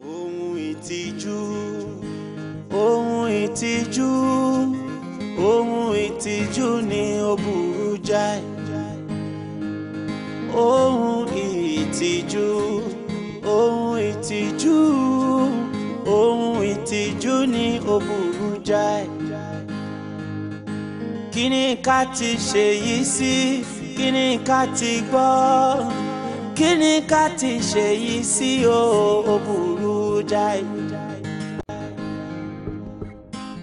ohun ìtìjú ohun ìtìjú ohun ìtìjú ni ó burú jáì ohun ìtìjú ohun ìtìjú ohun ìtìjú ni ó burú jáì kí ni ká ti ṣèyí sí kí ni ká ti gbọ́ kí ká ti ṣe yìí sí o burú jáì.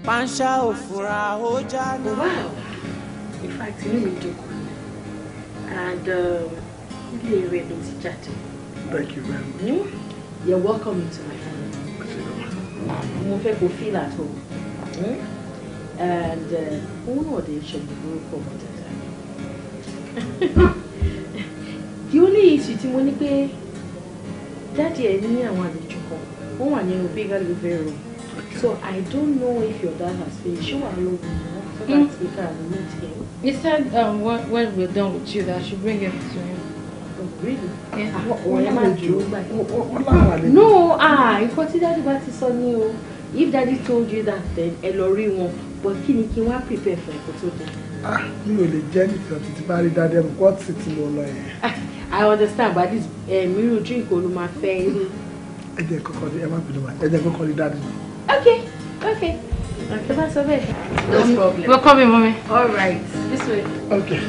panṣá ò fura ó já lọ. wow in fact inú mi dùn kù and um, ilé rẹ ló ti jáde. thank you very much. Hmm? you're welcome to my family. mo fẹ́ kó feel at home. Hmm? and uh, òun náà dé ṣe gbogbo orúkọ ọmọ the only issue tí mo ní pé dáàdi ẹ ní àwọn àlejò kan wọ́n wà ní ẹnu bíga living room so I don't know if your dad has been ṣé wàá lọ wò ó so that we can meet him. He said um, when, when we're done with you that I should bring him to him. No, ah, nǹkan tí dáàdi bá ti sọ ni o. If daddy told you that then ẹ lọ rí wọn, but kí ni kí n wá prepare for ẹ̀kọ́ tó dé. Ah, mi ò lè jẹ́ nìkan títí bá rí dáadé mi, kọ́ọ̀tì tí mo lọ yẹn. I understand but this miru um, drink will ma fẹ́. ẹ jẹ́ kọ́kọ́ ẹ má bínú ma ẹ jẹ́ kọ́kọ́ rí okay okay okay bá sọ bẹ́ẹ̀. no problem. welcome mommy. all right this way. okay.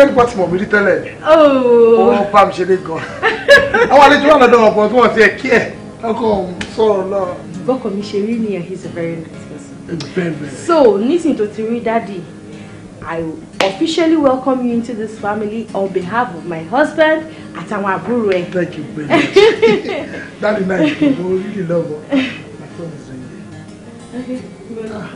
pẹ́ẹ́lí pọ́tì mọ̀ mí rí tẹ́lẹ̀ ni oh. ó bá mi ṣe lé gan àwọn àlejò wà lọ́dọ̀ ọ̀pọ̀ tí wọ́n ti ẹ̀ kí ẹ̀ ọkọ̀ sọ̀rọ̀ náà. bọ́kọ mi ṣe rí nìyẹn he is a very nice person. bẹ́ẹ̀ bẹ́ẹ̀. so nísìnyí to ti rí dáàdì I officially welcome you into this family on behalf of my husband àtàwọn àbúrò ẹ. thank you very much dáàdì náà ìṣòro orílẹ̀ lọ́wọ́ my phone is ringing. okay. Ah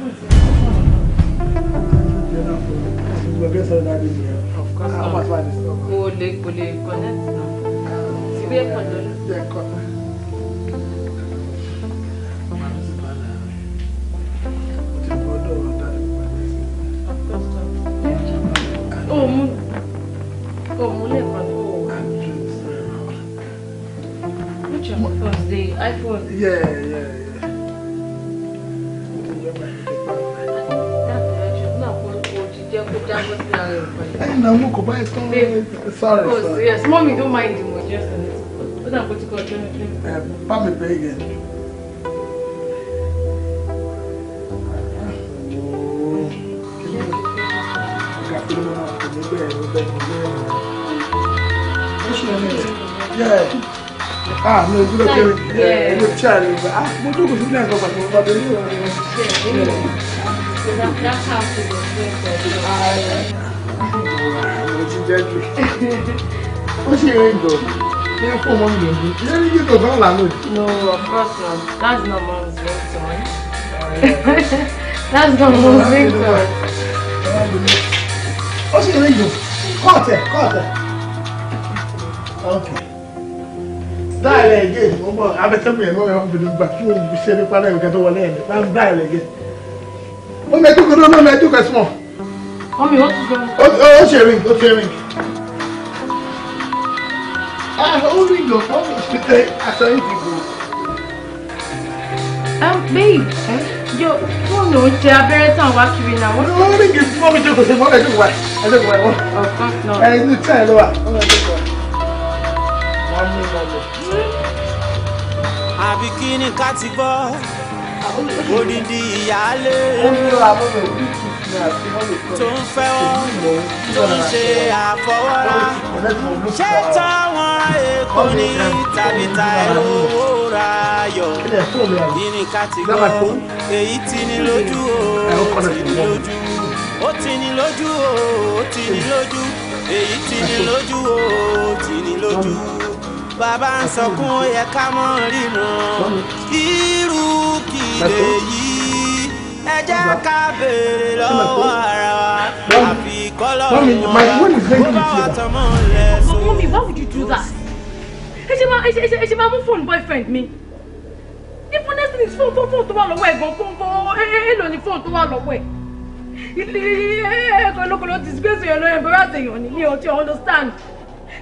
my grandson that baby. Of course. How much money is it? Kò lè kò connect now. Ti bí ẹ̀kọ́ Oh, oh, mu le pa the iPhone? Yeah. yeah. sorry sorry. Oh, yes mommy don't mind him just a little ó dà kó ti kọ́ ọjọ́ nílé. bá mi Yeah. Ah, no, you look at Yeah, you look at it. Ah, mo dúró kò sí next? àgbà pàtó, mo bá that's how she was doing it. What's your name though? You for mommy don't do. You don't need to go No, of course not. That's not mom's victim. That's not mom's victim. What's your name though? Cut it, cut it. Okay. Dial again. I better be annoyed. I'm going to be back. You'll be sitting in the corner. I'm going to to I'm dial again. Oh my Ó No, no, lọ́nà mẹ jókòó ẹ̀sùn Mommy, what is going? jẹun. Ó ṣe rìn, ó ṣe rìn. Ó rí ìjọ fún mi. Aṣọ yìí ti Um, Babe, eh, yo, fóònù ń ṣe abẹ́rẹ́ tàn wá kiri náà. Ó rí ìjọ fún mi jókòó sí mọ́mí jókòó wá. Ẹ jókòó wá. Ọ̀kan náà. Ẹ inú tí ẹ lọ wà. Mọ́mí mọ́mí. Hmm? Àbí kí ni ká ti gbọ́? odidi ìyáálé tó ń fẹ́ wọ́n tó ń ṣe àfọwọ́rá ṣé táwọn èkó ní tàbí ta owó ra yọ nínú kátìgbọ́ èyí tí ní lójú o tí ní lójú ó ti ní lójú o ó ti ní lójú èyí tí ní lójú o tí ní lójú bàbá ń sọkún ó yẹ ká mọ́ rírun ìdè yìí ẹ jẹ́ ká béèrè lọ́wọ́ ara wa àfi kọ́lọ́ wọn kó bá wa tọmọ lẹ so. mọ́mí why would you do that? ẹ ṣe máa ẹ ṣe máa mú fóònù boyfriend mi ibu next thing fóònù fóònù tó wà lọ́wọ́ ẹ̀ gan fóònù fóònù èèlò ni fóònù tó wà lọ́wọ́ ẹ̀ ilé ẹ̀kọ́ eh, eh, lókòló disgrace èèyàn lóyún bẹ́rẹ̀ àtẹ̀yàn ni mi ò ti understand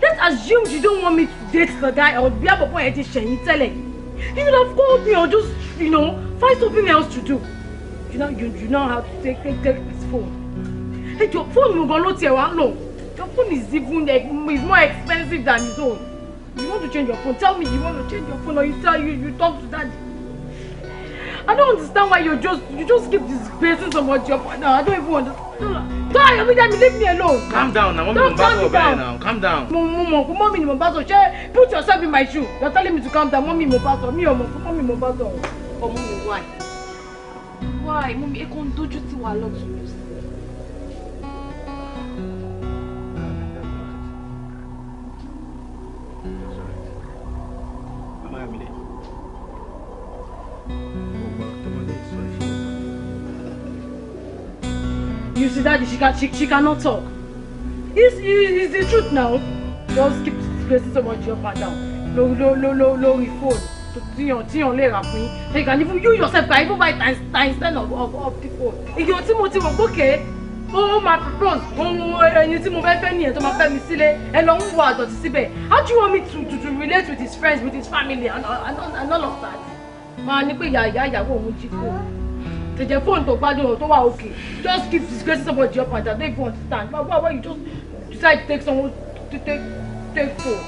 let's assume you don't want me to date the guy or bí àbọ̀bọ̀ ẹ̀ ti ṣẹ̀yìn tẹ́lẹ̀ yìí. You should have called me or just, you know, find something else to do. You know, you, you know how to take, take, take his phone. Hey, your phone will gonna not one no. Your phone is even like, eh, is more expensive than his own. You want to change your phone? Tell me you want to change your phone or you tell you you talk to daddy. I don't understand why you just you just keep disgracing so much your partner. I don't even understand. Don't you me leave me alone. Calm down now. Don't calm me down. Now. Calm down. Mommy, mommy, mommy, put yourself in my shoe. You're telling me to calm down. Mommy, mommy, me, mommy, mommy, Oh, mommy, why? Why, mommy? Ẹ kàn dojú tì wá lọ́tùn lósì. Mama, I'm late. You see, Daddy, she, can, she, she cannot talk. It's, it's the truth now. Just keep placing so much your father. No, no, no, no, no low, phone. to, tíyàn lè rà fún yín they can even you yourself can even buy times times ten of of of the phone. ìyẹn tí mo ti wọ̀ gbókè ó máa propose ohun ẹni tí mo fẹ́ fẹ́ nìyẹn tó máa fẹ́ mi sílé ẹ lọ ń wọ àdọ̀tí síbẹ̀ how do you want me to to to relate with his friends with his family and and and all of that. máa ní pé ìyá ìyá ìyàwó òun jí kúrò tètè jẹ fóònù tó gbádùn ọ̀hún tó wà just keep disgracing somebody up and down don't understand but why why you just decide to take someone to take take phone.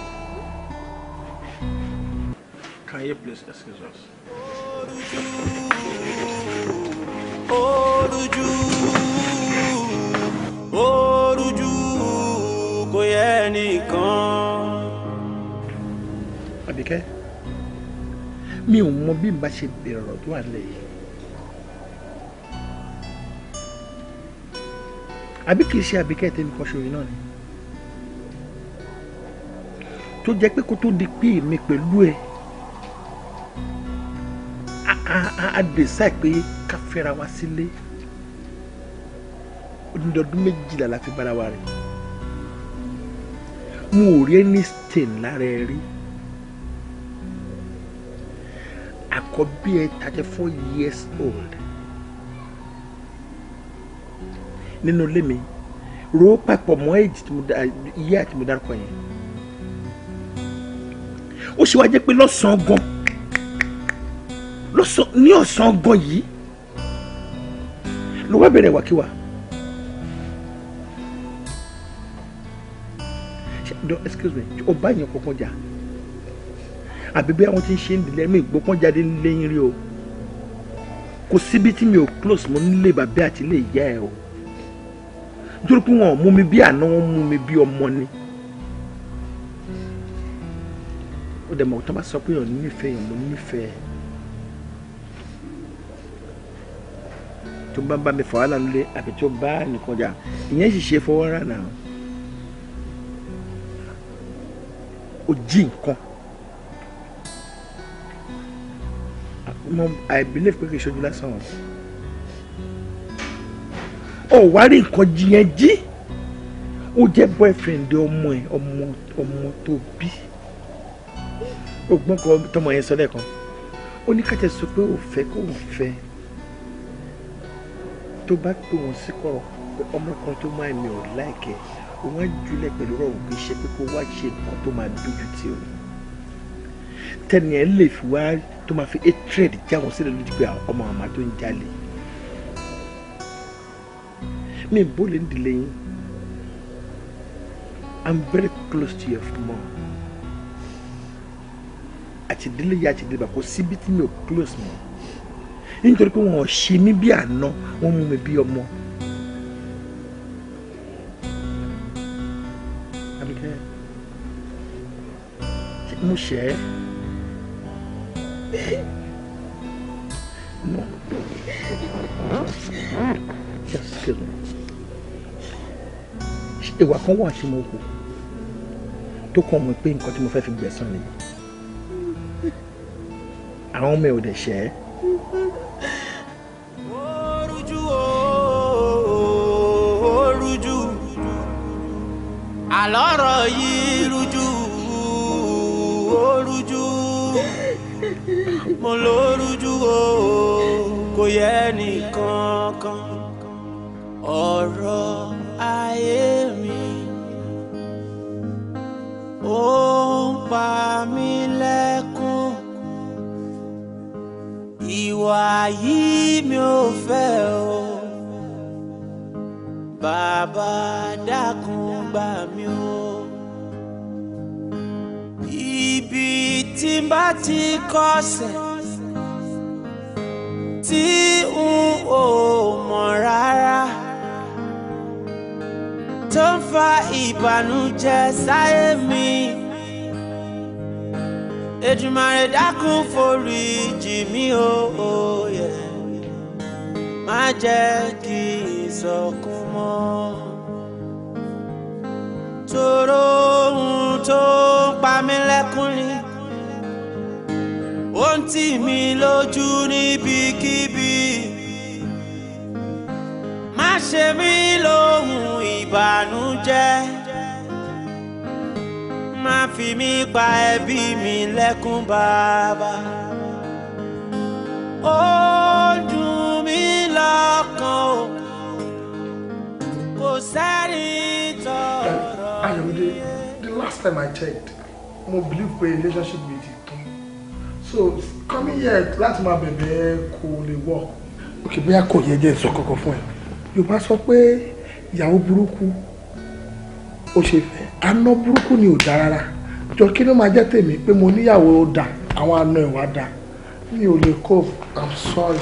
Can you please excuse us? Oruju Oruju kò yẹ nìkan. Àbíkẹ́ mi ò mọ bí n bá ṣe bẹ̀rẹ̀ ọ̀rọ̀ tó wà lẹ́yìn. àbí kì í ṣe àbíkẹ́ tẹ́mi kan ṣòro náà ni tó jẹ́ pé kó tó di pé èmi pẹ̀lú ẹ a dèsà pé ká fẹ́ra wa sílé ọdún méjìlá la fi bára wa rìn mo ò rí any stain lára ẹ rí àkọ́bí ẹ thirty four years old. nínú ilé mi ro papọ̀ mọ́ èjì iye àti mo dárúkọ yẹn ó ṣe wá jẹ́ pé lọ́sàn-án gan ní ọ̀sán gan yìí ló wá bẹ̀rẹ̀ wákíwá excuse me ó bá èèyàn kankan jà àbí bí àwọn tí ń ṣe ń dilẹ̀ mi ìgbókan jáde lẹ́yìn rí o kò síbi tí mi ò close mo nílé bàbá àti ilé ìyá ẹ o nítorí wọn mú mi bí àná wọn mú mi bí ọmọ ni ó dẹ̀ mọ̀ tó bá sọ pé yàn nífẹ̀ẹ́ yàn mo nífẹ̀ẹ́ tó bá bá mi fọ wàhálà nílé àbí tó bá nìkan jà ìyẹn sì ṣe fọwọ́ rà náà ó jí nǹkan I believe pé kì í ṣojú lásán ò wá rí nǹkan jiyẹn jí ó jẹ́ boyfriend ọmọ ẹ̀ ọmọ ọmọ tó bí ògbọ́n kan tọmọ yẹn sọ lẹ́ẹ̀kan ó ní ká tẹ sọ pé ò fẹ́ kó ò fẹ́ tó bá pè wọ́n sí kọ̀rọ̀ pé ọmọ kan tó máa mi ò láìkẹ́ òun á júlẹ̀ pẹ̀lú ọ̀rọ̀ òbí ṣe pé kó wá ṣe nǹkan tó máa dójú tì o tẹnìyàn lè fi wá tó máa fi hatred jáwọn sílẹ̀ lójú pé ọmọ àmà tó ń jalè min bole n dile i'm very close to your mom àti ìdílé yìí àti ìdílé bàbá kò síbi tí mi ò close mọ́ nítorí pé wọn ò ṣe mí bí àná wọn mú mi bí ọmọ. mo ṣe é no just kidding ìwà kan wà tí mo wò tó kàn mí pé nǹkan tí mo fẹ́ fi gbẹ̀san ni àwọn ọmọ ẹ̀ ò dẹ̀ ṣẹ́ àlọ́rọ̀ yìí rújú ó rújú mo ló rújú o kò yẹ ìwà yìí mi ò fẹ́ o bàbá ibi timba ti kose, ti kọsẹ̀ tí n ò mọ̀ rárá tó ń fa mi. Èdùmàrè dákun forí jì mí o yẹ má jẹ́ kí n sọkún mọ́ tòrò ohun tó ń pa mí lẹ́kún ni ó ń tì mí lójú níbikíbi ṣe mí lóhùn ìbànújẹ́ má fi mí pa ẹbí mi lẹ́kún bàbá. ó dùn mí lọ́kàn o kò sẹ́ni tọ̀rọ̀ ayọ̀mídé the last time I checked mo believe pé relationship mi ti tán so coming here láti máa bẹ̀bẹ̀ kò lè work. òkè bóyá kò yẹ jẹ́ ìsọkọ̀kọ̀ fún ẹ yorùbá sọ pé ìyàwó burúkú ó ṣe fẹ́ aná burúkú ni ò dáa rárá jọ kí ló máa jẹ́ tèmi pé mo níyàwó ó dà àwọn aná ẹ̀ wá dà mi ò lè kó i'm sorry.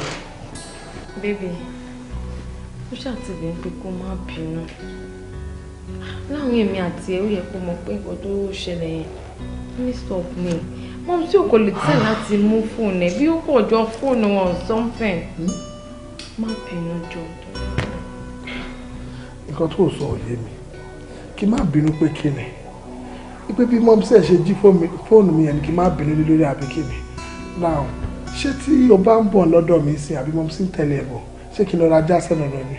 bébè ó ṣàtìlẹ́ pé kó má bínú láwọn èmi àti ẹ̀ ó yẹ kó mọ̀ pé nǹkan tó ṣẹlẹ̀ yẹn miss of me mọ tí o kò lè tẹ̀ láti mú fóònù ẹ̀ bí ó pọ̀ jọ fóònù on something hmm? má bínú jọ. nǹkan tó sọ ò yé mi kí má bínú pé kí ni pé bí mọ́mísẹ̀ ṣe jí fóònù mi yẹn ni kí má bínú lé lórí àbí kí ni láwọn ṣé tí o bá ń bọ̀ lọ́dọ̀ mi sí àbí mọ́mísẹ̀ tẹ̀lé ẹ̀ bọ̀ ṣé kí n lọ já sẹ́nu rẹ̀ ni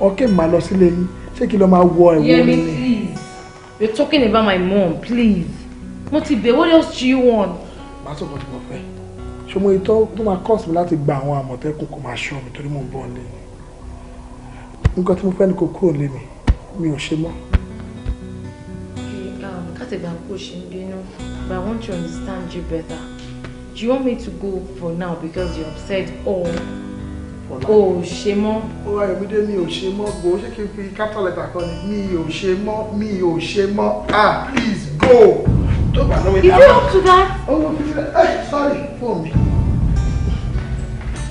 ọ̀kẹ́ mi lọ sílé mi ṣé kí n lọ máa wọ ẹ̀wọ̀ mi ni. Yemi please you're talking about my mom please mo ti bẹ̀ what else do you want. màá sọ fún ọ fẹ́ ṣọmọ ìtọ́ tó máa kọ́ sí mi láti gba àwọn àmọ̀tẹ́kùn kò máa ṣọ́ mi torí mò ń bọ̀ nílé nǹkan tí mo fẹ́ ni kò kúrò lé mi mi látìgbà kó ṣe ń bínú but I want to understand you better do you want me to go for now because you upset all oh, oh, ṣe Oh, ó wá ìmúdé mi ò ṣe mọ́ gbòó ṣé capital letter kan it me. Oh, ṣe Me. Oh, ò ah please go. tó bá lọ́wọ́ ìdáná. is it up to that. owó fi ṣe ẹ sorry fún mi.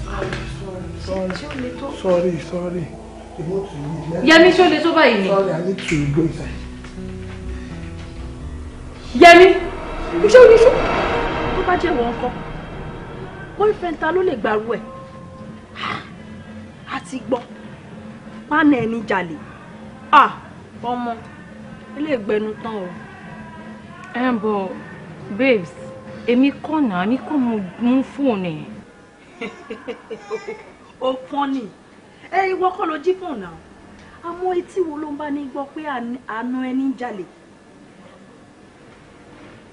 Ah, sorry sorry sorry. Yẹmí ṣó le tó báyìí ni. sorry I need to go inside yẹmi iṣẹ́ oníṣẹ́ tó bá jẹ́ wọn kọ́ boyfriend ta ló lè gbàrú ẹ̀ àti gbọ́ pánà ẹni jalè ọmọ eléègbẹnu tán o. ẹ ń bọ babes èmi kọ́ náà mi kọ́ mo mú fóònù ẹ̀. ó pọ́n ni ẹ ìwọ kọ́ ló jí fóònù náà àmọ́ etí wo ló ń bá ní gbọ́ pé àánú ẹni jalè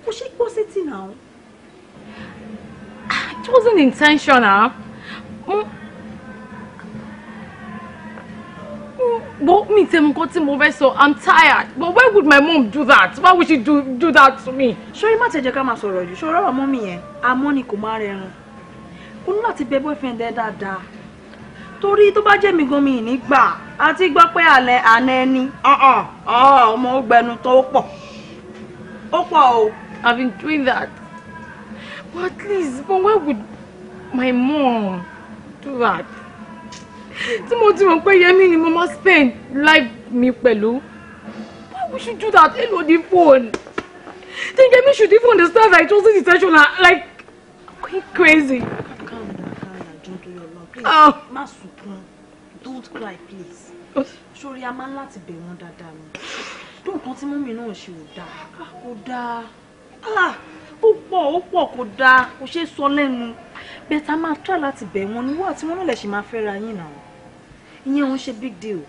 Was she gbọ́ sétí náà. Ah, it wasn't intentional. Mm. Mm, but me tell me tí mo fẹ́ I'm tired. But why would my mom do that? Why would she do do that to me? Ṣori má tẹ̀jẹ̀ ká máa sọ̀rọ̀ jù. Ṣori ọ̀rọ̀ mọ́mí yẹn, àmọ́ ni kò máa rẹrun. O be boyfriend ẹ dáadáa. Torí tó bá jẹ́ mi gan mi ní gbà, àti gbọ́ pé àlẹ́ àná ẹni. Ọ̀hún ọ̀hún ọmọ ó gbẹnu tó pọ̀. Ó o. I've been doing that. But at least, but why would my mom do that? Tí mo ti mọ̀ pé Yemi ni mo máa spend life mi Why would she do that? Hello, the phone. Then Yemi should even understand that it wasn't intentional. Like, going crazy. Calm down, calm down. Don't do your love. Please, oh. má sunkún. Don't cry, please. Sori, a máa ń láti bẹ̀ wọ́n dáadáa ni. Dùn kan tí mọ́mí náà ṣe die. dáa. Ah, kò Ah, ó pọ̀ ó pọ̀ kò dáa kò ṣeé sọ lẹ́nu bẹ́ẹ̀ a máa tọ́ láti bẹ̀ wọ́n níwọ̀n àti wọn lè ṣe máa fẹ́ ra yín náà ìyẹn òun ṣe big deal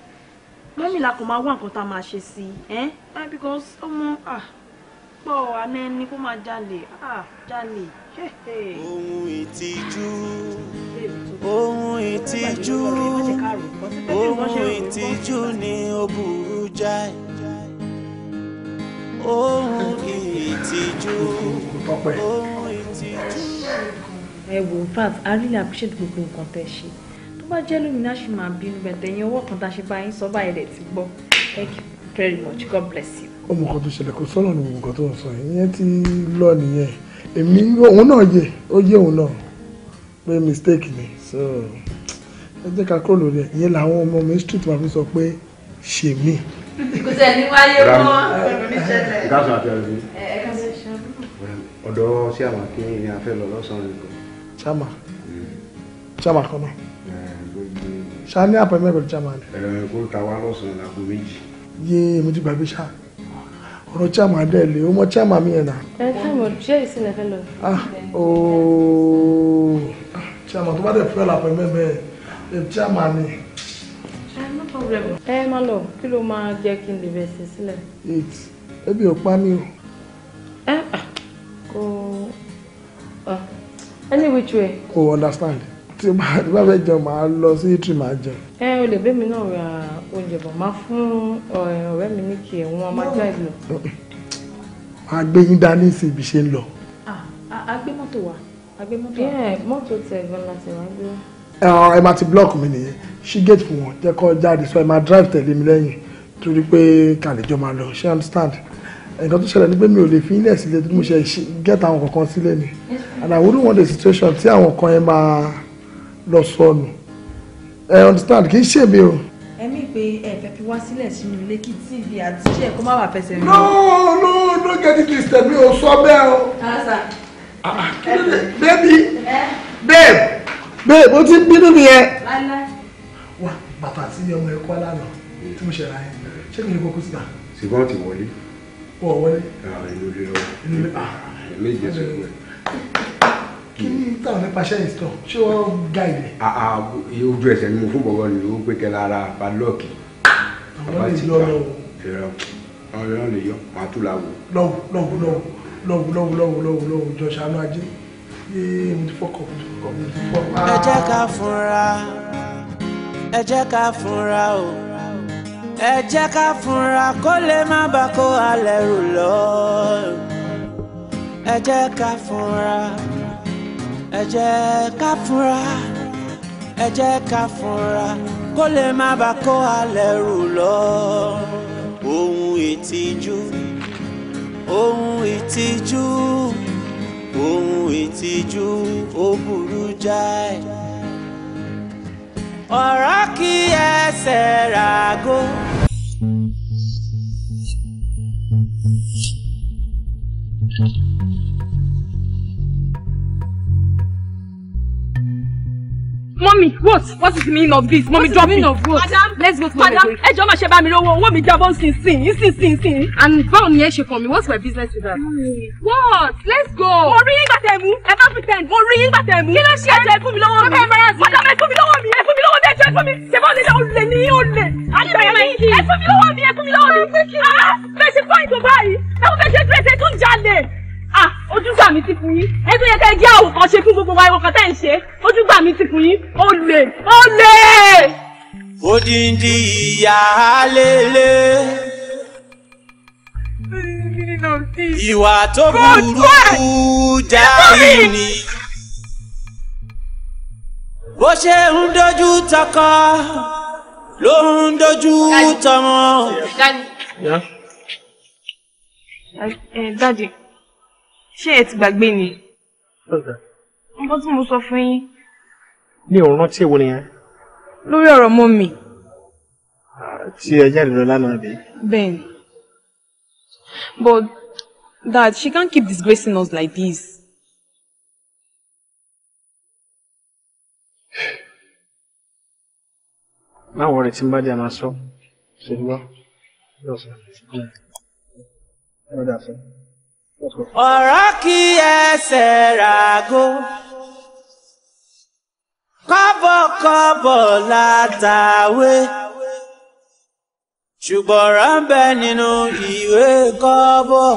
mọ́mí la kò máa wá nǹkan tá a máa ṣe sí i ẹ́ ah, because ọmọ ah, pọ̀ àná ẹni kó máa jalè jalè. ohun ìtìjú ohun ìtìjú ohun ìtìjú ni ó burú jáì ohun ìtìjú ohun ìtìjú. ẹ wo pat i really appreciate gbogbo nǹkan tẹ ṣe tó bá jẹ́ lómìnira ṣì máa bínú bẹ̀tẹ̀ ẹ̀yin ọwọ́ kan tá a ṣe bá yín sọ báyìí rẹ̀ ti gbọ́ thank you very much god bless you. ọmọ kan tó ṣẹlẹ̀ kó sọ́nà ní gbogbo nǹkan tó ń sọ yẹn ìyẹn ti lọ nìyẹn èmi òun náà yẹ ó yẹ òun náà pé mistake ni so ẹ jẹ́ ká kúrò lórí ẹ̀ ìyẹn làwọn ọmọ mi street ma fi sọ pé ṣèmí. Eh, eh, kò tẹ̀ ní wáyé mọ́ ọ̀rọ̀ níṣẹ̀lẹ̀. ẹ káàsán àti ọ̀rẹ́ mi. ẹ káàsán ṣáà. ọ̀dọ́ a fẹ́ lọ lọ́sàn-án rẹ̀ chama ṣáàmà ṣáàmà kọ́ náà. Eh, ṣáà ní àpẹẹmẹ pẹ̀lú ṣáàmà ni. ẹ kó ta wá lọ́sàn-án láago méjì. yé èmi ti gbàgbé ṣáà ọ̀rọ̀ ṣáàmà dẹ̀ lé o mọ ṣáàmà mi yẹn nà. ẹ ṣáàmà jẹ́ ìsìnlẹ̀ fẹ́ lọ. ah ooo ṣáàmà ah, tó bá ni problem. ẹ má lọ kí ló máa jẹ́ kí n lè bẹ̀ sí sílẹ̀. eight ebi ò pa mí o. ẹ kò any which way. kò understand tí bá tí bá fẹ́ jẹun màá lọ sí itri màá jẹun. ẹ o lè bẹ́mi náà ra oúnjẹ bọ̀ máa fún ọ̀rẹ́ mi ní kí ẹ̀wọ̀n máa drive lọ. máa gbé yín dání sí ibi ṣe ń lọ. a gbé mọ́tò wa a gbé mọ́tò wa. mọ́tò tẹ̀ gan-an láti wá gbé. ẹ máa ti block mi nìyẹn She gate fún wọn jẹ́ kó jáde so ẹ máa drive tẹ̀lé mi lẹ́yìn torí pé kàlejò máa lọ ṣé understand nǹkan tó ṣẹlẹ̀ ni pé mi ò lè fi ilẹ̀ sílẹ̀ tó mo ṣe get àwọn kankan sílẹ̀ ni and I wouldn't want a situation tí àwọn kan yẹn máa lọ sọnù ẹ understand kì í ṣe mi o. ẹ̀mí pé ẹ fẹ́ fi wá sílẹ̀ sínú ilé kí tv àti iṣẹ́ kó má wà fẹsẹ̀ mi. no no no get it twisted mi ò sọ bẹ́ẹ̀ o. Ah, ah, ah, baby eh? babe babe o ti bínú mi yẹn wà bàtà tí ọmọ ẹ̀kọ́ lánàá tí mo ṣẹ̀ra yẹn ṣé kí n lè kókó síta. ṣùgbọ́n ti wọlé. wọ wọlé. inú ilé lọ inú ilé méjì ẹsẹ̀ fún ẹ. kí ni táwọn nípa ṣẹ́yìn sọ ṣé wọ́n ga ilẹ̀. ojú ẹsẹ̀ ni mo fún bọ̀bọ̀ ni ó pé kẹlẹ́ ara balọ́ọ̀kì. àwọn lè yọ lọ́wọ́. àwọn lè yọ màá tún la wò. lọ́wọ́ lọ́wọ́ lọ́wọ́ lọ́wọ́ lọ́wọ́ lọ́wọ́ lọ́wọ́ lọ́wọ́ jọ ṣàánú ajé yéé mo ti fọ́kọ̀ mo ti fọ́kọ̀ mo ti fọ́kọ̀. ẹ jẹ́ ká fúnra ẹ jẹ́ ká fúnra o ẹ jẹ́ ká fúnra kó lè má bà kó alẹ́ rù lọ ẹ jẹ́ ká fúnra ẹ jẹ́ ká fúnra ẹ jẹ́ ká fúnra kó lè má bà kó alẹ́ rù lọ ohun ìtìjú ohun ìtìjú ohun ìtìjú ó burú jáì ọ̀rọ̀ kí ẹsẹ̀ ràgó. Mommy, what? What is the meaning of this? Mommy, drop me. What is Madam, let's go to Madam, ẹ jọ̀ọ́ má ṣe bá mi rówó, owó mi jábọ́ sin sin, sin sin sin. And báwo ni ẹ ṣe kàn mí? What's my business with that? Mm. Let's go. Mo rí yín gbàtẹ́ mú. Ẹ má pretend. Mo rí yín gbàtẹ́ mú. Kí ló ṣe ẹ̀jẹ̀ ẹ fún mi lọ́wọ́ mi? Ọkọ ẹ fẹ́ràn sí. Madam, ẹ fún mi lọ́wọ́ mi. Ẹ fún mi lọ́wọ́ mi ẹjọ ẹfọ mi ṣẹfọ lè olè ní olè àgbẹ̀yẹ ní ẹfọ mi lọ́wọ́ mi ẹfọ mi lọ́wọ́ mi ah fèsì fọyín tó báyìí ẹfọ fèsì fèsì tó ń jalè ah ojúgbà mi ti fún yín ẹgbẹ́ yẹn kẹ́ jẹ́ àwòkọ́ ṣe fún gbogbo wa ìwọ̀n kan tẹ̀ ń ṣe ojúgbà mi ti fún yín olè olè. odindi ìyá lélẹ. ìwà tó burú jáde ni ṣe ń dojú takọ ló ń dojú tọmọ. dádì ṣé ẹ ti gbàgbé ni nǹkan tí mo sọ fún yín. mi ò rántí èwo nìyẹn. lórí ọ̀rọ̀ mọ́ mi. tí ẹ lọ lánàá bí. bẹ́ẹ̀ni but dad she can't keep disgracing us like this. má wọrẹ tí n bá dé a máa sọ ṣèlúwà ọ̀rọ̀ kí ẹsẹ̀ ràgó kọ́bọ̀kọ́bọ̀ látàwé ṣùgbọ́n ránbẹ́ nínú ìwé kọ́bọ̀.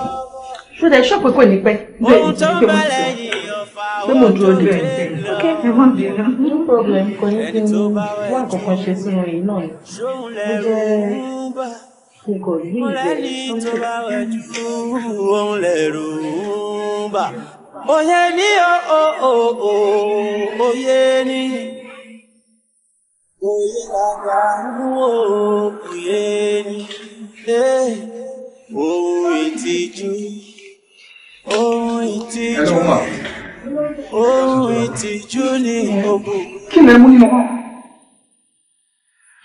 ṣó dẹ̀ ṣọ́pẹ́ kò ní pẹ́ bẹ́ẹ̀ ni kí n gbé wọn pé mo dúró de ẹ ok ẹ má bínú no problem kò ní kí n wá kankan ṣe sínú yìí náà ni mo jẹ ikọ̀ yìí jẹ ohun lẹ́rù bà òye ní o o o òye ní òye làgbà o òye ní eh, ohun ìtìjú ohun ìtìjú ohun ìtìjú ni òbò. kí lè mú nínú wọn.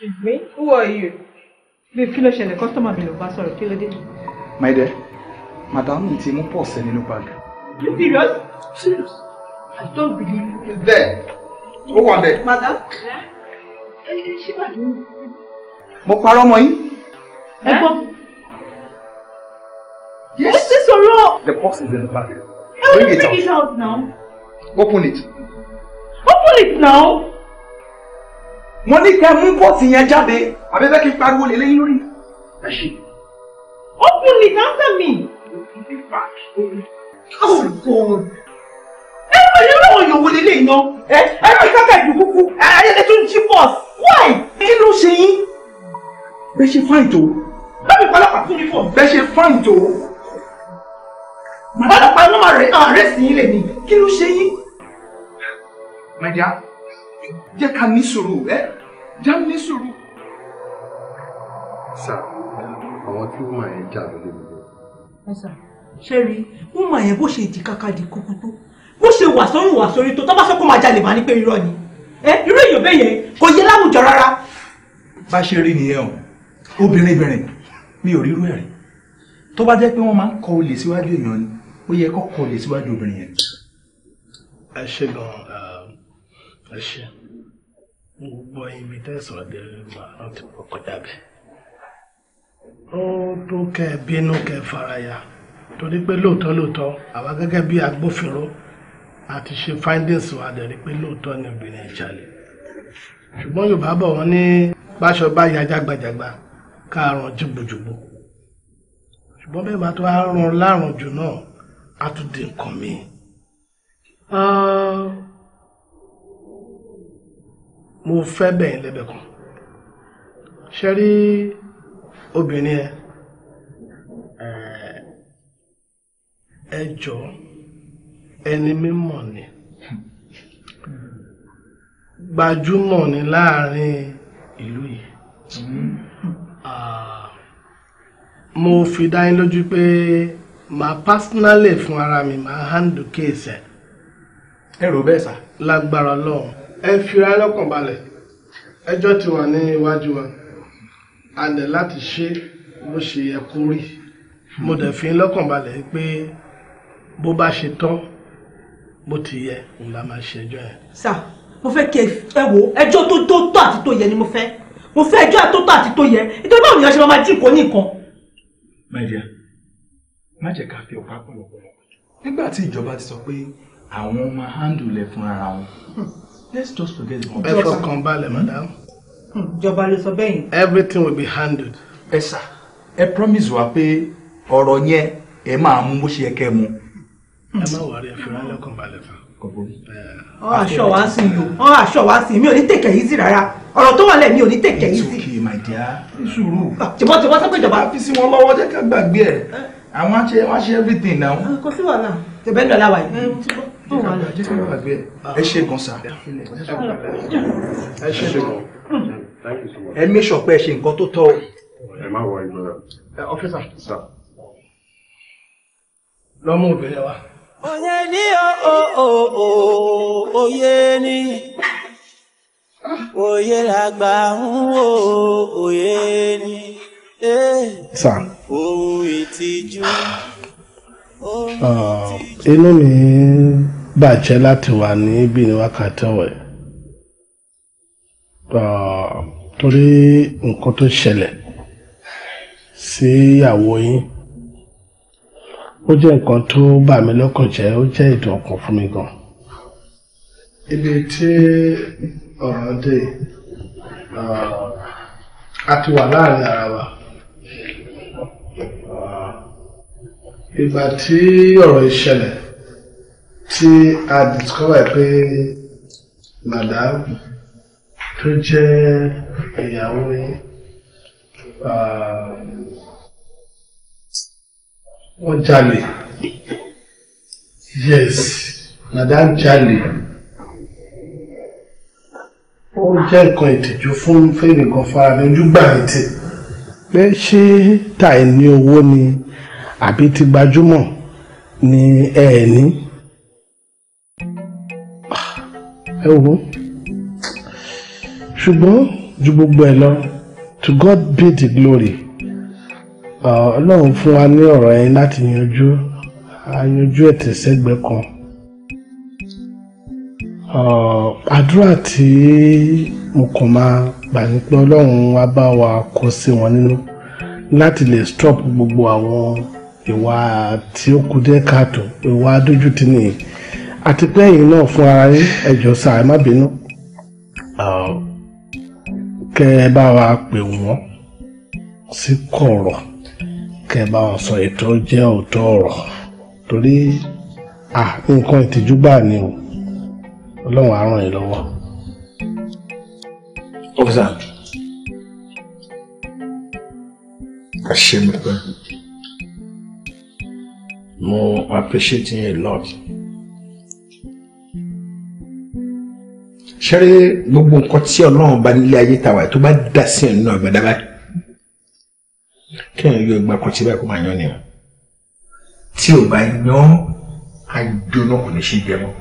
ìgbín who are you? bí kí ló ṣẹlẹ̀ kọ́sítọ́mà mi ló bá sọ̀rọ̀ kí ló dé. my dear madam ti mú pọ̀ sẹ́ nínú bag. you serious? serious? i don't believe you. there ó wà bẹ́ẹ̀. madam eh, eh, ṣé bàbá mi. mo parọ́ mọ́ yín. ẹ gbọ́. yes. ó ti sọ̀rọ̀. the box is in the bag. Bring it out. it out now. Open it. Open it now. Mo ní kẹ́ mú bọ́ọ̀tì yẹn jáde. Àbẹ́fẹ́ kí n pariwo lè léyìn lórí. Ẹ ṣe. Open it answer me. Oh God. Ẹ bá yẹ lọ́wọ́ yòówó lélẹ̀ iná. Ẹ ẹ bí kákà ìlú kúkú. Ẹ ayẹyẹ tó ń jí bọ́ọ̀sì. Why? Kí ló ṣe yín? Bẹ́ẹ̀ ṣe fáìn tó. Bẹ́ẹ̀ mi pàlọ́pàá a mi fọ̀. Bẹ́ẹ̀ ṣe fáìn bàbá ló pa nọ́mbà rẹ̀ àárẹ̀ sí ilé ni kí ló ṣe yín. my dear jẹ́ ká ní sùúrù ẹ́ já ní sùúrù. sà àwọn tí wọ́n máa ń jà lóde mi. ẹ sà ṣé rí wọ́n máa yẹn bó ṣe di kàkà di kúkú tó bó ṣe wà sọ́rùn wà sórí tó tó bá fẹ́ kó máa jalè máa ní pé irọ́ ni ẹ irú èèyàn bẹ́ẹ̀ yẹn kò yẹ láwùjọ rárá. bá ṣe rí nìyẹn o obìnrin bìnrin mi ò rí irú ẹ̀ rí tó bá jẹ́ pé wọ́n máa ń kọ olè síwájú èèyàn ni ó yẹ kọ́kọ́ lè síwájú obìnrin yẹn. ẹ ṣe gan-an um, ẹ ṣe gbogbo ibi tẹ́ sọ̀rọ̀ dé màá ti pọ̀ kọjá ó tó kẹ́ bínú kẹ́ faraya torí pé lóòótọ́ lóòótọ́ àwa gẹ́gẹ́ bí agbófinró a ṣe findings wa dẹ̀ rí pé lóòótọ́ ni obìnrin ìjàlè ṣùgbọ́n Yorùbá bọ̀ wọ́n ní báṣọ bá ya jágbajàgba ká rán jùgbùjùgbù ṣùgbọ́n bẹ́ẹ̀ bá tó á rán lárùn jù náà á tún di mo fẹ́ bẹ̀yìn lẹ́bẹ̀ẹ́ kan ṣe rí obìnrin ẹ ẹ jọ ẹni mímọ̀ ni gbajúmọ̀ ni láàrin ìlú yìí mm-hmm. ah, mo fi dá yín lójú pé. Ma personally fún ara mi ma handle case ẹ. ẹ rò bẹ́ẹ̀ sà. lágbára lọ́hùn ẹ fira lọ́kàn balẹ̀ ẹjọ́ ti wà ní iwájú wa a dẹ̀ láti ṣe bó ṣe yẹ kó rí mo dẹ̀ fi lọ́kàn balẹ̀ pé bó bá ṣe tán bó ti yẹ òun la máa ṣẹjọ́ ẹ. sà mo fẹ́ kí ẹ wo ẹjọ́ tó tó tó àti tó yẹ ni mo fe? mo fe ẹjọ́ tó tó àti tó yẹ nítorí báwo ni a ṣe máa jí nǹkan ní nǹkan. my dear má jẹ́ ká fi ọ̀pá pọ̀lọpọ̀lọ nígbà tí ìjọba ti sọ pé àwọn máa handle ẹ̀ fún ara wọn let's just forget the problem. ẹ fọkàn balẹ̀ madam. Hmm, ìjọba ló sọ bẹ́ẹ̀ yẹn. everything will be handled. ẹ sà ẹ promise wa pé ọ̀rọ̀ yẹn ẹ máa mú bó ṣe yẹ kẹ́ mu. ẹ má wàá rí ẹ fúnra lọ́kàn balẹ̀ fún ọ aṣọ wa sin yo ọ aṣọ wa sin mi ò ní tèkẹ yìí sí rárá ọ̀rọ̀ tó wà lẹ ò ní tèkẹ yìí sí. it's okay my dear. ìṣòro. tìbọ̀tìbọ̀ sọ́kò ìjọba. àfi sí wọn lọ́wọ́ jẹ́ ká gbàgbé ẹ̀ àwọn á ṣe wá ṣe everything náà. Ah, kò sí wàhálà tẹ̀bẹ́ ń dọ̀là wà yìí. ẹ ṣe gan sa ẹ ṣe gan ẹ make sure pé Sir. ṣe nǹkan tó tọ́ o. ẹ má wọ ìgbọ́ rẹ. ọfíìsà lọ́mú obìnrin wa. òye ní òye ní òye làgbà ń wò òye ní. Eh. Sir. ohun ah, ìtìjú. inú mi bàjẹ́ láti wà níbí ní wákàtí ọ̀wẹ́ ah, torí nǹkan tó ṣẹlẹ̀ sí ìyàwó yín ó jẹ́ nǹkan tó bà mí lọ́kàn jẹ́ ó jẹ́ ìdùn ọkàn fún mi gan. ibi tí ọ̀rọ̀ dé ah, a ti wà láàrin ara wa. ìgbà tí ọ̀rọ̀ ìṣẹ̀lẹ̀ tí a discover pé madam tó jẹ́ ìyàwó yín um, wọ́n jalè yes madam jalè ó jẹ́ nǹkan ìtìjú fún fèrè kan fara ní ojúgbà ètè pé ṣé tàì ní owó ni àbí ti gbajúmọ̀ ni ẹ ẹ̀ ní. Ah, ẹ wo ṣùgbọ́n ju gbogbo ẹ lọ to God be the glory ah, ọlọ́run fún wa ní ọ̀rọ̀ yẹn láti yanjú ayanjú ẹ̀tẹ̀ sẹ́gbẹ́ kan ah, àdúrà tí mo kàn máa gbà ní pé ọlọ́run wá bá wa kó sí wọn nínú láti lè stop gbogbo àwọn ìwà tí ó kù díẹ̀ káàtó ìwà adójútì nìyí àti pé ẹ̀yin náà fún ara yín ẹ̀jọ̀ sá ẹ má bínú ah. kẹ ẹ bá wa pè wọ́n sí kọ̀rọ̀ kẹ ẹ bá wọn sọ ètò jẹ́ òótọ́ ọ̀rọ̀ torí nǹkan ìtìjú gbà ni o ọlọ́run á ràn lọ́wọ́. ọ̀sán. ẹ ṣe mi pẹ́. More appreciating yín a lot. ṣẹ́rí gbogbo nǹkan tí ọlọ́run bá nílé ayé ta wà tó bá dà sí ẹ̀ nínú àgbàdá báyìí kéèyàn yóò gba kọtí báyìí kó máa yan ni o tí ò bá yan àjọyọ̀ kò ní ṣe jẹ mọ́.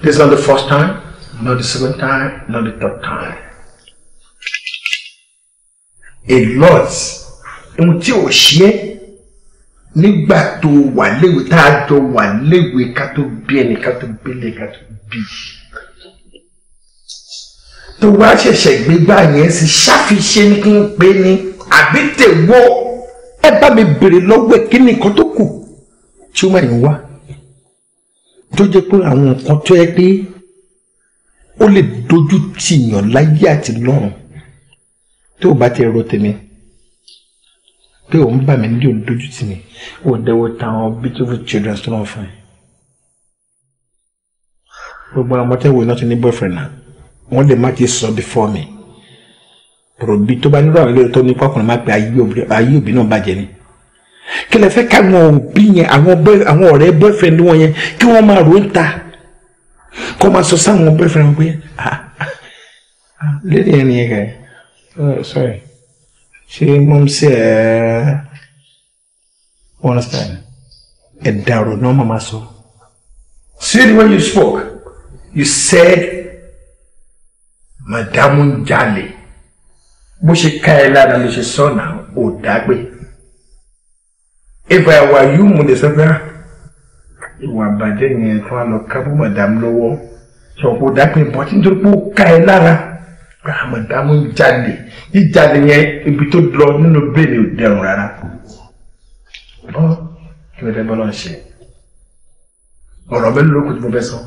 This is not the first time, not the second time, not the third time. A lot ohun tí ò ṣe é nígbà tó wà léwe tá a jọ wà léwe ká tó bí ẹni ká tó gbélé ká tó bí tó wá ṣẹ̀ṣẹ̀ gbégbá yẹn sí ṣàfiṣe ni kí n pè ní àbí tèwọ́ ẹ bá mi bèrè lọ́wọ́ ẹ̀ kí ni nǹkan tó kù tí ó máa ń wá tó jẹ́ pé àwọn nǹkan tó yẹ pé ó lè dojú tìyàn láyé àti lọ́run tó o bá ti rò tèmi pé òun bà mí nílé òun dojú tì mí ó dẹwọ́ ta àwọn beautiful children tó náà fún ẹ. gbogbo àwọn ọmọọtẹ́wò náà ti ní boyfriend náà wọ́n lè má ti sọ before me òbí tó bá nílò àwọn ilé tó ní pọ́kùnrin má pe ayé òbí náà bàjẹ́ ni kí lè fẹ́ káwọn òbí yẹn àwọn ọ̀rẹ́ boyfriend wọn yẹn kí wọ́n máa rò ń ta kó máa sọ sáwọn boyfriend wọn pé ah ah, ah lady yẹn nìyẹn kẹ oh, sorry ṣé mọ́mísí ẹ̀ wọ́n ṣe ẹ̀dá ọ̀rọ̀ náà máa sọ. See when you spoke, you said, Màdámù ń jalè. Bó ṣe ká ẹ lára ló ṣe sọ̀nà ò dágbé. If I were you, mo lè sọ pé ah, ìwà àbàjẹ́ yẹn tí wọ́n lọ ká fún màdámù lọ́wọ́. Ṣọ̀pọ̀ dágbé bọ́tí nítorí pé ó ká ẹ lára ràmọ̀dámù jáde jíjáde yẹn ibi tó lọ nínú bẹ́ẹ̀ni ò dẹrùn rárá bọ́ kí ló dé bọ́ náà ṣe ọ̀rọ̀ mélòó ló kù tí mo fẹ́ sọ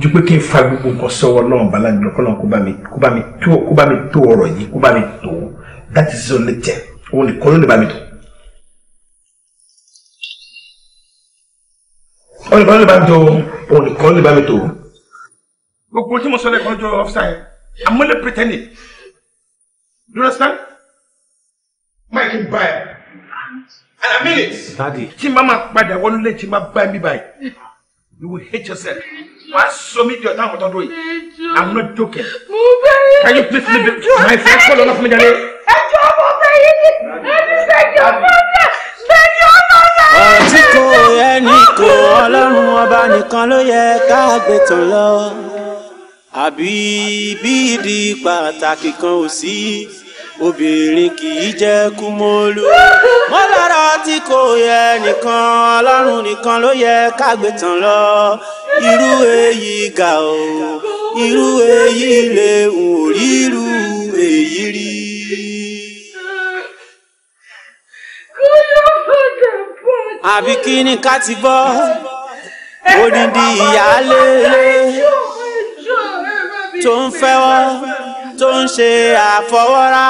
ju pé kí n fa gbogbo nǹkan sọ́wọ́ náà balajọ kọ́ náà kó bá mi kó bá mi tó kó bá mi tó ọ̀rọ̀ yìí kó bá mi tó that is only tẹ òun nìkan ló lè bá mi tó. òun nìkan ló lè bá mi tó òun nìkan ló lè bá mi tó gbogbo tí mo sọ lẹ́kọ̀ọ́ jọ ọ̀fíṣà yẹn I'm only pretending you sọ mí di ọ̀tá àwọn ọ̀tọ́dún yìí I'm not joking can you please leave it my friend kọ́ lọ́nà fún mi jáde. ẹjọ́ ọmọ bẹ́ẹ̀ ni ẹni sẹ́yìn ọmọ bẹ́ẹ̀ni ọmọ náà. ọtí kò ẹni kò ọlọ́run ọba nìkan ló yẹ ká gbẹ̀tàn lọ àbí bí ìdí pàtàkì kan ò sí obìnrin kì í jẹ́ kúmọ́lú. mọ́ lára tí kò yẹ nìkan ọlọ́run nìkan ló yẹ kágbé tán lọ irú èyí ga o irú èyí lè ń ò rírú èyí rí. àbí kí ni ká ti bọ́ odindi ìyá tó ń fẹ́wọ́ tó ń ṣe àfọwọ́rá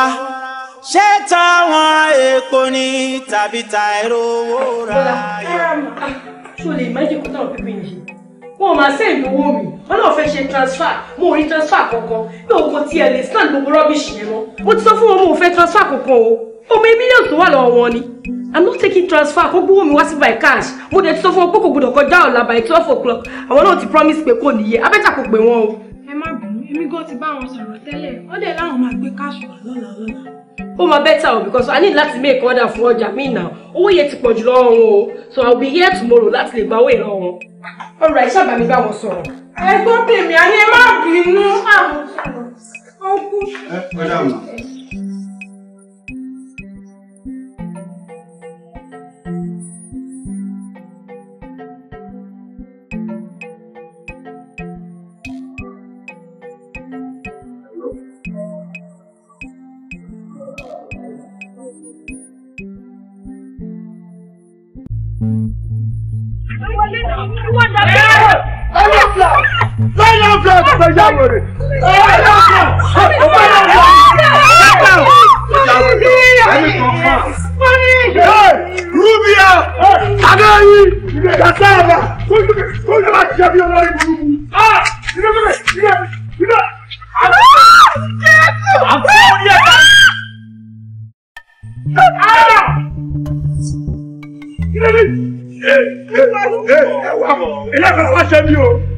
ṣé táwọn èèpo ni tàbí ta ẹ̀rọ owó ra yọ. Ah, ṣó lè má jẹ́ kó táwọn pípé yìí wọn ò máa ṣe ìnáwó mi wọn náà fẹ́ ṣe transfer mo ò rí transfer kankan mi ò kò tiẹ̀ lè stand gbogbo rọ́bìṣì yẹn mọ́ mo ti sọ fún wọn mo ò fẹ́ transfer kankan o ọmọ mílíọ̀nù tó wà lọ́wọ́ wọn ni i'm not taking transfer kó gbówó mi wá sí by cash mo dẹ̀ ti sọ fún wọn pé kò gbọdọ̀ kọjá ọ̀la by twelve o'clock àwọn náà ti promise pé kò níye abẹ́tà kò pè wọ́n o. ẹ má b èmi gan ti bá wọn sọ̀rọ̀ tẹ́lẹ̀ wọ́n dẹ̀ láwọn máa gbé káṣù wà lọ́la lọ́la. ó máa better o because i need láti make order fún ọjà mi now owó yẹn ti pọ̀ jù lọ́wọ́ wọn o so I'll be here tomorrow láti lè gba owó ìran wọn. ọ̀rọ̀ ẹ̀ sábà mi bá wọn sọ̀rọ̀. ẹ̀gbọ́n tèmi ayé má bínú. ọkú. ẹ pẹ́ dàmú. jáwèrè. Rubia Adeyi Kasaba kójú bá ṣiṣẹ́ bí olórí burúkú. Ilé ìwà ìlànà wá ṣe mí o.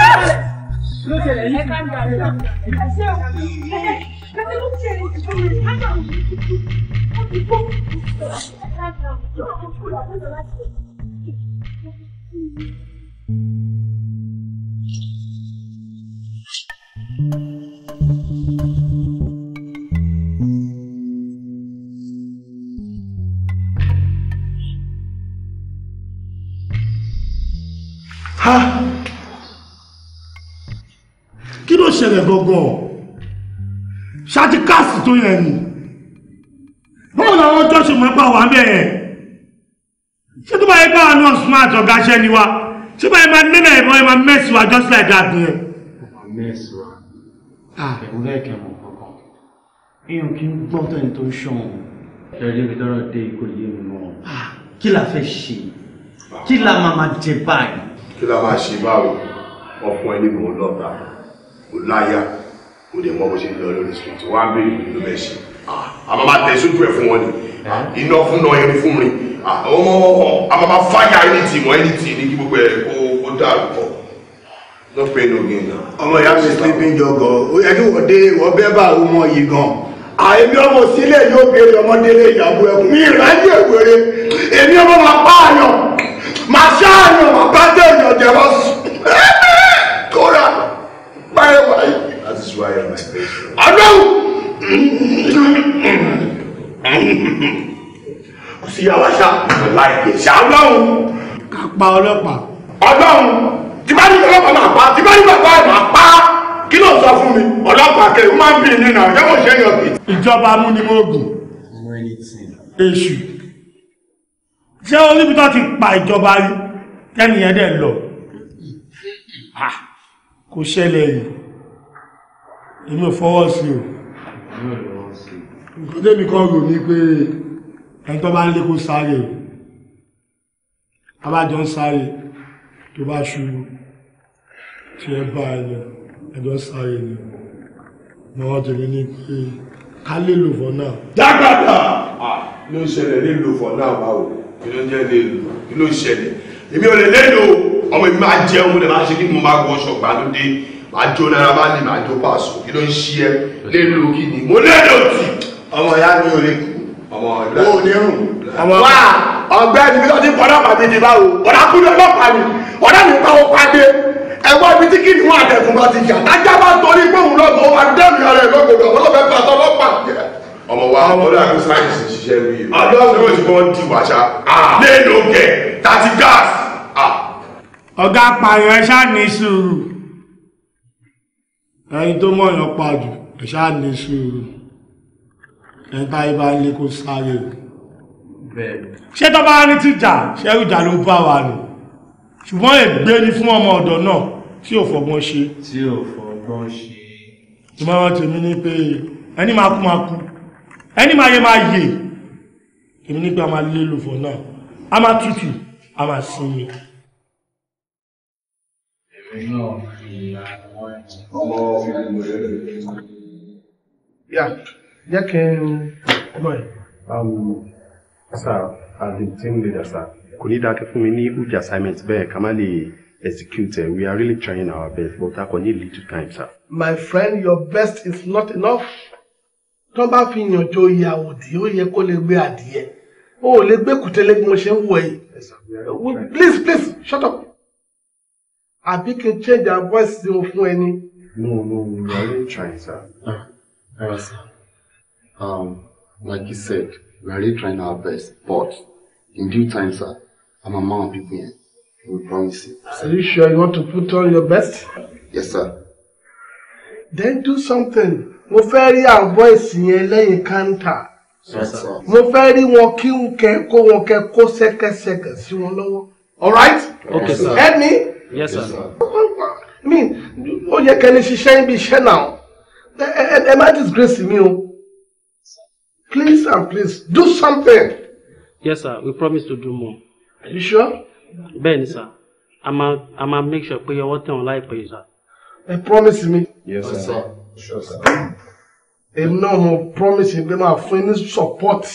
哈。ṣẹlẹ̀ gangan ṣáàtì káàsì tó yẹ ni báwo làwọn ọjọ́ ṣe máa bá wà bẹ́ẹ̀ ṣé tó bá yẹ báwa náà smart ọ̀gá ṣẹ́ ni wa ṣé báyìí máa nílẹ̀ ìbọn ẹ máa mẹ́sì wa just like that ni mẹ́sì wa ah. ẹ̀wúrẹ́ ìkẹ̀mọ̀ kankan èèyàn kì í gbọ́ tẹ́ni tó ń ṣọ̀hún ẹ̀rí mi lọ́rọ̀ dé ikú yé mi mọ́ ah, kí la fẹ́ ṣe kí la máa máa jẹ báyìí. kí la máa ṣe báwo ọkùnrin ni mò ń lọ́ta ó láyà ó dẹ̀ mọ́ bó ṣe lọ lórí street wá béèrè pé ló bẹ́ẹ̀ ṣe ẹ̀ fún wọn ni iná fún náà irin fún mi ọmọ fáyà ẹni tì mọ́ ẹni tì ní kí gbogbo ẹ̀ kó dàrú pọ̀ no pay no gain ọmọ ìyá mi sleeping jọgọ ó yẹ kí wọ́n dé wọ́n bẹ́ẹ̀ bá àwọn ọmọ yìí gan àìní ọmọ sílẹ̀ yóò béèrè ọmọdélé ìyàwó ẹkùn mi ìrájú ìwéré èmi ọmọ máa pààyàn máa ṣáàyàn ọlọ́run kò sí yàrá ṣá láìpẹ́ ṣá ọlọ́run. ká pa ọlọ́pàá. ọlọ́run tí bá ní ọlọ́pàá máa pa tí bá ní bàbá ẹ̀ máa pa kí ló sọ fún mi ọlọ́pàá kẹrin máa ń bí ní nàá yẹ́wọ̀n ṣe yọ bí. ìjọba amúnimóògùn èṣù ṣé oníbi tó ti pa ìjọba rí kẹ́niyẹn dẹ̀ lọ kò ṣẹlẹ̀ yìí inú fọwọ́ sí o nǹkan tẹ́mi kan rò ní pé ẹni tó bá ń lé kó sáré o abájọ ń sáré tó bá ṣubú tí ẹ bá ẹyẹ ẹjọ sáré ni náà jẹrẹ ní pé ká lè lò fọ náà. dágbàdà ló ń ṣẹlẹ̀ lè lò fọ náà wà o kí ló ń jẹ́ lè lò kí ló ń ṣẹlẹ̀ èmi ò lè lè lò ọmọ mi máa jẹun mo lè máa ṣe kí mo máa wọ ọṣọ gbàdúdé màá jó náírà bá ní màá jó pàṣọ kí ló ń ṣí ẹ lẹ́nu kí ni mo lẹ́nu tì ọmọ ìyá mi ò lè kú ọmọ ìlú ò ní rùn wá ọ̀gbẹ́ni mi lọdí bọdá pàdé ti báwo ọdá kúndé ọlọ́pàá ni ọdá mi pa ó pàdé ẹ̀gbọ́n mi tí kí ni wọn àtẹkùn bá ti jà tájà bá torí pé òun lọgọ wà dẹrù ọ̀rẹ́ lọgọdọ wọn lọfẹẹ fà tọ ọlọ́pàá jẹ. ọmọ wa ọlọ àti sáyẹnsì ṣiṣẹ́ mi. ọlọ́run yóò ti bọ́ di wàṣà. lẹ́nu tàti gáàsì. ọ̀gá pààyàn ṣáà ní sùúrù ẹni tó mọ̀yàn pa jù ẹ̀ ní sùúrù ẹni táyé bá kó sáré o. tó bá rí tíjà ṣẹ́rù ìjà ló bá wa nù ṣùgbọ́n ègbé ni fún ọmọ ọ̀dọ̀ náà tí ò fọgbọ́n ṣe. tí ò fọgbọ́n ṣe. tí wọ́n rántí mi ní pé ẹni máa kú máa kú ẹni máa yẹ máa yè èmi ní pé a máa lé lòfò náà a máa tutù a máa sinmi. èmi náà fi ìyá Yeah, ìgbìmọ̀ rẹ̀. yà jẹ́ kí n mọ̀ ẹ́. sir as the team leader sir kò ní dákẹ́ fún mi ní huge assignment bẹ́ẹ̀ ká má lè execute we are really trying our best but a kò ní little time sir. my friend your best is not enough tó bá fi yànjọ ìyàwó dì ó yẹ kó lè gbé adìyẹ o ò lè gbé kùtẹ́lẹ́ bí mo ṣe ń wọ̀ yìí please please shut up àbí kí n change our voice sí o fún ẹni. no no we are really trying sir. ah alright sir. Um, like you said we are really trying our best but in due time sir our a man of people here we promise you. are you sure you want to put on your best. yes sir. then do something mo fẹ́ rí our voice yẹn lẹ́yìn kanta. sir. mo fẹ́ rí wọn kí n kẹ́ kó wọn kẹ́ kó sẹ́kẹ́sẹ́kẹ́ sí wọn lọ́wọ́. all right. okay sir. help me yes sir. i mean ó yẹ kẹ́ni ṣiṣẹ́ ibi iṣẹ́ náà ẹ am I disgracing you? please and please do something. yes sir we promise to do more. are you sure. Ben, sir a I'm a make sure pé ọwọ́ tẹ̀ wọ́n láìpẹ́ yìí sir. I promise me. yes sir. sir. sure sir. èmi náà mo promise yín pé máa fún support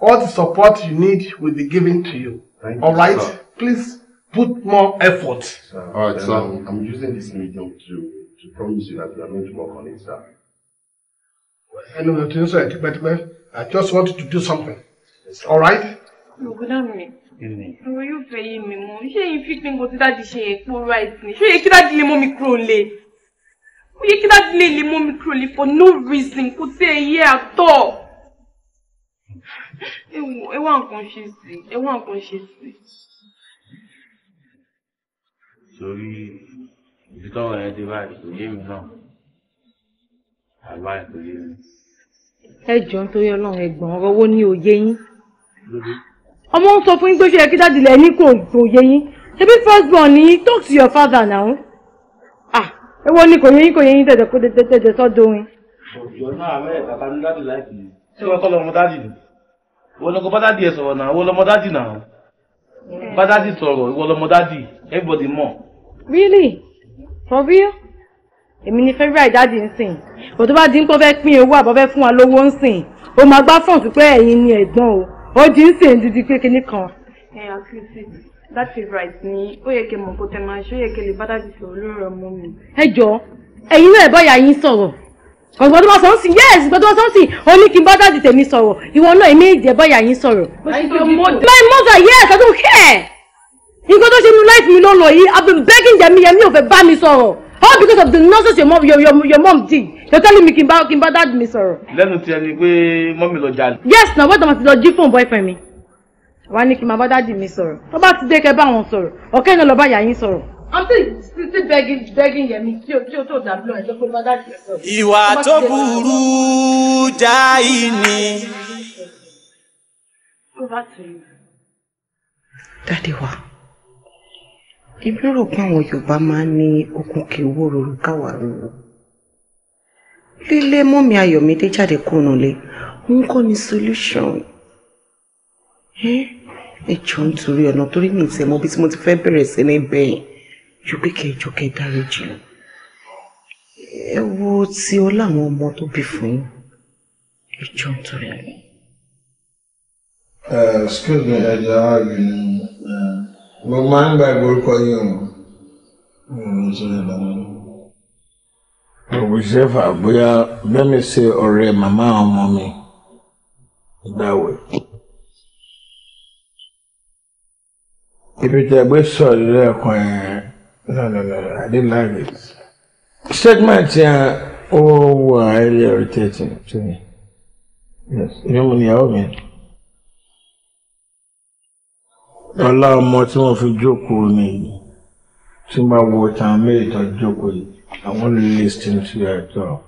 all the support you need will be given to you. Thank all you, right sir. please put more effort. Sir, All right, sir. I'm, I'm using this medium to to promise you that we are going to work on it, sir. I know the things are I just wanted to do something. Yes, All right? No, good afternoon. Ọ̀rọ̀ yóò fẹ́ yé mi mọ́. Ṣé èyí fi pín nǹkan tí dáàdì ṣe èpo right ni? Ṣé èyí kí dáàdì lè mọ́ mi kúrò lé? Ó yẹ kí dáàdì lè lè mọ́ mi kúrò lé for no reason kò sí èyí àtọ̀. Mm. Ẹ wá nǹkan ṣe sí ẹ wá nǹkan sí torí ibi tọ́wọ́ yẹn ti báyìí kò yé mi náà àbáyé kò yé mi. ẹ jọ ń torí Ọlọ́run ẹ̀gbọ́n ọ̀rọ̀ wo ni òye yín ọmọ ń sọ fún yín pé ṣe kí dájú lẹ ní kò òye yín ṣebí first born ni talk to your father now ah ewo ni kò yé yín kò yé yín tẹ̀tẹ̀ kó tẹ̀tẹ̀ sọ́dọ̀ yín. ọ̀jọ̀ náà mẹ́rin bàbá mi dájú láìpẹ́ ṣé wọ́n kọ́ lọ́mọ dájú ni wọ́n lọ́kọ́ bá dájú ẹ̀ sọ̀rọ̀ náà wọ́n lọ́mọ dájú náà bá mm. dádì sọ̀rọ̀ ìwọ lọmọ dádì everybody mọ̀. really for real èmi ni favourite dádì ń sìn kò tó bá dín pé ó fẹ́ pín owó àbọ̀ fẹ́ fún wa lówó ń sìn ó máa gbá fọ̀ǹsì pé ẹ̀yin ni ẹ̀gbọ́n o ó dín sìn dídí pé kinní kan. ẹ àkíyèsí that favourite ni ó yẹ kí mọ̀kò tẹ̀ máa ṣe ó yẹ kí lè bá dádì sọ̀rọ̀ lórí ọmọ mi. ẹ jọ ẹ̀yin náà ẹ bá ìyá yín sọ̀rọ̀ ọ̀gbọ́n tó bá sọ ń sìn yẹ́ẹ̀sì gbọ́dọ̀ sọ ń sìn ó ní kí n bá dáàdì tèmi sọ̀rọ̀ ìwọ náà èmi ìjẹ́bọ̀yà yín sọ̀rọ̀. my mother yes I don't care. nǹkan tó ṣe nínú life mi ló lọ yìí I've been begging Yẹmi Yẹmi ò fẹ́ bá mi sọ̀rọ̀ all because of the nonsense your mom your your your mom did you're telling me kí n bá kí n bá dáàdì mi sọ̀rọ̀. lẹ́nu tiẹ̀ ni pé mọ́mí lọ jalè. yes na wọ́n tọ́mọ ti lọ jí fóun boyfriend mi wàá ní kí n máa bá dáàdì mi sọ̀rọ̀ tó bá ti dé kẹ́ bá wọn sọ̀rọ̀ ọ̀kẹ́ náà lọ yà yín sọ̀rọ̀ I'm still begging begging Yemi tí o tí o tó dàbí lọ ẹjọ́ pé má dá ìṣẹ́ sọ. Ìwà tó burú jáì ni. Dádì wa, èmi rò pé àwọn Yorùbá máa ń ní okun kì í wó rorò káwà rorò. Lílé mọ́mi Ayọ̀mídé jáde kúrò lé, òun kọ́ ni solution. Ẹ jọ̀ọ́ nítorí ọ̀nà torí mi ìtẹ̀mọ́ bí mo ti fẹ́ bẹ̀rẹ̀ sí ní bẹ́yìn ju pé kí dáríjì ẹ wo ti ọlá àwọn ọmọ tó bí fún yín ìjọ ń torí àmì. excuse me ẹ jẹ́ àwọn àgbẹ̀ ni mo máa ń gba ìgbórúkọ yín o mo sọ yẹn dáná. Òbíṣẹ́fà bóyá bẹ́mi ṣe ọ̀rẹ́ màmá ọmọ mi dáwẹ̀. Ibi tẹ̀ gbé sọ̀rọ̀ lẹ́ẹ̀kan yẹn. No, no, no, no. I didn't like it. Statements are oh, all were highly irritating to me. Yes. Even when you're over. Ọlá ọmọ tí wọ́n fi jókòó ni tí n bá wo tàn méjì tó jókòó yìí, àwọn lè listen to your talk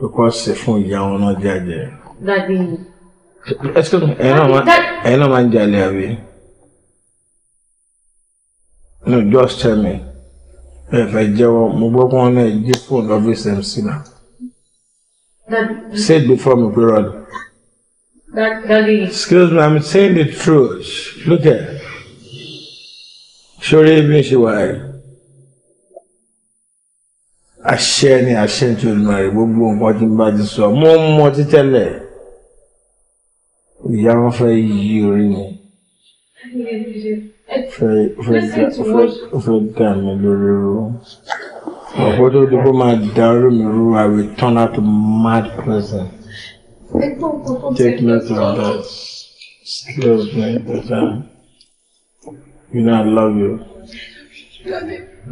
because ṣe fún ìyá wọn náà jáde. Dàbí. Excuse me, ẹ̀yin náà máa ń jalè àbí? No, just tell me ẹ fẹ́ jẹ́wọ́ mo gbọ́ pé wọ́n náà jí fóònù ọ́fíìsì mc náà. say it before me pé rọ́ọ̀dù. excuse me i'm saying the truth look at sórí bí n ṣe wà ẹ àṣẹ ni àṣẹ tó nù rẹ gbogbo nǹkan tí n bá sọ mo mọ títẹ́lẹ̀ ìyá wọn fẹ́ yí orí mi fẹ́ dà mí lórí rú ọ̀pọ̀ tó dìbò máa dàrú mi rú I will turn out a mad person. Take note of that. Close me the time. You know I love you.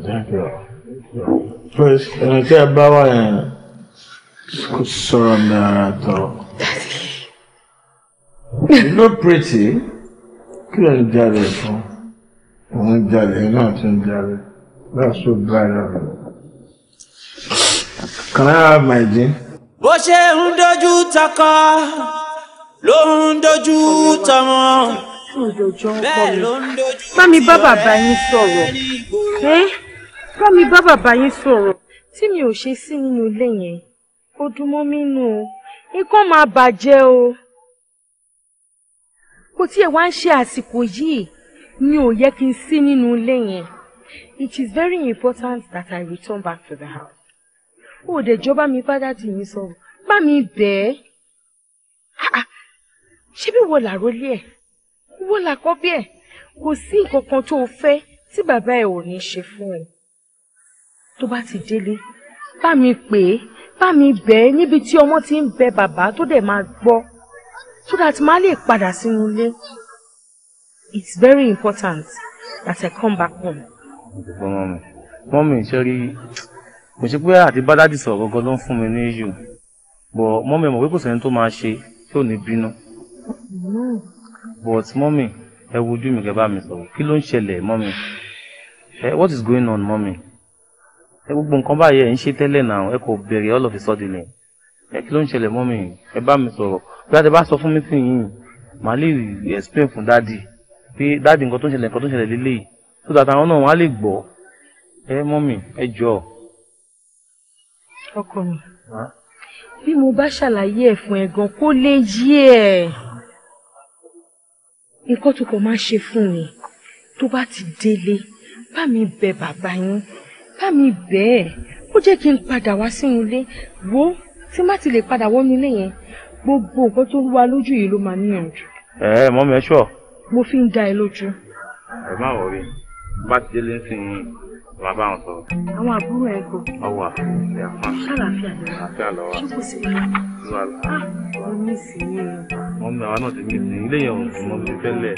Thank you. First, ẹni tí ẹ bá wà yẹn kò sọ̀rọ̀ mi ara tọ̀. You look pretty. Kí ló ń òun jalè náà ti ń jalè that's so bad of you. Can I have my gin? bó ṣe ń dojú takọ ló ń dojú tọmọ bẹ́ẹ̀ ló ń dojú tọrẹ bá mi bá bàbá yín sọ̀rọ̀ bá mi bá bàbá mi ò ṣe sí nínú ilé o nǹkan máa bàjẹ́ o kò tiẹ̀ wá mi ò yẹ kí n sí nínú ilé yẹn it is very important that I return back to the house. ó dẹ̀ jọba mi bádá tì mí sọ̀rọ̀ bá mi bẹ́ẹ̀ ah, ah. ṣé bí wọ́n là rólé ẹ̀ wọ́n là kọ́ bí ẹ̀ kò sí nǹkan kan tó o fẹ́ tí bàbá ẹ̀ ò ní ṣe fún ẹ. tó bá ti délé bá mi pè é bá mi bẹ̀ ẹ́ níbi tí ọmọ ti ń bẹ bàbá tó dẹ̀ máa gbọ́ so that má lè padà sínú ilé it's very important that I come back home. Okay, mommy. Mommy, sẹ́rí kò ṣe pé àti bádàdì sọ̀rọ̀ gangan ló ń fún mi ní yù but mommy, mọ̀ pé kò sẹ́ni tó máa ṣe tí ò ní bínú but mọ́mí ẹ wojú mi kẹ́ bá mi sọ̀rọ̀ kí ló ń ṣẹlẹ̀ mọ́mí ẹ what is going on mọ́mí ẹ gbogbo nǹkan báyẹn ẹ ń ṣe tẹ́lẹ̀ náà ẹ kò bẹ̀rẹ̀ all of a sudden ẹ kí ló ń ṣẹlẹ̀ mọ́mí ẹ bá mi sọ̀rọ̀ bí a ti bá sọ fún mi sí yìí màá lè explain fún dádì pé dáàdì nǹkan tó ń ṣẹlẹ̀ nǹkan tó ń ṣẹlẹ̀ lélẹ́yìí tó dàtà àwọn náà wọ́n á lè gbọ́ ẹ mọ́mì ẹ jọ. ọkọ mi bí mo bá ṣàlàyé ẹ fún ẹ gan kó lè yí ẹ nǹkan tó kọ máa ṣe fún mi tó bá ti délé bá mi bẹ bàbá yín bá mi bẹ ẹ ó jẹ́ kí n padà wá sínú ilé wo tí má ti lè padà wọnú ilé yẹn gbogbo nǹkan tó wà lójú yìí ló máa níyànjú. ẹ mọ́mì ẹ ṣọ́ọ̀ mo fi ń dá ẹ lójú. ẹ má wọrí bá ti délé ń sìn yín màá bá wọn sọ̀rọ̀. àwọn àbúrò ẹ kọ. ọwọ́ àfẹ àfọn. sálàáfíà ni wọn. àfẹ àlọ ṣùkú sí i. Ah, mo mí sí i. wọn mú àwa náà ti mí sí i ilé yẹn ò mọ mi fẹlẹ.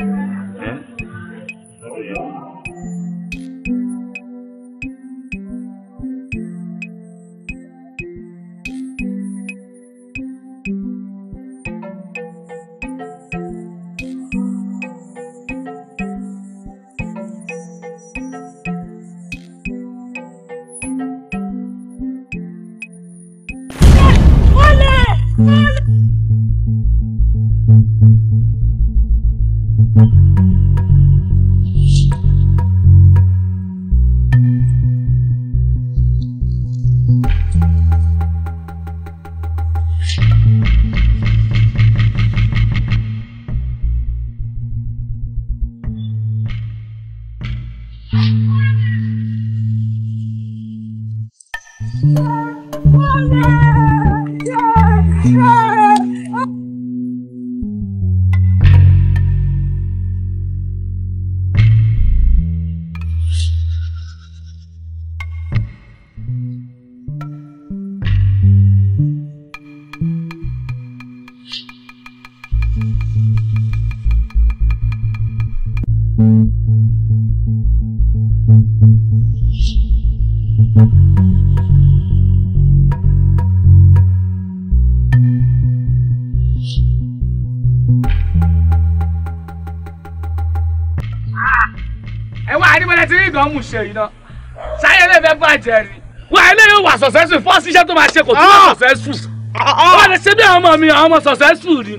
ṣe yìí náà sáyẹn lè fẹ́ bàjẹ́ ni wà á lè wà successful fọ́ọ̀sì iṣẹ́ tó máa ṣe kò tún wà ah! successful ah, ah, lè ṣe bí àwọn ọmọ mi àwọn ọmọ successful ni.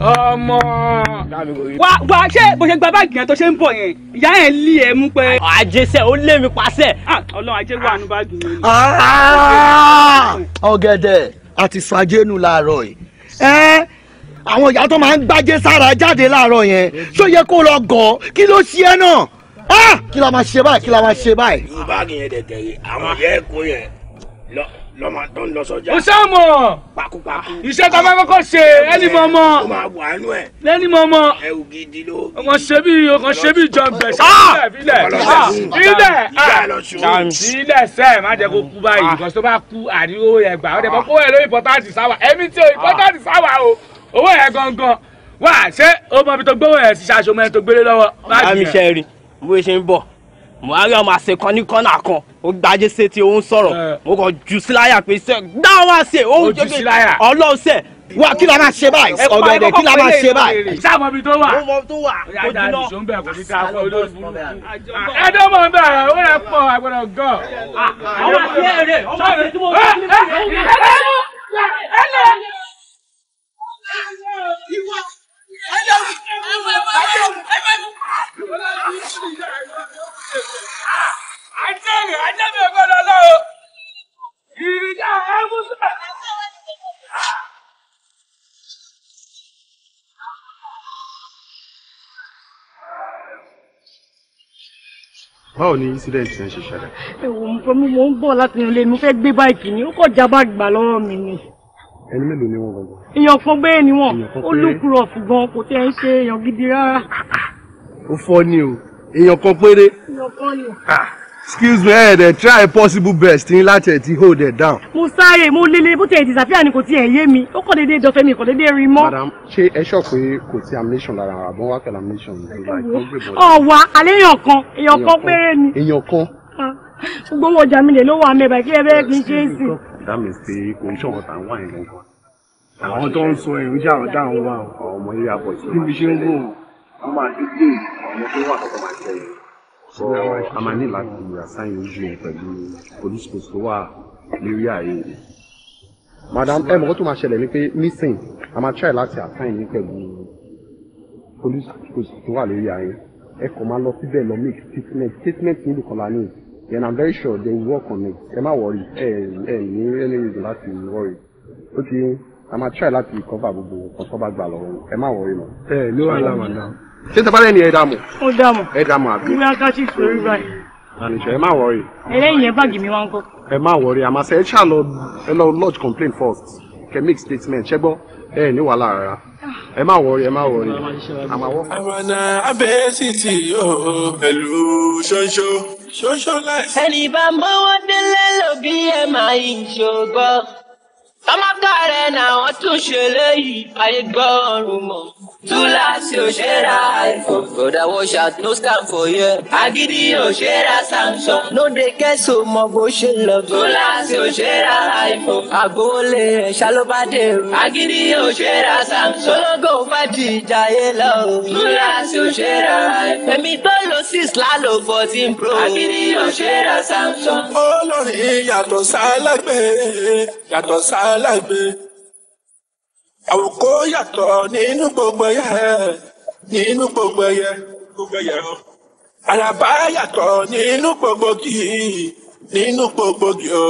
ọmọ wa wa ṣé bó ṣe gba báàgì yẹn tó ṣe ń bọ̀ yẹn ìyá yẹn lé ẹ mú pé. àjẹsẹ ó lé mi pàṣẹ. ọlọ́run ajé wà nù báàgì yẹn. ọ̀gẹ̀dẹ̀ àti sàjẹ́nu làárọ̀ yìí àwọn ìyá tó máa ń gbájé sára jáde láàárọ̀ yẹn ṣó yẹ kó lọ gọ̀ kí ló ṣe ẹ náà kí la máa ṣe báyìí kí la máa ṣe báyìí. irú báàgì yẹn dẹ̀ tẹ̀lé àwọn ìyá ẹ̀kọ́ yẹn lọ́mọ tó ń lọ sọ́jà. o sọ́mọ̀ pakupaku. iṣẹ́ tá a bá kọ́kọ́ ṣe ẹni mọ̀ mọ̀. o máa wà ánú ẹ̀. lẹ́ni mọ̀ mọ̀. ẹ ò gidi ló. o kàn ṣe bí o kàn ṣe bí jọ gbẹ̀ṣẹ̀ sílẹ̀ sílẹ̀ sílẹ̀ sílẹ̀ sẹ́ má jẹ́ kó kú báyìí nǹkan ah. tó bá kú àríwó yẹn gbà ó dẹ̀ bọ́ ah. kó ẹ̀ ló ìpọ́táàtì sáwà ẹ̀mí tí o ìpọ́táàtì sáwà o owó yẹn gangan wà ṣé o mọ ibi tó gbówó yẹn ti ṣaṣọ mọ́ ẹ tó gbélé lọ́wọ́. báyìí bó ṣe ń bọ̀ buhari ọmọ àṣẹ kan ní kọ́nà kan ó gbájé ṣe tí òun sọ̀rọ̀ mo kàn jù síláyà pé ṣe dáhùn àṣẹ òun jù ọlọ́run ṣe wa kí la máa ṣe báyìí ọ̀gẹ̀dẹ̀ kí la máa ṣe báyìí. sáàmù ibi tó wà ó mọ tó wà ó jiná ẹdọ mọ n bẹ ọ ó yẹ pọ àgbẹrẹ gọ. àwọn àti ẹrẹ ọmọ àti tí mo fi ní ìlú. ẹ ẹ lẹ báwo ni incident yẹn ṣe ṣẹlẹ̀. ẹ wò mo ń bọ̀ láti ilé mi fẹ́ gbé báìkì ni ó kọjá bá gbà lọ́wọ́ mi ni ẹni mélòó ni wọn gbọgbọ. èèyàn kan gbé ni wọn ó lùkùrọ̀ ṣùgbọ́n kò tẹ́ ń ṣe èèyàn gidi rárá. ó fọ́ ni o èèyàn kan péré. èèyàn kan ni. Ah, excuse me ẹ dẹ try possible best ní láti ẹ ti hold ẹ down. mo sáré mo lélẹ̀ bó tẹ ẹ ni kò tiẹ̀ yé mi ó kàn déédéé dọ̀fẹ́ mi kò déédéé rí mọ́. madam ṣé ẹ sọ pé kò sí ammunition lára àbọ̀n wá pẹ̀lú ọ̀wà alẹ́ èèyàn kan èèyàn kan péré ni. èèyàn kan. Ah, gbogbo ọjà mi lè ló wà kí ẹ bẹ́ẹ̀ kí n ṣe é sí that ẹ mọ̀ tó máa ṣẹlẹ̀ ni pé nísìn a máa try láti àṣàyàn yín pẹ̀lú police tó wà lórí ààyè ẹ kàn máa lọ síbẹ̀ lọ make statement statement nílùú kan la then i'm very sure they will work on it ẹ worry ẹ ẹ ní any reason láti worry ó ti try lati cover gbogbo nǹkan tó bá gbà lọ ẹ má worry mọ́. ẹ ló wà láwọn ni ẹ dààmú. ó dààmú ẹ dààmú àbí. ìwé akáṣí sórí báyìí. àníṣe worry. ẹlẹ́yìn mi wá ń kọ́. worry lodge complaint first kẹ make statement ṣoṣo láì. ẹnì bá ń bọ́wọ́ délé lò bí ẹ máa yí ṣògbọ́. tọ́mọ́kà rẹ̀ náà wọ́n tún ṣe léyìí ayé gbọ́ ọ̀rùn mọ́. Túláàsì òṣèrà iPhone. Bọ̀dà wash out no scam for here. Agídí òṣèrà Samsung. No dey get so mọ bó ṣe lọ. Túláàsì òṣèrà iPhone. Àgbóolé rẹ̀ ṣàlóbádé o. Agídí òṣèrà Samsung. Ológo fàájì ìjàyè lọ. Túláàsì òṣèrà iPhone. Èmi tó lo six lálò fourteen pro. Agídí òṣèrà Samsung. Olórin yàtọ̀ sálágbé, yàtọ̀ sálágbé àwòkọ́ yàtọ̀ nínú gbogbo ẹyẹ nínú gbogbo ẹyẹ gbogbo ẹyẹ o àlàbá yàtọ̀ nínú gbogbo kì í nínú gbogbo kì o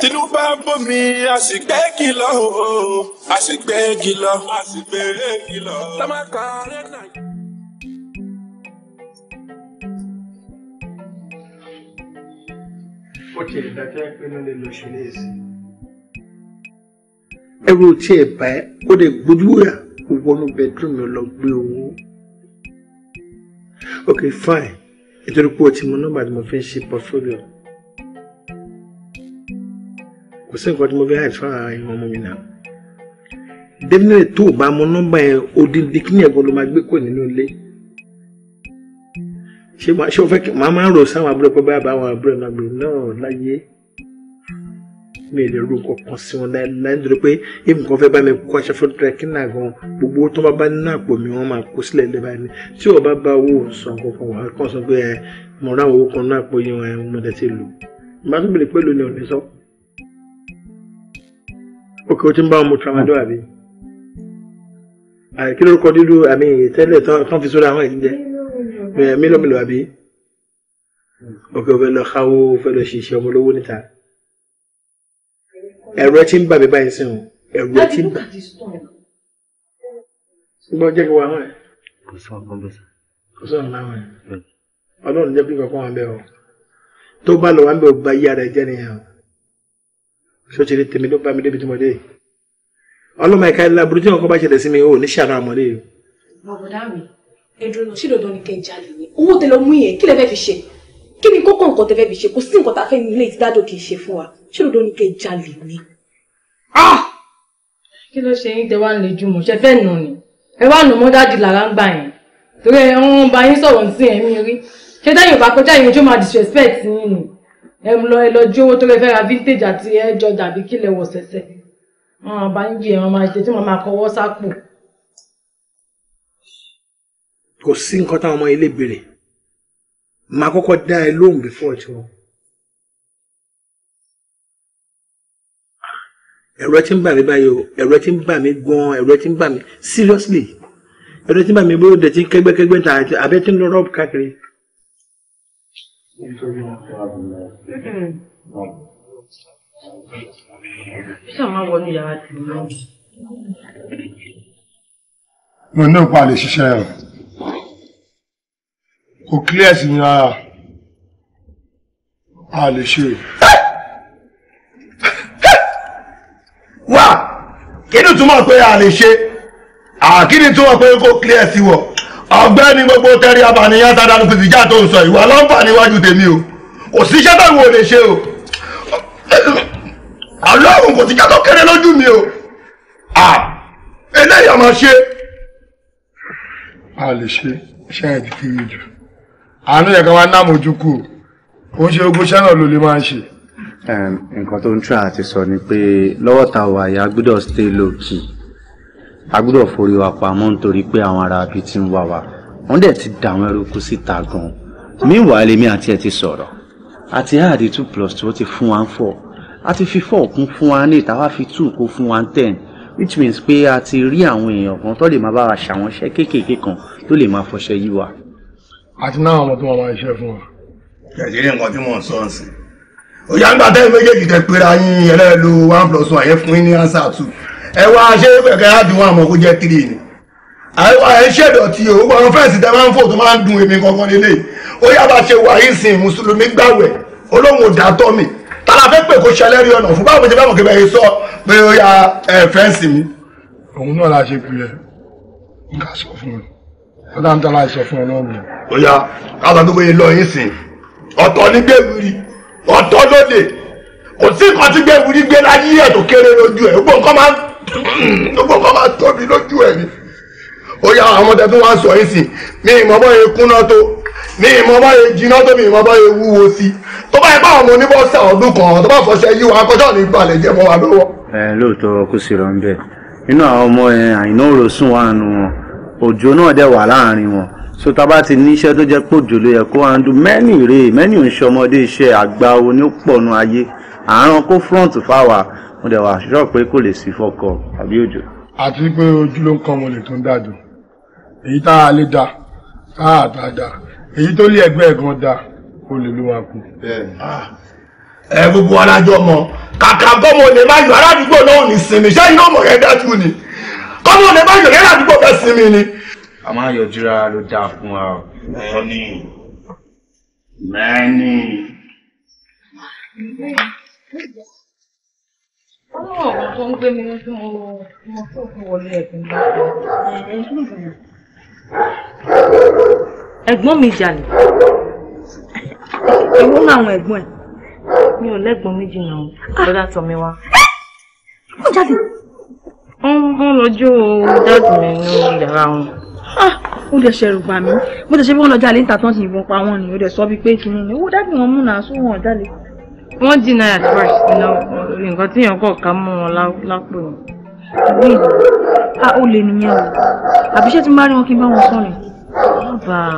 tinubu ń bomi àsìgbẹ́ kìlọ̀ o àsìgbẹ́ kìlọ̀ àsìgbẹ́ kìlọ̀. tamaka rẹ náà. ó tiẹ̀ dájọ́ pé ló lè lọ ṣe léèsì ẹrù tí ẹ bá ẹ ó lè gbójú yà wọnú bedroom mi lọ gbé owó. ok fine ìtorí pé o ti mọ nọ́mbà tí mo fi ń ṣe portfolio kò sí nǹkan tí mo fi hàn fún àwọn ẹ̀yìn ọmọ mi náà definitely tó o bá mọ nọ́mbà yẹn odindi kí ni ẹ̀gbọ́n ló máa gbé kò nínú ilé ṣé o fẹ́ kí màá máa ń rò sáwọn àbúrò pé báyà bá àwọn náà gbé náà láyé. No, mi ò lè ru kankan sí wọn láìláì nítorí pé èmi kan fẹ́ bá mi kó aṣọ fún trekina gan gbogbo tó bá bá nínú àpò mi wọ́n máa kó sílẹ̀ lẹ́ba ni tí o bá bá owó sàn kankan wà á kàn sọ pé ẹ mo rá owó kan náà pé yín ẹ mo dẹ̀ ti lò ìgbà tó bèrè pé lónìí ò ní sọ. òkè o ti ń bá wọn mu tramadol àbí kí lórúkọ dúdú àmì tẹ́lẹ̀ tán fi sóra àwọn ìdíjẹ mílíọ̀nù àbí òkè o fẹ́ lọ káwó o fẹ́ lọ ṣiṣẹ́ ẹ̀rọ ti ń bà mí báyìí sí wọn ẹ̀rọ ti ń bà. ṣùgbọ́n jẹ́ kí wọ́n àwọn ẹ̀. kò sọ ọ̀gbọ́n bẹ́ẹ̀ sọ. kò sọ ọ̀gbọ́n àwọn ẹ̀. ọlọ́run jẹ́ kí kankan wọn bẹ́ẹ̀ o tó bá lọ wá ń bẹ̀ ọba yí ara ẹ̀ jẹ́ nìyẹn o. ṣé o ti rí tèmi ló bá mi débi tí mo dé yìí. ọlọ́mọ ẹ̀ka ẹ̀ laburú tí wọn kọ́ bá ṣẹlẹ̀ sí mi ò ní ṣàánú àmọ́lé o. bàbá mi ẹ̀dùn náà ṣídọ̀dọ̀ ni kẹ́ ń jalè ní owó tẹ lọ mú yẹn ni kókó tá a fẹ́ nílé ìtìdádò kì ṣé òdo ni kẹ́ jalè ni. Ah! kí ló ṣe yín tẹ wá ń le jùmọ̀ ṣe fẹ́ nà ni ẹ wá nà mọ́ dáàdì lára ń gbà yẹn torí ẹ ń bá yín sọ̀rọ̀ sí ẹ̀mí rí ṣé dáyìn ò kọjá ìrìn tó máa disrespect yín ni ẹ lọ ẹ lọ jí owó tó lè fẹ́ ra vintage àti ẹ jọ dàbí kílẹ̀ wọ̀ sẹ́sẹ́ wọn bá ń yí ẹran máa ṣe tí wọn máa kọwọ́ sápò. kò sí nǹkan táwọn ọmọ ilé béèrè màá kọ́kọ́ dá ẹ lóhùn before tiwọn. ẹ̀rọ tí ń bà mí báyìí o ẹ̀rọ tí ń bà mí gan ẹ̀rọ tí ń bà mí seriously ẹ̀rọ tí ń bà mí bóyá ọdẹ tí ń kẹ́gbẹ́kẹ́gbẹ́ ta àti abẹ́ tí ń lọ rọ́ọ̀bù káàkiri. mo ní òpá lè ṣiṣẹ́ rẹ̀ kò clear sí mi rárá a lè ṣe é. wá kí ni túmọ̀ pé a lè ṣe àkí ni túmọ̀ pé kó clear sí wọ ọ̀gbẹ́ni gbogbo tẹrí abàníyàn sádàlú fìdíjà tó ń sọ ìwà lọ́nfà níwájú tèmi o kò sí iṣẹ́ táwọn ò lè ṣe o ọlọ́run kò sí iṣẹ́ tó kéré lójú mi o eléyìí ọmọ ṣe. a lè ṣe iṣẹ́ ẹ̀ ti kéré jù àánú yẹn kan wá náà mojú kù ó ń ṣe ogún iṣẹ́ náà ló lè máa ń ṣe nǹkan tó ń tra àti sọ ni pé lọ́wọ́ ta wà yá gbọ́dọ̀ stay low key a gbọ́dọ̀ forí wa pamọ́ nítorí pé àwọn ará bíi ti ń wá wa wọ́n dẹ̀ ti dà àwọn eruku síta gan-an meanwhile lèmi àti ẹ̀ ti sọ̀rọ̀ àti áàdì two plus two ti fún wa ń four àti fi four kún fún wa ní ìta wá fi two kó fún wa ń ten which means pé a ti rí àwọn èèyàn kan tó lè máa bá wa ṣàwọn iṣẹ́ kéékèèké kan tó lè máa fọṣẹ yí wa. àti náà àwọn ọmọ tó máa máa ṣiṣẹ́ fún wa. kẹ̀sìrì nǹkan tí mò ń sọ ọ̀sìn òyà ńgbà tẹ́ méjèèjì tẹ pera yín ẹlẹ́ẹ̀lò one plus one yẹn fún yín ní ansa two ẹ wá ṣé kẹ̀kẹ́ àdùn àmọ́ kó jẹ́ three ni àìwá ẹ ṣèdọ̀tí o gbogbo àwọn fẹ́ǹsì tẹ máa ń fò tó máa ń dun èmi kankan lélẹ̀ ó yàgbà ṣe wà yìí sìn mùsùlùmí gbàwẹ̀ olóhùn ò dàtọ́ mi tala fẹ́ pè kó ṣẹlẹ́rì ọ̀nà fún báwo ṣe fẹ́ mọ̀ kí bẹ́ẹ̀ sọ pé ó ya fẹ́ǹsì mi. òun náà la ṣe pilẹ̀ nǹkan sọ fún un ó dáńtọ́ la sọ fún un náà nìyẹn. ó yá ká lọ tó bóyá lọ yín sìn ọ̀tọ̀ ní gbèwìrì ọ̀tọ́ lóde kò sí nǹkan tí gbẹ̀wù ní gbé láyé ẹ̀ tó kéré lójú ẹ̀ gbogbo nǹkan máa gbogbo nǹkan máa tóbi lójú ẹ̀ ni ó yà àwọn ọmọdé tó wá sọ yìí sí mi ìmọ̀ bọ́ yẹ kúná tó mi ìmọ̀ bọ́ yẹ jiná tó mi ìmọ̀ bọ́ yẹ wúwo sí tó bá yẹ bá àwọn oníbọ̀sà ọdún kan tó bá fọṣẹ yí wa kọjọ́ ní balẹ̀ jẹ́ mọ́ wa lọ́wọ́. ẹ lóòótọ́ kò sí rọ̀ ń bẹ̀ inú àwọn ọmọ yẹn àìná so tá a bá ti ní iṣẹ́ tó jẹ́ pòjò ló yẹ kó handle mẹ́nì rè mẹ́nì ò ń ṣe ọmọdé iṣẹ́ àgbà oní pọ̀nù ayé àárán kó front fáwa mo dẹ̀ wà ṣọ́ pé kò lè sí fọkọ àbí òjò. àti pé ojú ló ń kọ́ ọmọlẹ̀ tó ń dàdùn èyí tá a lè da tá a ta da èyí tó lé ẹgbẹ́ gan da olè ló wá kú. Ah. ẹ gbogbo alájọ mọ kàkà bọ́mọ lè má yọ aládùúgbò náà ò sinmi ṣé iná mọ̀ yẹn dájú ni kọ́mọ lè má yọ a máa yọjú ra ló dáa fún wa o. mẹ́ni mẹ́ni. ọlọ́wọ́ ọ̀gbọ́n tó ń gbé mi lójú mo mo tó fi wọlé ẹ̀gbọ́n bá tó. ẹ̀gbọ́n mi jà ní. èwo làwọn ẹ̀gbọ́n ẹ̀ mi ò lẹ́gbọ́n méjì náà lọ́dà tọ́ wá. ó jáde. wọ́n lọ jó dáàbò mi ní yàrá wọn. Ah, ó lè ṣẹ̀rù bà mí mo tẹ̀ ṣe bí wọ́n lọ jalè níta tán ti ìbọn pa wọn ni ó dẹ̀ sọ bíi pé kìíní ni owó dábì wọn múnà sún wọn jalè. wọ́n dínà at first nǹkan tí èèyàn kọ̀ ká mú wọn lápò ni. ìwé ìlú a ó lè nìyẹn o àbí ṣé tí máa rí wọn kí n bá wọn sọ̀rọ̀ bàbá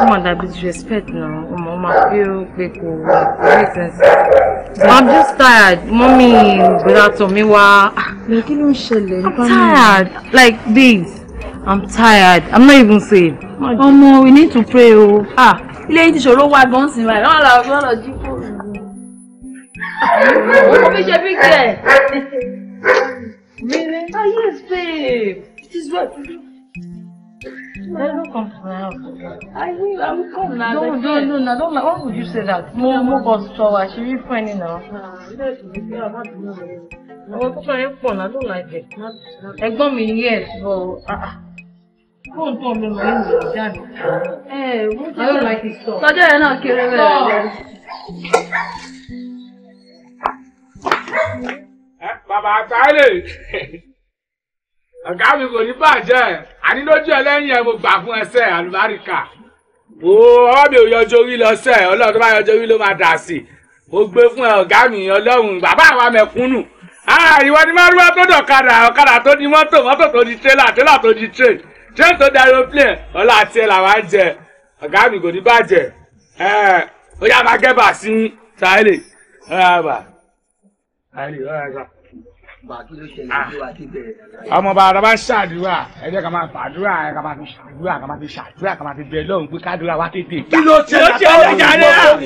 ó mà dàbí disrespect náà ó mọ̀ máa fi ó pé kò make sense. I'm just tired mommy. ìgbéra tọ̀ mí wá. kí ló I'm tired like this. I'm tired. I'm not even safe. Ọmọ, we need to pray oh. Ah, ilé yìí ti ṣòro wá gan sí báyìí. Oh, lọ wọ́n lọ jí Really? Oh yes, babe. It is what you do. I don't come to my house. I will, I will come now. No, no, no, no, don't. Eh? Why would you say that? Mo, mo bọ̀ sọ̀rọ̀ àṣírí fún ẹni náà. Ah, Àwọn tó máa ń pọ̀ náà, I don't like it. Ẹ̀gbọ́n mi, yes, but. Uh, kóńtó ló lọ ìwé ìjáde. ẹ ẹ wọ́n ti sọ tọ́jú ẹ̀ náà kéré bẹ́ẹ̀. bàbá àtàlè ọ̀gá mi kò ní bàjẹ́ àní lójú ẹ lẹ́yìn ẹ mo gbà fún ẹsẹ̀ àlùbáríkà o ọwọ́ mi ò yọjọ orí lọ sẹ́ ọlọ́run tó bá yọjọ orí ló máa dà sí i mo gbé fún ẹ ọ̀gá mi ọlọ́run bàbá àwa mẹ̀kúnnù ìwọ ni márùwá tó dọ̀kadà ọ̀kadà tó di mọ́tò mọ́tò tó di tírélà tírélà tó di tírélà train tó da aeroplane ọlá àti ẹ làwọn á jẹ ọ̀gá mi kò ní bàjẹ́ ẹ ó yá máa gẹ́bà sí sáyẹ́lì ọ̀rọ̀ àbà sáyẹ́lì ọ̀rọ̀ àbà. ọmọ bàrà bá ṣàdúrà ẹ jẹ́ ká máa fàdúrà ẹ ká máa fi ṣàdúrà ká máa fi ṣàdúrà ká máa fi bẹ lọ́hùn pé kádúrà wá tètè. kí ló ṣẹlẹ̀ kí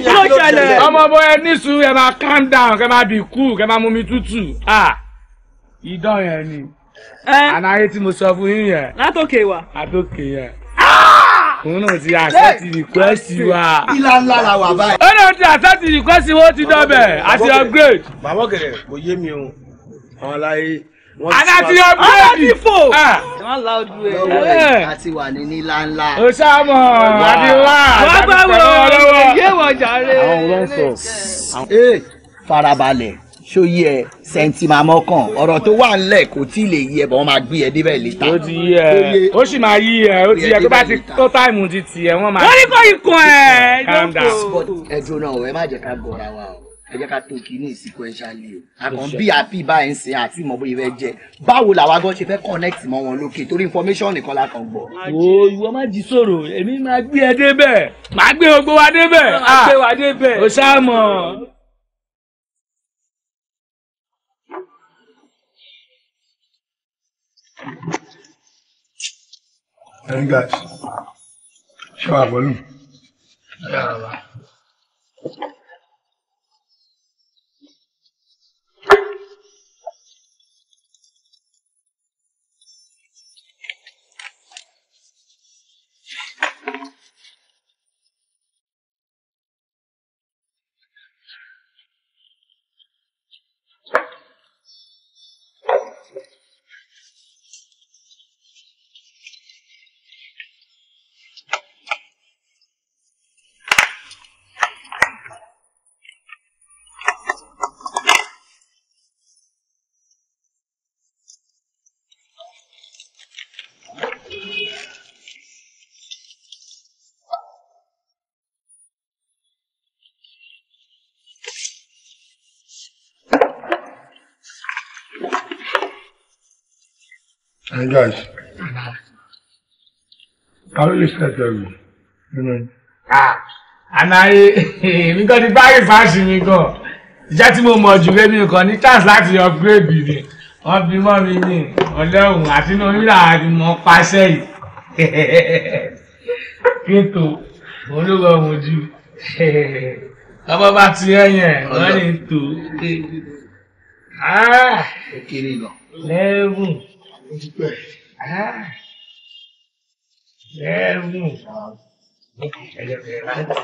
ló ṣẹlẹ̀. ọmọ bọ ẹ ní sùúrù ẹ máa calm down kẹ máa bì kú kẹ máa mú mi tútù. Ah, ìdán yẹn ni àlàyé tí mo sọ fún yín yẹn. látòkè wa. àtòkè yẹn. òun náà ti accept request wa. ìlà ńlá la wà báyìí. ó náà ti accept request wa ó ti dọ́bẹ̀ àti upgrade. bàbá kẹrẹ kò yé mi o àwọn aláyé àná ti yọ búrẹ́dì fò. wọ́n la ojú ẹ̀ lọ́wọ́ àti wà ní nílá ńlá. o sáàmù àti wá. wọ́n bá wọ ọ̀rọ̀ yé wọ̀jà rẹ̀. àwọn ọ̀rọ̀ ń sọ. farabalẹ̀ ṣó yí ẹ sẹǹtì máa tó wà ńlẹ̀ kò tí ì lè yí ẹ bọ̀ wọ́n máa gbé ẹ débẹ̀ létà. ó ti yí ó sì máa yí ẹ ó ti yẹ tó bá ti tó táìmù ti tì ẹ wọ́n máa. wọ́n ní kọ́ ikùn ẹ̀ lóko. ẹ dúró náà ẹ má jẹ́ ká gọra wa o ẹ jẹ́ ká tó kí ní o àkàn bí àpì báyìí ń sin àti ìmọ̀ bóyá ẹ jẹ́ báwo làwa gan ṣe fẹ́ connect mọ́ wọn lókè torí information nìkan la kàn gbọ́. wo ìwọ má jí sòrò èmi máa gbé ẹ débẹ̀ máa gbé ogbó wa débẹ̀ máa gbé wa ah, débẹ̀ o ṣáà mọ̀. Very good. Show up, Guys. Ta ló lè ṣe ẹ̀jẹ̀ rù nínú yín? Ànáyé èmi kan ti bá rìfáàsì mi gan. Iṣẹ́ tí mo mọ̀ jù lé mi kan ní chance láti upgrade ni. Wọ́n bí mọ́ mi ní ọlẹ́hùn àti inú rírà ni mo paṣẹ́ yìí. Kéto, òun ló rọrùn jù. Ọmọ bá ti ẹyìn ẹ̀, wọ́n ní tò. Ah, Ó kéré lọ. Lẹ́rù ó ti pẹ́. bẹ́ẹ̀ mú ẹ̀jẹ̀ bẹ̀rẹ̀ láti.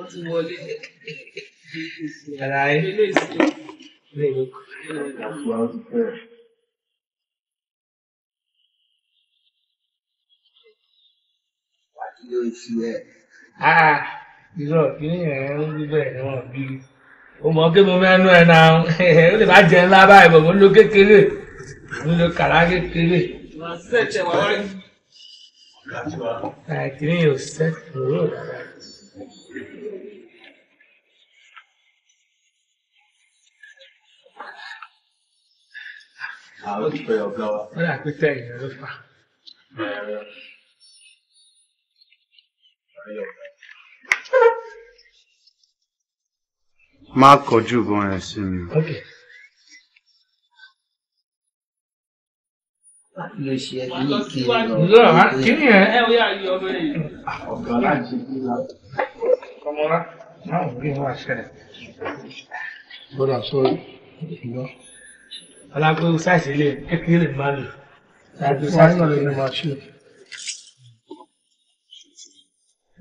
ó ti wọlé ara ẹ. ilé ìsìn. ilé ìlú kan. ilé oṣù ẹ̀ ah irọ́ kìíní yẹn ń rí bẹ́ẹ̀ ni wọ́n bí o mọ̀ kí mo mẹ́nu ẹ̀ náà ó lè má jẹ ńlá báyìí bọ̀ mo ń lo kékeré mo ń lo kàrá kékeré. Ah, kìíní yóò ṣe òró rárá. ọ̀gá wa. Ó yà pé tẹ́yìn ló fà má kọjú ìbọn ẹ sí mi. ló ṣe ẹ bí kí ni lọ. lọ wá kí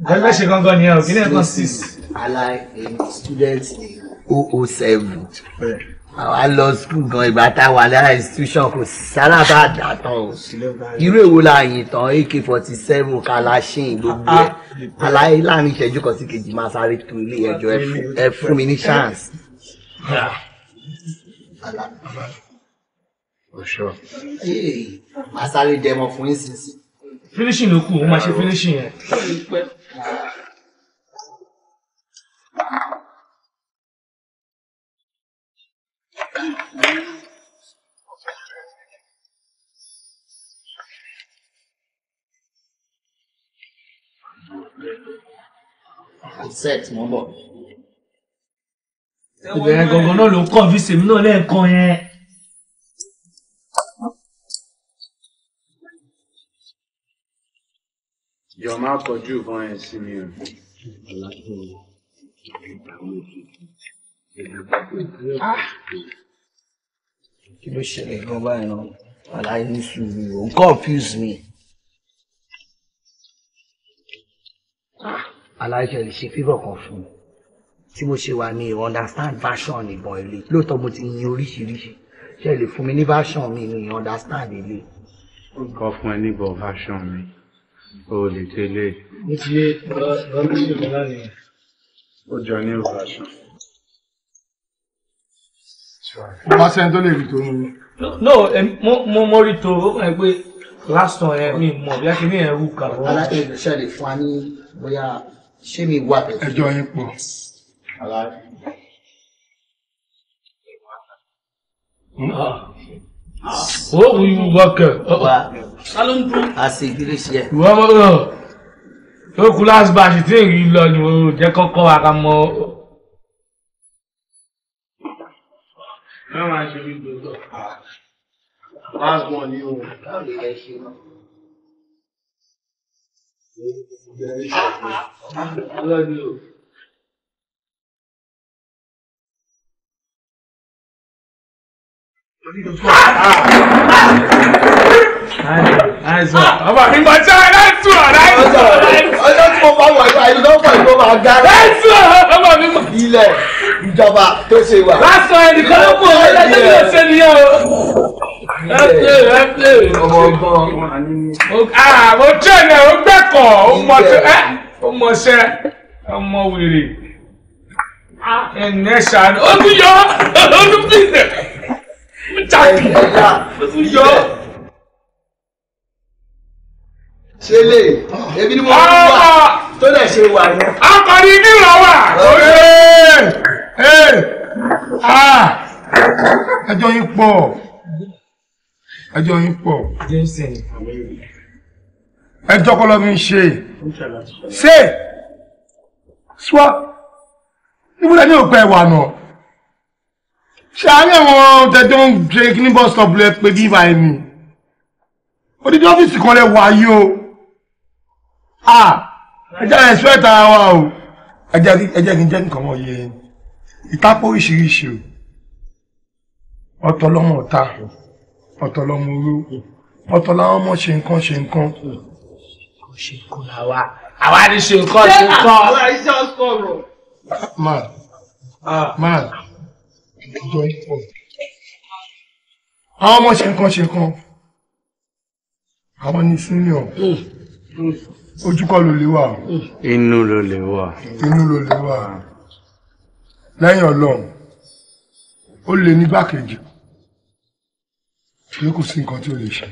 ẹgbẹ́ ṣe gangan ni ẹ ò kí ní ẹ̀kan six. alai eh, student oo oh oh seven àwa lọ skul gan ìgbà tá a wà lára institution kò sára bá dà tán o irú èwo la yìn tán ak forty seven kalashin gbogbo ẹ aláì láàrin ìṣẹ́jú kan sí kejì máa sáré tó ilé ẹjọ́ ẹ fún mi ní chance. Ah. Ọ̀ṣọ́. Eh, dẹmọ fún yín Finishing ló kù, ó máa ṣe finishing yẹn set mọ́ bọ̀. ìbẹ̀rẹ̀ gangan náà ló ń kọ́ fi sèmi náà lẹ́ẹ̀kan yẹn. Yọ̀ má kọjú ìbọn ẹ̀ sí mi o. Kí ló ṣẹlẹ̀ gan báyìí náà? Àlàyé ní sùúrù o, confuse me. Àlàyé ah! ṣẹlẹ̀ ṣe fífọ̀ kan fún mi. Tí mo ṣe wà ní understand version ìbọn ilé. Lóòótọ́ mo ti yin oríṣiríṣi. Ṣé lè fún mi ní version mi ní understand ilé? Ó kọ́ fún ẹ níbọ̀ version mi. Holy Tele. Ó jọ ní ọ̀rọ̀ aṣọ. Má sẹ́ni tó lè rí tó mú. No, mo mo rí tó ó kàn pé last one ẹ eh, mi mọ̀ bí akíní ẹ̀ wù kà. Aláṣẹ ìgbésẹ̀ lè fún wa ní bóyá ṣé mi wà pẹ̀lú. Ẹjọ́ yín pọ̀. Ah. Ah. Ó wù wákẹ́ sálọ ń dún. a sì gírí sí ẹ. ìwọ mọ ọ tó kú last batch tí èyí lọ ni o jẹ kọkọ wa ká mọ. mẹ́wàá ṣe bí gbogbo last one ni o. Ọlọ́ni o. Ah! ah! ọmọ mi kò tí ọ̀rẹ́ láìsù ọ̀rẹ́ láìsù ọ̀rẹ́. ọjọ́ tí mo bá wà ìgbà yìí lọ́pọ̀ ìgbà máa ga. láìsù ọmọ mi mọ̀. ilẹ̀ ìjọba tó ṣe wà. lásán ẹnìkan ló kù ọ̀rẹ́ lẹ́jọ́ bí o ṣe nìyẹn o. ẹ pè ẹ pè. ọmọ ọgbọ́n. mo jẹ́ ẹ̀ ó gbẹ̀kọ̀ ó mọṣẹ́ ọmọ wèrè ẹ̀ǹdẹ̀ ṣàánú ó tún yọ ó tún fi ṣe ó tún yọ ṣe lè ebi ni mo ń wà tó lè ṣe wà yẹn. akọni ní ìrọ̀wà. Ah! ẹjọ́ yín pọ̀ ẹjọ́ yín pọ̀ ẹjọ́ kọ́ lọ́mí ṣe ṣe ṣọ́ la ní òpẹ́ wà náà ṣe àárín àwọn tẹjọ́ ń ṣe kí ní bọ́ọ̀sì tọ́bù lẹ pé bí ìbá ẹni odidi ọ́fíìsì kan lẹ wà o ẹ jẹ́ respect ara wa o ẹ jẹ́ kí n jẹ́ nǹkan wọ̀nyí ìtàpọ̀ oríṣiríṣi o ọ̀tọ̀ lọ́mọ ọ̀tá ọ̀tọ̀ lọ́mọ oró ọ̀tọ̀ làwọn ọmọ ṣe nǹkan ṣe nǹkan. ṣe nǹkan àwa àwa ni ṣe nǹkan ṣe nǹkan. àwa ni ṣe sọ̀rọ̀. man ah. man àwọn ọmọ ṣe nǹkan ṣe nǹkan àwọn ni senior. Hmm. Hmm ojúkọ ló lè wà. inú ló lè wà. inú ló lè wà. lẹ́yìn ọlọ́run ó lè ní gbàkejì ṣùgbọ́n kò sí nǹkan tí ó lè ṣe.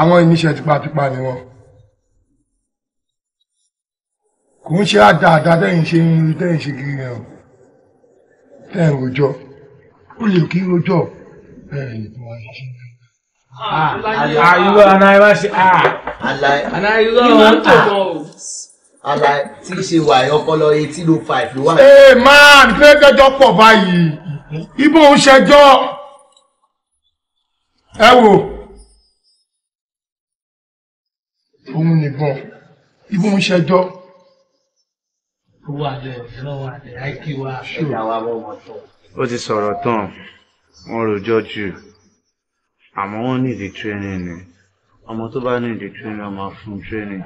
àwọn ìníṣẹ́ tipátipá ni wọ́n. kò ń ṣe àdáadáa tẹ́yìn ṣe ń rí tẹ́yìn ṣe kiri ẹ̀ o tẹ́yìn rojọ́ ó lè kí rojọ́ bẹ́ẹ̀ ni tí wọ́n ṣe àyùwọ̀ anáyíwá ṣe anáyíwọ̀ wọn tó mọ o. ala tí ṣe wà ọpọlọ eighteen oh five ló wà. ee máa ní fẹ́ jọjọ pọ̀ báyìí ibo ń ṣẹjọ́ ẹ wò òun nìbọn ibo ń ṣẹjọ́. owó àlẹ ìrànwọ́ àlẹ àìkí wa. ó ti sọ̀rọ̀ tán wọn rò jọ jù àmọ́ wọ́n nídìí training ni ọmọ tó bá nídìí training a máa fún training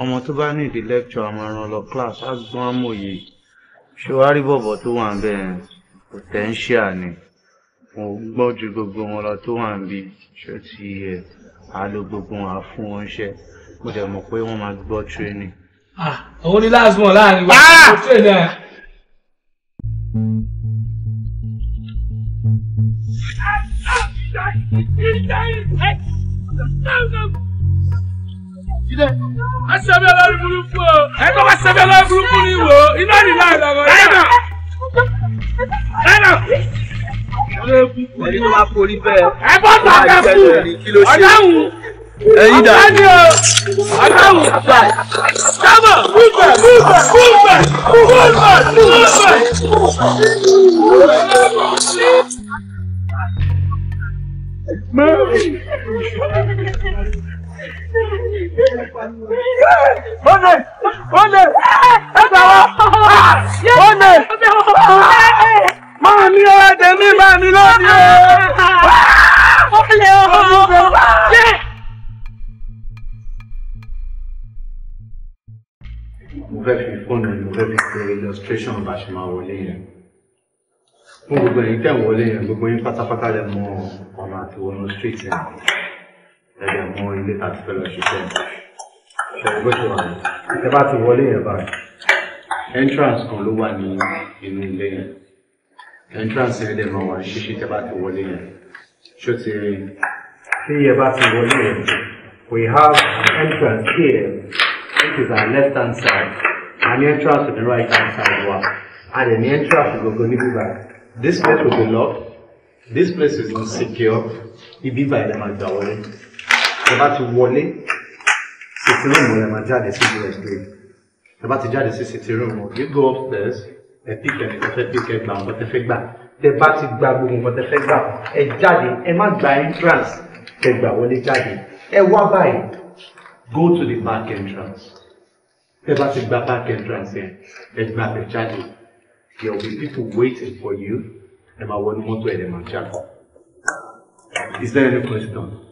ọmọ tó bá nídìí lecture a máa ràn lọ class á gbọ́n àmọ̀yé ṣé wàá rí bọ̀bọ̀ tó wà ń potential ni mo gbọ́ ju gbogbo wọn lọ tó wà ń bí ṣé ti yẹ a lo gbogbo wọn á fún wọn ṣe mo dẹ̀ mọ̀ pé wọ́n máa gbọ́ training. Ah, òun ni last one láàrin wa ah! mo train ẹ. Ah! Jídé, a sẹ́mi ọlọ́rí burúkú o. Ẹ tó bá sẹ́mi ọlọ́rí burúkú ni wò ó, iná ni náà lọ́wọ́. Láyọ̀ Láyọ̀. Ẹni tó bá forí bẹ́ẹ̀. Ẹ bọ́ bàtà fún un, ọ̀dáhùn. Ẹyin dà. Ọ̀dáhùn o, ọ̀dáhùn. Sábà, búfẹ̀, búfẹ̀, búfẹ̀, búfẹ̀, búfẹ̀. Mary! Ọ̀nẹ̀! Ọ̀nẹ̀! Ẹ̀dá wa! Ọ̀nẹ̀! Máa ní ọ̀rẹ́ tèmi máa ní lónìí o! Ọ̀nẹ̀ ọ̀hún! Mo fẹ́ fi fóònù mo fẹ́ fi ṣe illustration bá ṣe máa wọlé yẹn fún gbogbo ẹ̀yin tẹ̀ wọlé yẹn gbogbo yín pátápátá lè mọ ọ̀nà àti wọnú street yẹn lẹ́yìn mọ ilé àti fẹ́lẹ̀ ṣiṣẹ́ ṣẹ̀rọ bó ṣe wà ní. ẹ bá ti wọlé yẹn báyìí entrance kan ló wà ní inú ilé yẹn entrance yẹn dẹ̀ máa wà ṣíṣí tẹ bá ti wọlé yẹn ṣó ti rí. tí ẹ bá ti wọlé yẹn we have an entrance here It is our left hand side and entrance to the right hand side wa a dẹ̀ ní entrance gbogbo níbí báyìí. This place will be locked. This place is not secure. Ibi báyìí lè máa gbà wọlé. Ẹ bá ti wọlé, sitting room lè máa jáde sí ìlú ẹ̀sìn. Ẹ bá ti jáde sí sitting you go upstairs, ẹ pick ẹni tó fẹ́ pick ẹ gbà wọn tó fẹ́ gbà. Tẹ bá ti gba gbogbo nǹkan tẹ fẹ́ gbà, ẹ jáde, ẹ má gba entrance, ẹ gbà wọlé jáde. Ẹ wá báyìí, go to the back entrance. Tẹ bá ti gba back entrance yẹn, ẹ gbà bẹ̀ jáde. There will be people waiting for you. And my one motor and my jack. Is there any question?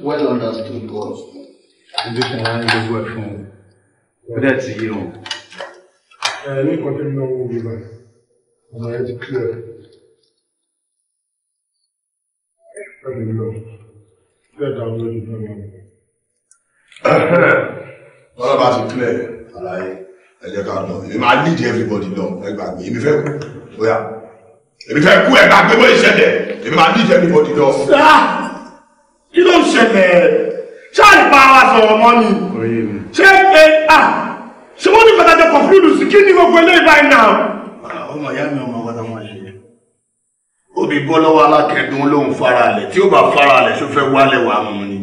Well understood, boss. Is this an angle work from home? that's you. Uh, let me continue now with you. I'm already clear. Let me go. Clear down, let me go. What about you, clear? All ẹ jẹ́ ká lọ èmi máa lead everybody lọ ẹ gbàgbé èmi fẹ́ kú bóyá èmi fẹ́ kú ẹ gbàgbé bóyá ìṣẹ̀lẹ̀ èmi máa lead everybody lọ. kí ló ń ṣẹlẹ̀ ṣáà ìpa wa sọ̀rọ̀ mọ́ ni ṣé ẹ à ṣé wọ́n ní pàtàkì kọ̀kúrúdù sí kí ni gbogbo eléyìí báyìí náà. ọmọ ìyá mi ọmọ wọn táwọn ṣe obì bọ́ lọ́wọ́ alákẹ́dùn lòun faralẹ̀ tí ó bá faralẹ̀ ṣó fẹ́ wálẹ̀ wàá mú ni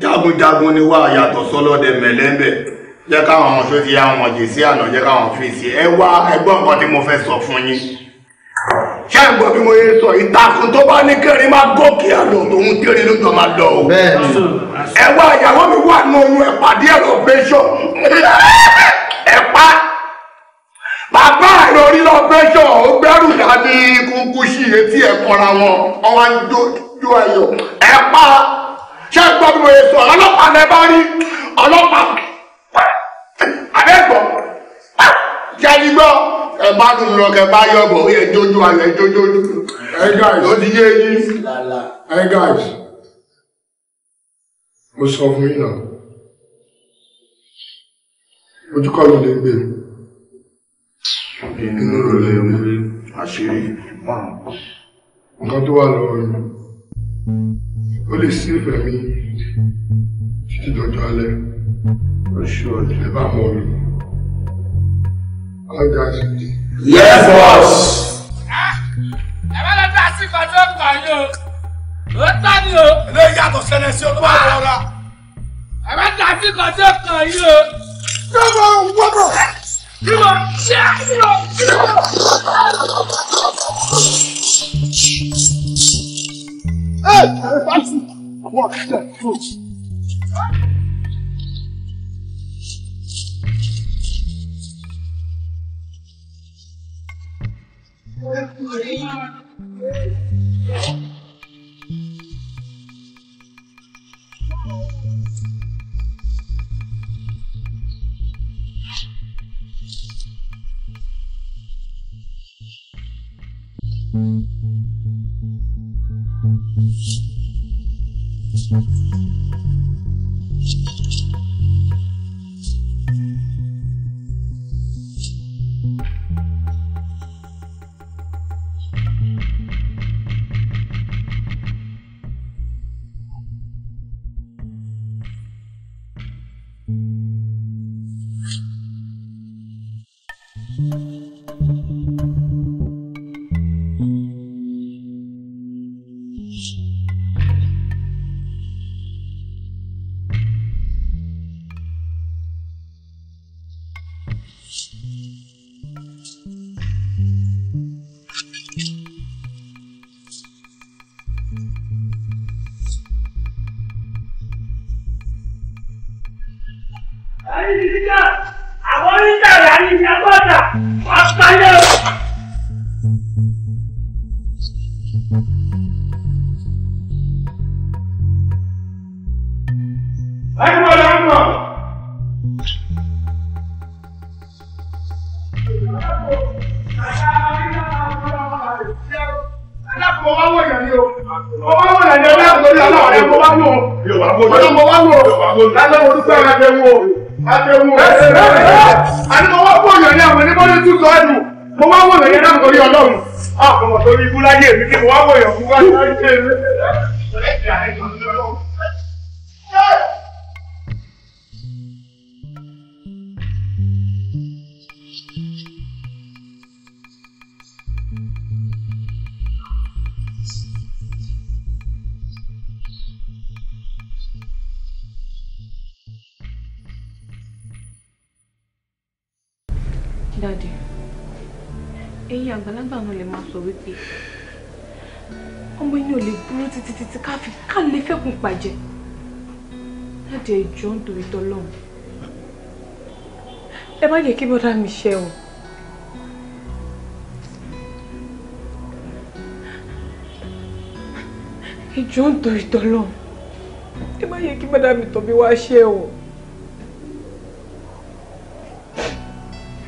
jagunjagun ni wàá yàtọ̀ sọlọ́dẹ mẹ̀lẹ́mbẹ̀ jẹ́ káwọn ọmọ tó ti yá wọn jì sí àná jẹ́ káwọn fi sí ẹ wá ẹgbọ́n nǹkan tí mo fẹ́ sọ fún yín ṣé ń gbọ́ bí mo yé sọ ìtàkùn tó bá ní kẹrin máa gòkè àlọ́ tòun kéré ló jọ máa lọ o ẹ wá ìyàwó mi wà nù ohun ẹ̀pàdé ẹ̀rọ pẹ́ṣọ̀ ẹ̀pá bàbá ẹ̀rọ orílọ̀ pẹ́ṣọ̀ ó gbẹ́rù dání kúkú sí etí ẹ̀ kọra wọn ọwọ́ ń jó ẹ̀yọ̀ ẹ̀pá ṣé ń gbọ́ bí mo yé sọ ọlọ́pàá lẹ bá rí ọlọ́pàá abẹ́gbọ̀ jẹ́ni gbọ́ ẹ bá tún lọ kẹ bá yọ bọ̀ ẹ jójú ayọ̀ ẹ jójú ẹ guys ó ti yé yín ẹ guys mo sọ fún yín náà ojúkọ ló lè gbé inú ló lè gbé àṣírí nǹkan tó wà lọ́wọ́ mi ó lè sí ìfẹ́ mi títí dọjọ́ alẹ́. Assured about mommy. I got you. Yes, boss! No yàtọ̀ sẹ́lẹ̀ sí ọdún báyìí rọra. Ẹ bá ta sí kan tó kàn yí o. Yọ̀bọ̀ wọ́bọ̀. Yọ̀bọ̀ ṣé yọ̀ yọ̀bọ̀. Ẹ ẹ bá ti wọ̀ ṣẹ̀ tó. Thank kí bọ́dá mi ṣe o. ìjọ ń tọ ìtọ́lọ̀ ẹ má yẹ kí bọ́dá mi tọ̀ bí wá ṣe o.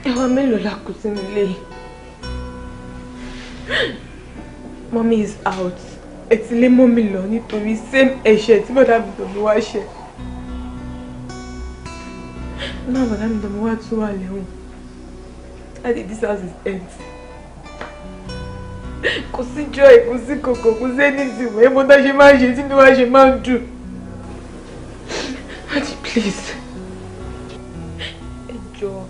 ẹwà mélòó la kù sínú mommy is out ẹ ti lé mọ́mí lọ nítorí same ẹ̀ṣẹ̀ tí bọ́dá mi tọ̀ bí Now, Madame de Moua tún wà I Daddy, this house is empty. Kò joy, kò Coco, kòkò, anything. Ẹ mọ tá ṣe máa ṣe tí mi wá ṣe máa ń dùn. Daddy, please. Ẹ jọ̀ọ́.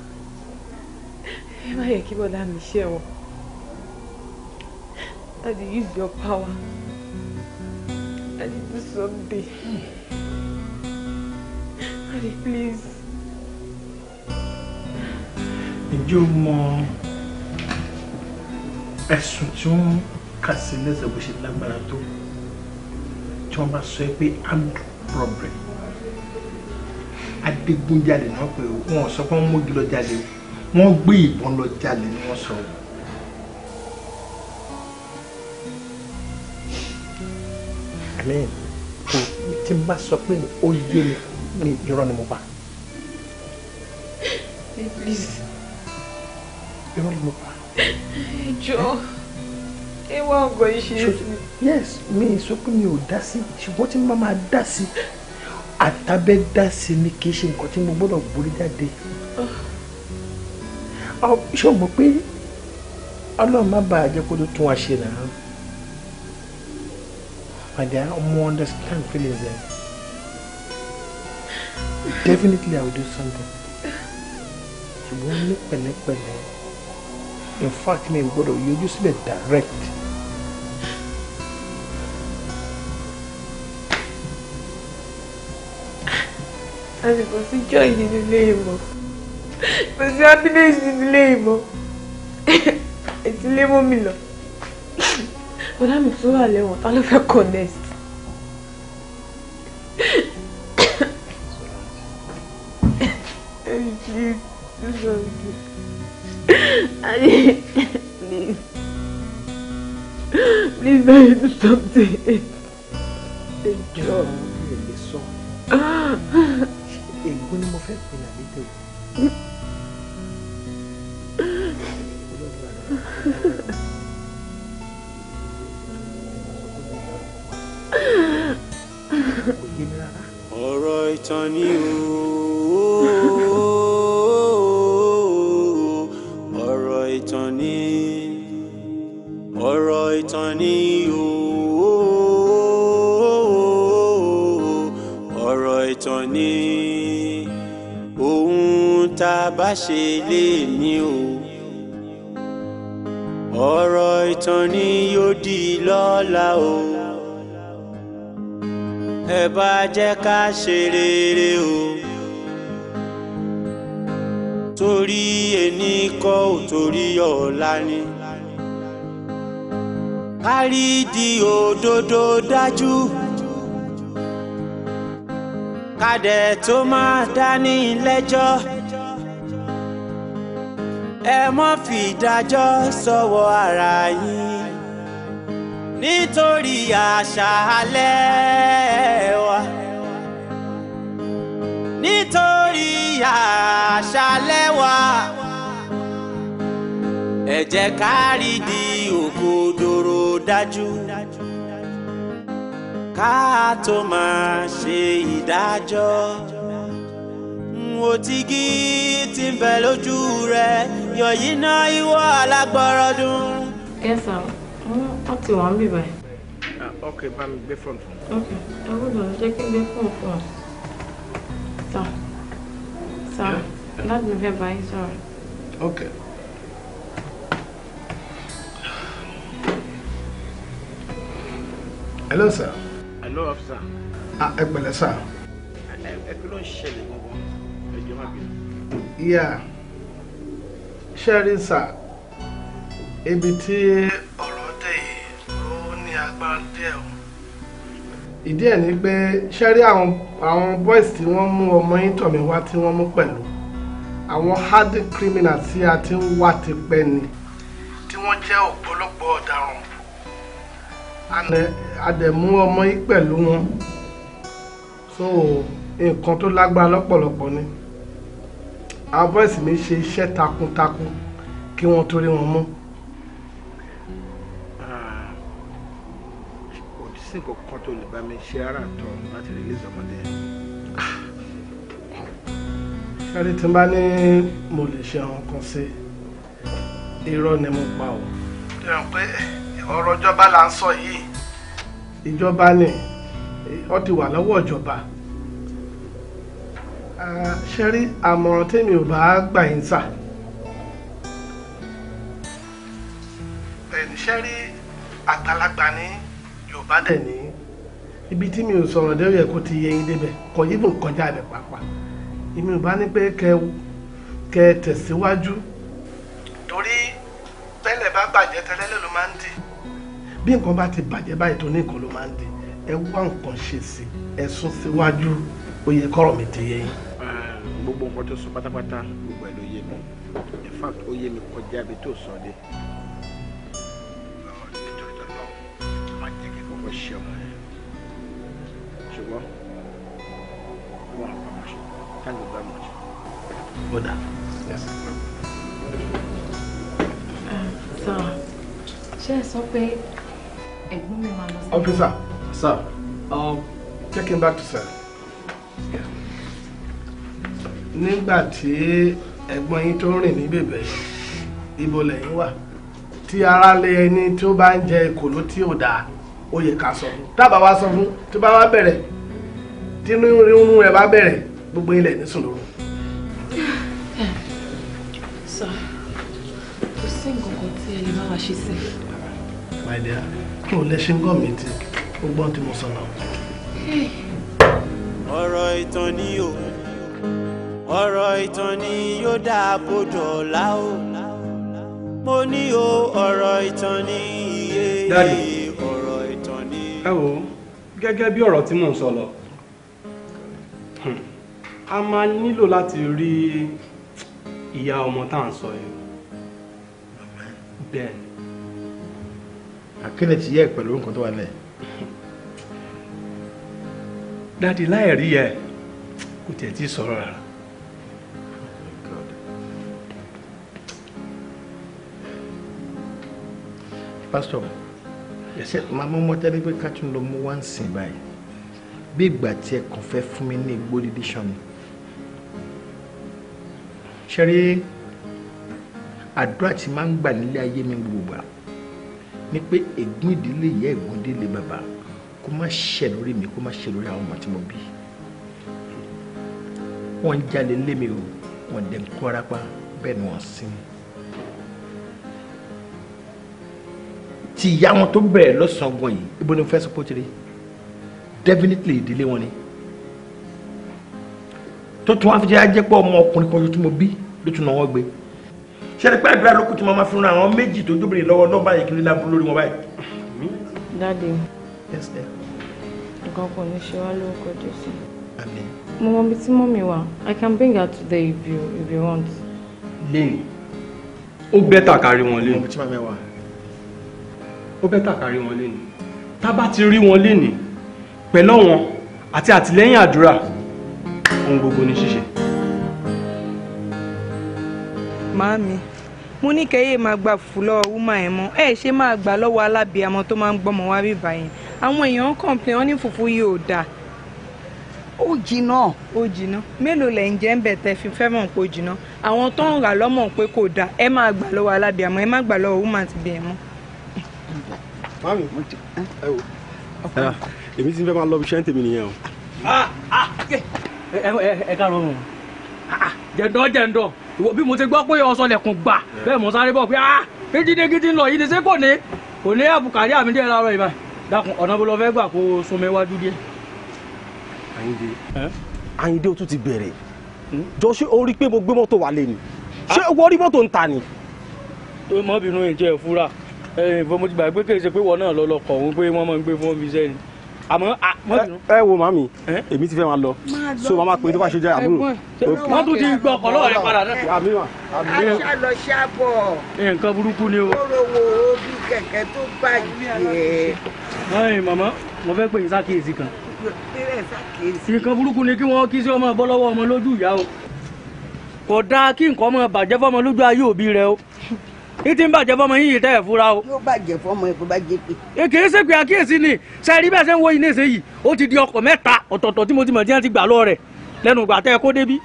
Ẹ keep yẹ kí bọ́dá mi ṣe ẹ̀wọ̀n. Daddy, use your power. Daddy, do something. Daddy, please ǹjẹ́ o mọ ẹ̀sùn tí wọ́n kà sí lẹ́sẹ̀ bó ṣe lágbára tó tí wọ́n bá sọ ẹ pé armed robbery adigunjalè náà pé wọn sọ pé wọ́n mójú lọ jalè wọ́n gbé ìbọn lọ jalè ni wọ́n sọ. kò tí n bá sọ pé ó yé mi ní irọ́ ni mo bá. Please irọ́ ló pa. jọ ẹ wá ọgọ iṣẹ́ sí. yes mi sọ pé mi ò dá sí ṣùgbọ́n tí mo máa dá sí àtàbẹ́ dá sí ni kì í ṣe nǹkan tí mo gbọ́dọ̀ borí jáde. ṣé o mọ̀ pé ọlọ́run má bàa jẹ́ kó tó tún wa ṣe náà padà ọmọ understand feelings ẹ definitely I will do something She won't ṣùgbọ́n ní pẹ̀lẹ́pẹ̀lẹ́ in fact mi gbọ́dọ̀ yọjú sílẹ̀ direct. àsìkò sí joy nínú ilé ìmọ̀ kò sí happiness nínú ilé ìmọ̀ ìdílé mọ́ mi lọ bọ́dá mi tó wà lẹ́wọ̀n ta ló fẹ́ connect. Thank you please. Please let me do something. Ẹjọ́ mi ò lè sọ. Ègún ni mo fẹ́ pè ní àdéjọ́ yìí. Ọ̀rọ̀ ìtàn ni ooo. ìtàn ni o ọ̀rọ̀ ìtàn ni ohun tá a bá ṣe lè ní o ọ̀rọ̀ ìtàn ni yóò di lọ́la o ẹ bá jẹ́ ká ṣe rere o torí ẹni kọ́ ò torí ọ̀la ni ká rí di òdodo dájú ká dẹ̀ tó máa dání lẹ́jọ́ ẹ mọ́ fìdájọ́ sọ́wọ́ ara yín nítorí àṣà alẹ́ wa nítorí àṣà alẹ́ wa ẹ jẹ́ ká rí di òkodoro dájú ká tó máa ṣe ìdájọ́ òtígí tí ń bẹ lójú rẹ yọ̀yí náà ìwọ alágbọ́rọ́dún. kẹsà wọn ti wà ń bì báyìí. Ah, ok bá mi gbé fóònù. ok ẹ gbọ́dọ̀ jẹ́ kí n gbé fóònù fún ọ. sọ sọ láti fẹ́ bá sọ̀rọ̀. ok. okay. hello sir. hello officer. ah ẹ sir. ẹ kí ló ń ṣẹlẹ̀ gbọ́ngàn ẹ jẹ́ máa bínú. yà ṣẹ́rí sà ibi tí ọ̀rọ̀ dé yìí ló ní agbára ìdí ẹ̀ ni pé ṣẹ́rí àwọn àwọn boys tí wọ́n mú ọmọ yín tọ̀ mí wá tí wọ́n mú pẹ̀lú àwọn hard criminals tí a ti ń wá tipẹ́ ni tí wọ́n jẹ́ ọ̀pọ̀lọpọ̀ ọ̀daràn àdẹ̀mú ọmọ yìí pẹ̀lú wọn so nǹkan tó lágbára lọ́pọ̀lọpọ̀ ni àwọn bọ́ìsì mi ṣe iṣẹ́ takuntakun kí wọ́n torí wọn mú. Ah, sí nǹkan kan tó lè bá mi ṣe ara tán láti release ọmọdé. ṣáàrí tí n bá ní mo lè ṣe àwọn kan sí irọ́ ni mo pa ọ́ ọ̀rọ̀ ìjọba là ń sọ yìí. ìjọba ni ó ti wà lọ́wọ́ ìjọba ṣe rí àmọ̀ràn tèmi ò bá gbà yín sà. bẹ́ẹ̀ni ṣe rí àgbàlagbà ní yorùbá dẹ̀ ní ibi tí mi ò sọ̀rọ̀ dé yẹ kó ti yẹ yín débẹ̀ kọ yíbùn kọjá rẹ̀ pàápàá èmi ò bá ní pé kẹ kẹ tẹ̀síwájú. torí tẹ́lẹ̀ bá bàjẹ́ tẹ́lẹ̀ ló máa ń di bí nǹkan bá ti bàjẹ́ báyìí tó ní nǹkan ló máa ń di ẹ wá nǹkan ṣe sí ẹ sún síwájú ó yẹ kọ́rọ̀ mi ti yé yín. gbogbo nǹkan tó sọ pátápátá gbogbo ẹ ló yé mi in fact ó yé mi kọjá ibi tó sọ dé. ṣùgbọ́n Yes. Um, ṣé ẹ sọ pé Officer, sir um, take him back to sir. nígbà tí ẹ̀gbọ́n yín tó ń rìn ní bèbè ibo lẹ́yìn wà tí ara lé ẹni tó bá ń jẹ kòló tí ò dáa ó yẹ ká sọ fún tábà wá sọ fún tó bá wá bẹ̀rẹ̀ tínú rírun rẹ̀ bá bẹ̀rẹ̀ gbogbo ilẹ̀ ní sùn lóru. sọ kò sí nǹkan kan tí ẹ lè wá ṣe sí. my dear kò lè ṣe ń gọ́ mi tí ó gbọ́n tí mo sọ náà. ọ̀rọ̀ ìtàn ni o ọ̀rọ̀ ìtàn ni yóò dáàbò dọ̀la o mo ní o ọ̀rọ̀ ìtàn ni iye ọ̀rọ̀ ìtàn ni. ẹ wo gẹ́gẹ́ bí ọ̀rọ̀ tí mò ń sọ lọ hmm, a máa nílò láti rí ìyá ọmọ tá à ń sọ yìí bẹ́ẹ̀ akínlẹ̀ ti yẹ pẹ̀lú nǹkan tó wà lẹ̀. dáàdi láìrí yẹ kò tiẹ̀ ti sọ̀rọ̀ rárá. pásítọ̀ ẹsẹ̀ máa mú mọ́tẹ́lẹ́ pé ká tún lọ mú wá ń sìn báyìí bí ìgbà tí ẹ kàn fẹ́ fún mi ní igbó dídí sàn ni. ṣe rí àdúrà tí máa ń gbà nílé ayé mi gbogbo àpò ni pé ègún ìdílé ìyá ẹ̀gbọ́n délé bàbá kó má ṣẹ̀ lórí mi kó má ṣẹ̀ lórí àwọn ọmọ tí mo bí wọ́n ń jalè lé mi o wọ́n dẹ̀ ń kó ara pa bẹ́ẹ̀ ni wọ́n sin mi. ti ìyá wọn tó bẹ̀rẹ̀ lọ́sàn-án gan yìí ibo ni mo fẹ́ sọ pọ́tìrì definitely ìdílé wọn ni tó tún wá fi jẹ́ ajẹ́pọ̀ ọmọ ọkùnrin kan tó tún mo bí ló tún náà wọ́n gbé ṣẹ́ni pé àdúrà lókùtì máa máa fi ran àwọn méjì tó dóbìnrin lọ́wọ́ náà báyìí kiri láburú lórí wọn báyìí. dáàdi nǹkan kò ní ṣe wá lórúkọ jésù. mo mọ ibi tí mọ́mí wà i can bring her today if you if you want. lẹ́yìn ó bẹ́tà kárí wọn lẹ́yìn. mo ti máa mẹ́wàá. ó bẹ́tà kárí wọn lẹ́yìn tá a bá ti rí wọn lẹ́yìn pẹ̀lú wọn àti àtìlẹ́yìn àdúrà ohun gbogbo ni ṣíṣe màámi mo ní kẹ́yẹ́ máa gba fùfú lọ́wọ́ wúmà ẹ̀ mọ́ ẹ̀ ṣe máa gbà lọ́wọ́ alábìàmọ́ tó máa ń gbọ́mọ wá bíbá yẹn àwọn èèyàn ń kọ̀ǹpilẹ̀ wọn ní fùfú yìí ò dáa. ó jìnnà. ó jìnnà mélòó lẹ̀ ń jẹ́ ń bẹ̀ tẹ́ fi fẹ́ mọ̀ pé ó jìnnà àwọn tó ń rà lọ́mọ̀ pé kò dáa ẹ máa gbà lọ́wọ́ alábìàmọ́ ẹ má gbà lọ́wọ́ wúmà ti bẹ̀ mọ́. mami èmi ti fẹ́ máa lọ bí ṣẹ́ńtèmi nìyẹn o. Ah, ah, ẹ ẹ ẹ jẹ̀ndọ́ ah, jẹ̀ndọ́ bí mo ti gbọ́ pé ọ̀sọ̀lẹ̀kùn gbà bẹ́ẹ̀ mo sáré bọ̀ pé ah gidigidi gidi ń lọ yìí ni ṣé kò ní kò ní àbùkárí àmì díẹ̀ láàárọ̀ ìbá dákun ọ̀nà bó lọ fẹ́ gbà kó sunmi wájú díẹ̀. Àyìndé Àyìndé o tún ti bẹ̀rẹ̀ hmm? jọ ṣé o rí pé mo gbé mọ́tò wálé ni ah. ṣé o rí mọ́tò ń ta ni. mọ́bìnrin ìjẹ́ ìfura ìfọmọ́tìgbà gbé kéde ṣe pé wọ́n náà lọ lọ kọ̀ wọ́n pé wọ́n máa ń gbé fún ọ́fíìsẹ́ ni àmọ́ ẹ wo màmí èmi ti fẹ́ máa lọ so màmá pé tó bá ṣe jẹ́ àbúrò. wọ́n tún ti gbọ́ ọkọ̀ lọ́wọ́ rẹ padà náà. àmì mà àmì mà. aṣá lọ nǹkan burúkú ni o. kóró wo bí kẹ̀kẹ́ tó bàjẹ́. ẹyìn màmá mo fẹ́ pè yín sákèésì kan. nǹkan burúkú ni kí wọ́n kí sí ọmọ bọ́ lọ́wọ́ ọmọ lójú ìyá o. kò dáa kí nǹkan ọmọ bàjẹ́ fọmọ lójú ayé òbí rẹ o ní ti ń bàjẹ́ fọmọ yín yìí tẹ́ ẹ̀ fura o. yóò bàjẹ́ fọmọ ẹ̀ kó bá jẹ pé. kì í ṣe pé àkíyèsí ni sẹ́ẹ̀rí bẹ́ẹ̀ ṣe ń wo yìí níṣẹ́ yìí ó ti di ọkọ̀ mẹ́ta ọ̀tọ̀ọ̀tọ̀ tí mo ti mọ̀ tí wọ́n ti gbà lọ rẹ̀ lẹ́nu ìgbà tẹ́ ẹ kó débi.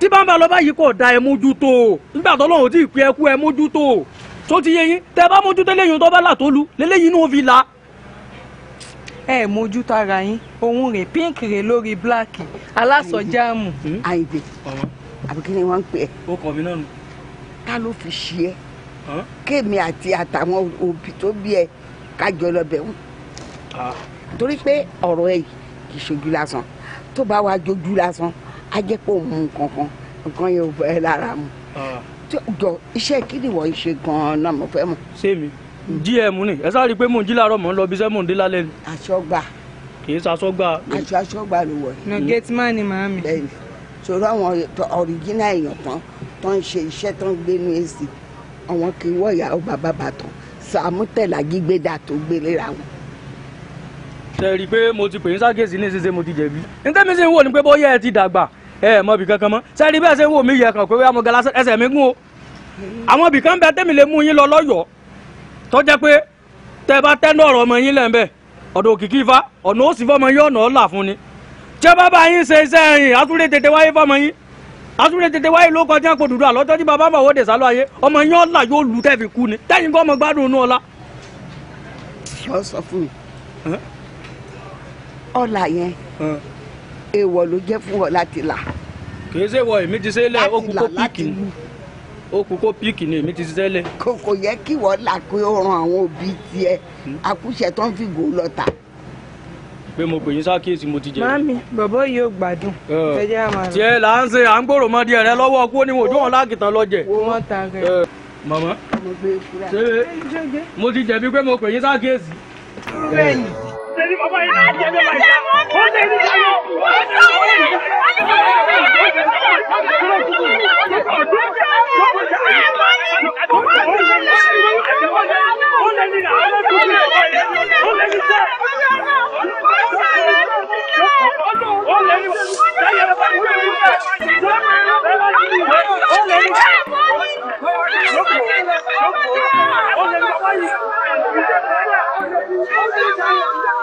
tí bá ń bá lọ báyìí kò da ẹ mójútó o nígbà tó lóun ò tí ì pé ẹ kú ẹ mójútó o tó ti yé yín tẹ bá mójútó tó bá tó lu ẹ mójútó ara yín òun rè pink rè lórí black alásọjáàmù. àìbè àbíkí ni wọ́n ń pè é. ó kọ̀ mí náà nù ta ló fi ṣe ẹ kémi àti àtàwọn òbí tó bí ẹ kájọ lọ bẹ̀ wọ́n torí pé ọ̀rọ̀ ẹ yìí kì í ṣojú lásán tó bá wàá jojú lásán á jẹ́ pé òun mú nǹkan kan nǹkan yẹn ò bẹ̀rẹ̀ lára mu jọ iṣẹ́ kí ni wọ́n ṣe gan-an náà mo fẹ́ mọ̀. sèmi gm ni ẹ sáré pé mò ń jí láàárọ̀ mò ń lọ bí iṣẹ́ mò ń dé lálẹ́ ni. aṣọ́gbà. kì í ṣaṣọ́gbà. aṣọ aṣọ́gbà ló wọ̀. na gate man ni màámi. bẹ́ẹ̀ni sọ̀rọ̀ àwọn ọ̀ríjínà èèyàn tán tó ń ṣe iṣẹ́ tó ń gbé ní èsì àwọn kì í wọ ìyàwó bàbá bàtàn sàmútẹ̀lá gbígbéda tó gbélé ra wọn. ṣe rí i pé mo ti pè ní ságèsì ní ìsinsìnyí mo ti jẹ̀bi nígbà mi sì ń wò ní pé bóyá ẹ ti dàgbà ẹ mọ ibì kankan mọ́ ṣe rí i bẹ́ẹ̀ ṣe ń wò mí yẹ kàn pé bóyá mo ga lásán ẹsẹ̀ mi gún o àwọn ibì kan bẹ tẹ́mi lè mú yín lọ lọ́yọ̀ọ́ tó jẹ́ pé tẹ́ bá tẹ́nu ọ̀rọ̀ ọmọ yín lẹ́ńbẹ̀ ọ̀dọ̀ òkìkí ifá ọ̀nà ó fọmọ yín ọ̀nà ọ̀là fún ni tí ó yín ṣe iṣẹ́ yín àtúndé tètè wáyé fọmọ yín àtúndé tètè wáyé ló kọjá kó dùdú àlọ́jọ́ tí bàbá bàwọ́ dẹ̀ sálọ ayé ọmọ yín ọ̀la yóò lù tẹ́ fi kú ni tẹ́yìn kọ́ ọmọ gbádùn inú ọ̀la. sọ sọ fún mi ọ̀la yẹn èèwọ̀ ló jẹ́ fún ọ láti là. kì í ṣe wọ èmi ti ṣe lẹ okùn kó píìkì ni okùn kó píìkì ni èmi ti ṣe kò kò yẹ kí wọ́n là pé ó ran àwọn òbí tiẹ̀ àkúṣe hmm. tó ń fi gòó lọ́ta pé mo pè yín sákèsí mo ti jẹ. mami bọ̀bọ̀ yìí ò gbádùn. ẹjẹ àmà rẹ. tiẹ̀ là ń ṣe à ń gbòòrò mọ́ díẹ̀ rẹ lọ́wọ́ kú ni òjò wọn láàkìtàn lọ jẹ. wọ́n e mo ti jẹ̀bi pé mo pè yín sákèsí tẹ̀lé bàbá yìí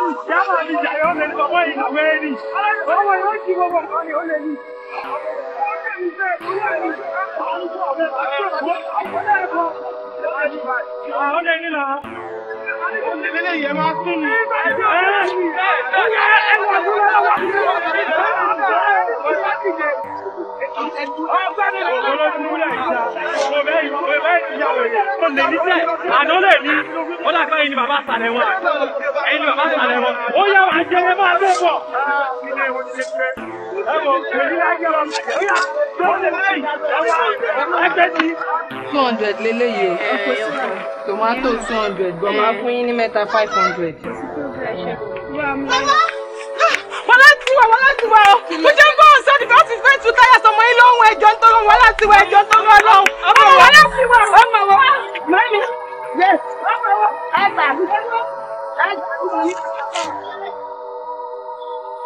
Yàrá mi àná lè ní two hundred lélẹ́yìí o tomato two hundred gbọ̀ngàn fún yín ní mẹ́ta five hundred wọn láti wà wọn láti wà ọ mo ṣe ń bọ́ ọ̀sán ni bá ti fẹ́ tu táyà sọmọ yín lọ́hùn ẹjọ́ nítorí wọn láti wà ẹjọ́ nítorí ọlọ́hùn ọmọ wọn láti wà ọmọ wọn mọ́mí ọmọ wọn ẹgbàá ẹgbàá.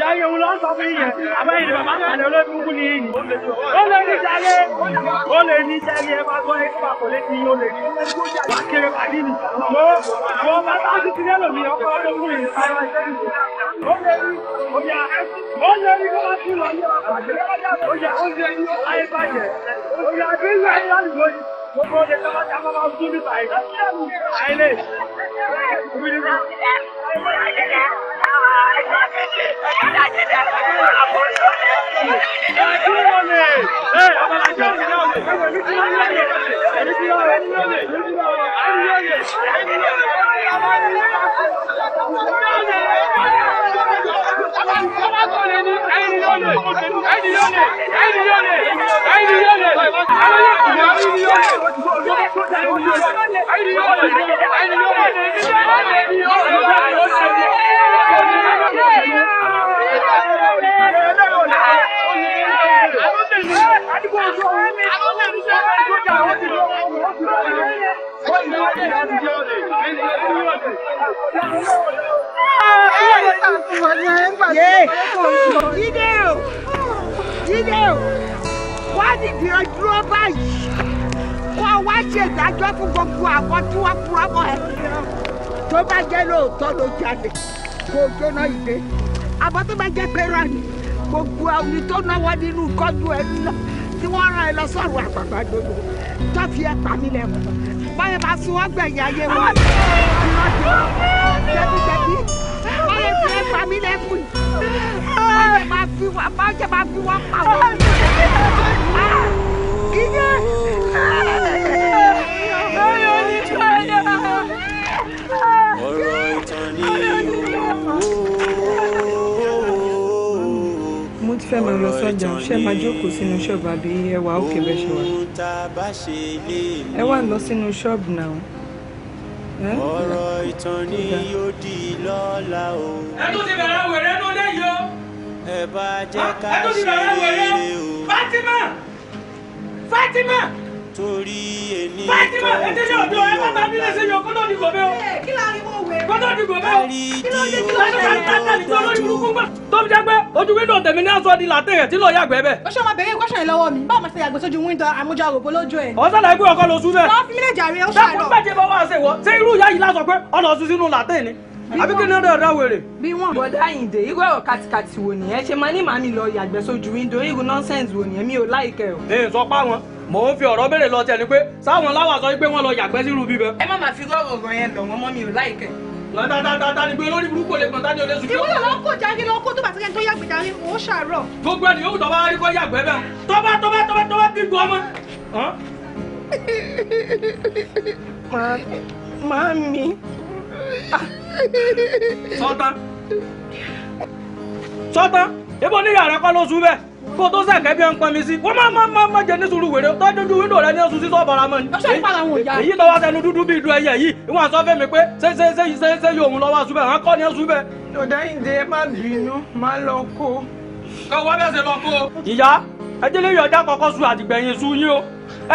jàre òun ló ń sọ fún yìnyẹn àbẹ́yìn ni bàbá kan ní olóògùn kún ní yìnyín ó lè ní jàre ó lè ní jàre ẹ bá gbọ́ ẹ kó bá kò lè ní ó lè ní wà kéré pàdé mi mo mo bá bá ti ti lẹ́lò mi ọkọ olóògùn yìí sáyà ó lè ní ọjà ó lè ní kó bá tún lọ ní ọjà ọjà ó lè ní ayé bàjẹ́ ọjà àbí ìlú ayé lálùbọ́ yìí gbogbo ọjà tó ti àbá máa ń dún nípa àyè àyè lè. Haydi yürü! Haydi yürü! Haydi yürü! Haydi yürü! Jídé Tó bá jẹ́ lóòótọ́ ló jáde kó jóná ìdè àmọ́ tó bá jẹ́ pé rà ní gbogbo àwọn tó náwó nínú kọ́jú ẹni náà tí wọ́n rán ẹ lọ sọ̀rọ̀ àgbàgbà gbogbo tó fi ẹ pa mí lẹ́wọ̀n báyẹn bá sun wọ́n gbẹ̀yìn ayé wọn ìrọ̀ ti wọ́n jẹ̀bíjẹ̀bí báyẹn fi ẹ pa mí lẹ́kùn báyẹn bá fi wọ́n báyẹn bá fi wọ́n pa wọ́n kíyẹ́. ọ̀rọ̀ ìtàn ni mo ti fẹ́ máa lọ sọ́jà ṣé máa jókòó sínú ṣọ́ọ̀bù àbí ẹ wà òkè bẹ́ẹ̀ ṣe wà. ẹ wà lọ sínú ṣọ́ọ̀bù náà. ọ̀rọ̀ ìtàn ni yóò di lọ́la o. ẹ tún ti bẹ̀rẹ̀ wẹ̀rẹ̀ ló dé yìí o. ẹ bá jẹ́ ah, ká ṣe é o. Fatima Fatima torí ẹni tó torí ọ̀la tó fi jẹ́ pé ojú wíńdò tèmi ní aṣọ ni làtẹ̀ rẹ̀ tí lọ́ọ́ yàgbẹ́ bẹ̀. ó ṣe ọmọ bẹ̀rẹ̀ question lọ́wọ́ mi báwo ma ṣe yàgbẹ́ sójú wíńdò àmójà òròbó lójú ẹ̀. ọ̀sán láì pé ọkọ lọ sún bẹ́ẹ̀. wọ́n fi mílẹ̀ jàre ó ṣàlọ́. dákun bẹ́ẹ̀ jẹ́ bá wà ṣe wọ́ ṣé irú ìyá yìí lásọ pé ọ̀nà ọ̀sùn sínú làtẹ̀ ni àbí kí ni ọdọ ọdọ wèrè. bí wọn bọ dáyìndé irú ọ̀rọ̀ katikati wo nìyẹn ṣe máa ní màmí lọ yàgbẹ́ sójú wíńdò irú nọ́ńsẹ̀nsì wo nìyẹn mi ò láìkẹ́ o. ẹ sọ pa wọn mò ń fi ọ̀rọ̀ béèrè lọ tẹ̀ ni pé sáwọn láwà sọ pé wọ́n lọ yàgbẹ́ sírú bíbẹ. ẹ má máa fi rọrùn ọ̀rọ̀ yẹn lọ̀ wọ́n mọ́ mi ò láìkẹ́. dáadáa ni pé lórí burúkú lè gbọ̀n tání olè sùn. ìwúlò lọ́kọ̀ jáde lọ́kọ̀ tó bá ti kẹ́ni tó yàgbẹ́ jáde òun ṣàárọ̀. gbogbo ẹni yóò tọ́ba arígbọ́ yàgbẹ́ bẹ́ẹ̀ tọ́ba tọ́ba tọ́ba tọ́ba bí gbọ́ ọmọ. Màámi. Sọ́tán. Sọ́tán. Ebo ní yàrá kọ́ ló sùn bẹ́ẹ̀ kó tó sẹ̀kẹ́ bí wọ́n ń sí wọ́n má má má jẹ ní sùúrù wèrè tó dúdú wíńdò rẹ ní oṣù sísọ ọ̀bọ̀ra mọ́ni. èyí tó wá dúdú bíi du ẹyẹ yìí ìwọ̀n sọ fẹ́mi pé ṣé ṣé ṣé ṣé ṣé yóò mú lọ́wọ́ àṣùbẹ̀ wọn kọ́ ní àṣùbẹ̀. ọ̀dà ìdè má bínú má lọ kó. kọ́wọ́ bẹ́ẹ̀ ṣe lọ kó. ìyá ẹjẹ́lẹ́ yọjá kọ́kọ́ su àtìgbẹ̀yìn su yín o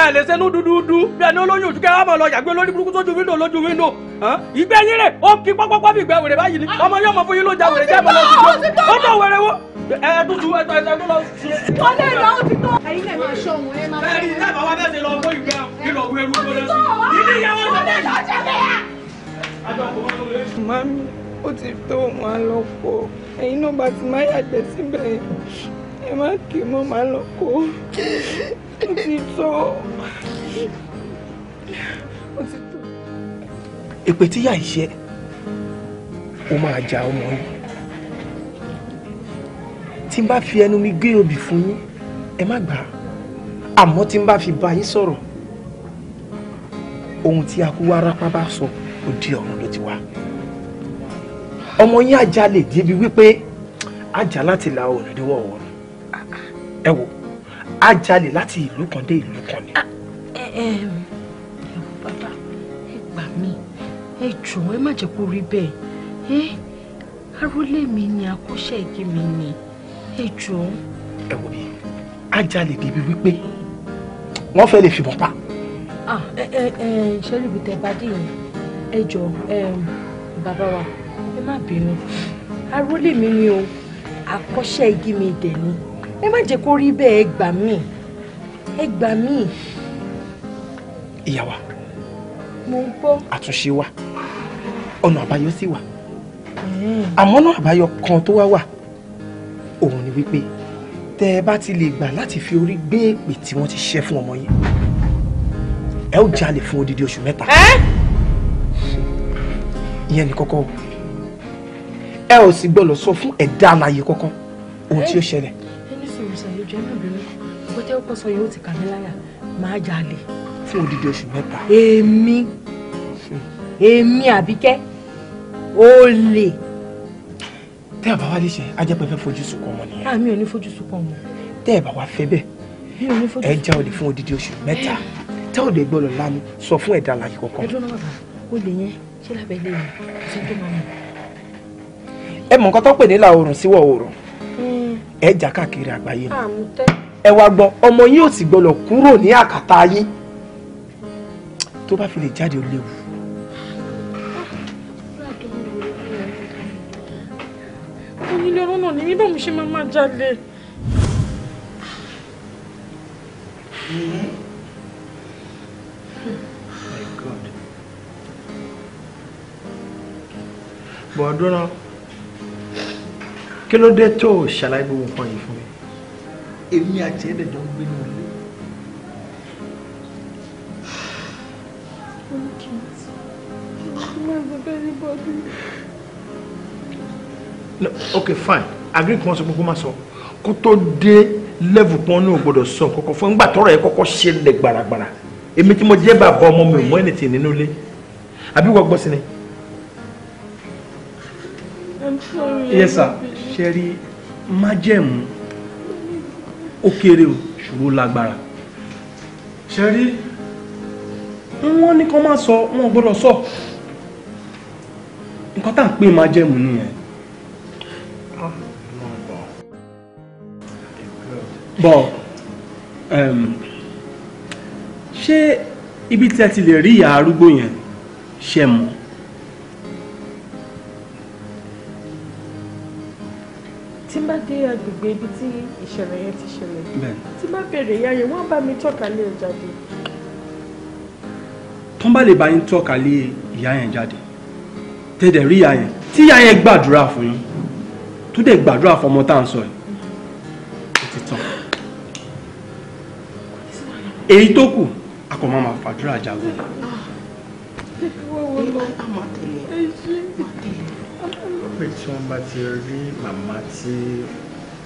ẹ lè ṣe nú dúdú dú bí ẹni olóyún òjú kẹ́ ìgbẹ́ yín rẹ̀ ó kí pọ́pọ́pọ́ bí ìgbẹ́ wèrè báyìí ni ah. ọmọ yóò mọ fún yín ló ja wèrè jẹ́ bọ́lá òtítọ́ ó tó wèrè wo ẹ tuntun ẹ tẹ tó lọ sí. ọlẹ́ ìlà òtítọ́. ẹ̀yin lè máa ṣọ òun ẹ máa. bẹ́ẹ̀ ni sábà wá bẹ́ẹ̀ ti lọ mú ìgbẹ́ ìlọ wo ewu tó lọ ìdí ìyàwó ló dé lọ́jọ́ bẹ́ẹ̀. mami ó ti tó wọn lọ kó ẹ̀yin náà bá ti má yàgbẹ́ síbẹ̀ ẹ má kì í má lọ kó ó ti tó ó ti tó èpè tíyà ìṣe ó máa ja ọmọ yín tí n bá fi ẹnu mi gbé obì fún yín ẹ má gbà á àmọ́ tí n bá fi bá yín sọ̀rọ̀ ohun tí akúwárápá bá sọ ó di ọ̀run ló ti wá ọmọ yín ajá lè débi wípé ajá láti la òòrùn níwọ̀ ọ̀run ẹ wò ajá lè láti ìlú kan dé ìlú kan ni. Ah, eh, eh, ẹ ẹ bàbá ẹ gbà mí ẹ jọ̀ọ́ ẹ má jẹ́ kó rí bẹ́ẹ̀ ẹ arólé mi ni akọ́ṣẹ́ igi mi ni ẹ jọ̀ọ́. ẹ wò mí ajá lè débi wípé wọ́n fẹ́ lè fìbọn pa. ẹ ẹ ẹ é, ibi tẹ bá dì yín ẹ jọ̀ọ́ bàbá wa ẹ má bínú arólé mi ni o akọ́ṣẹ́ igi mi dẹ̀ ni ẹ má jẹ́ kó rí bẹ́ẹ̀ ẹ gbà mí ẹ gbà mí. ìyá mo ń gbọ́ àtúnṣe wa ọ̀nà àbáyọ sì wà hmm. àmọ́ náà àbáyọ kan tó wá wà òun ni wípé tẹ́ ẹ bá ti lè gbà láti fi orí gbé èpè tí wọ́n ti ṣe fún ọmọ yìí ẹ ó jalè fún odidi oṣù mẹ́ta ìyẹn ní kọ́kọ́ ẹ ò sì gbọ́dọ̀ sọ fún ẹ̀dá alààyè kankan ohun tí ó ṣẹlẹ̀. ẹni sọ̀rọ̀ sọ̀rọ̀ jẹ́ náà bínú bó tẹ́ ó kọ́ sọ yóò ti kà mí láyà máa jalè. fún odidi oṣù mẹ́ta. èmi èmi àbíkẹ́ olè. tẹ́ ẹ̀ bá wá lè ṣe ajẹ́pẹ́ fẹ́ fojú sunkún ọmọ nìyẹn. àmì ah, ò ní fojú sunkún ọmọ. tẹ́ ẹ̀ bá wá fẹ́ bẹ́ẹ̀ ẹ já olè fún odidi oṣù mẹ́ta tẹ́ ò lè gbọ́dọ̀ lánàá sọ fún ẹ̀dá láyé kọ̀ọ̀kan. ẹ dúró náà bàbá olè yẹn ṣé lábẹ́ ilé mi kò sí tó máa mọ̀. ẹ mọ̀ nǹkan tó pè ní ìlà oòrùn síwọ̀ oòrùn hmm. ẹ jà káàkiri àgbáyé ni ah, ẹ wá gbọ́ ọmọ yín ò sì gbọ́dọ̀ kúrò ní àkàtà yín tó bá fi lè jáde ó léwu. náà ní nígbà mo ṣe máa máa jalè. bọ̀dúnrán kí ló dé tó ṣàlàyé gbogbo nǹkan yìí fún mi. èmi àti ẹ̀ẹ́dẹ̀jọ́ ń gbé ní ilé. Mas eu perdi um pouquinho ok fine agree kan sọ pé kó má sọ kó tó dé level kan ní ògbọ́dọ̀ sọ kọ́kọ́ fún nígbà tọ́rọ̀ yẹn kọ́kọ́ ṣẹlẹ̀ gbàràgbàrà èmi tí mo jẹ́ bàbá ọmọ mi ò mọ anything nínú ilé àbí wọ́n gbọ́ sí ni. yes sir ṣe rí májẹ̀mú ó kéré o ṣòro lágbára ṣe rí wọ́n ní kó má sọ wọn gbọ́dọ̀ sọ nǹkan tá à ń pè májẹ̀mú nìyẹn bọ̀ um, ṣé ibi tí ẹ ti lè rí ìyá arúgbó yẹn ṣe mọ́. tí n bá dé agbègbè ibi tí ìṣẹ̀lẹ̀ yẹn ti ṣẹlẹ̀ tí n bá bèrè ìyá yẹn wọ́n bá mi tọ́ka lé e jáde. tó ń bá lè bá yín tọ́ka lé ìyá yẹn jáde tẹ́tẹ̀ rí ìyá yẹn tí ìyá yẹn gbàdúrà fún yín tó dẹ̀ gbàdúrà fún ọmọ tá à ń sọ yìí èyí tó kù a kò máa fàdúrà jagun ni. pé tí wọ́n bá ti rí màmá tí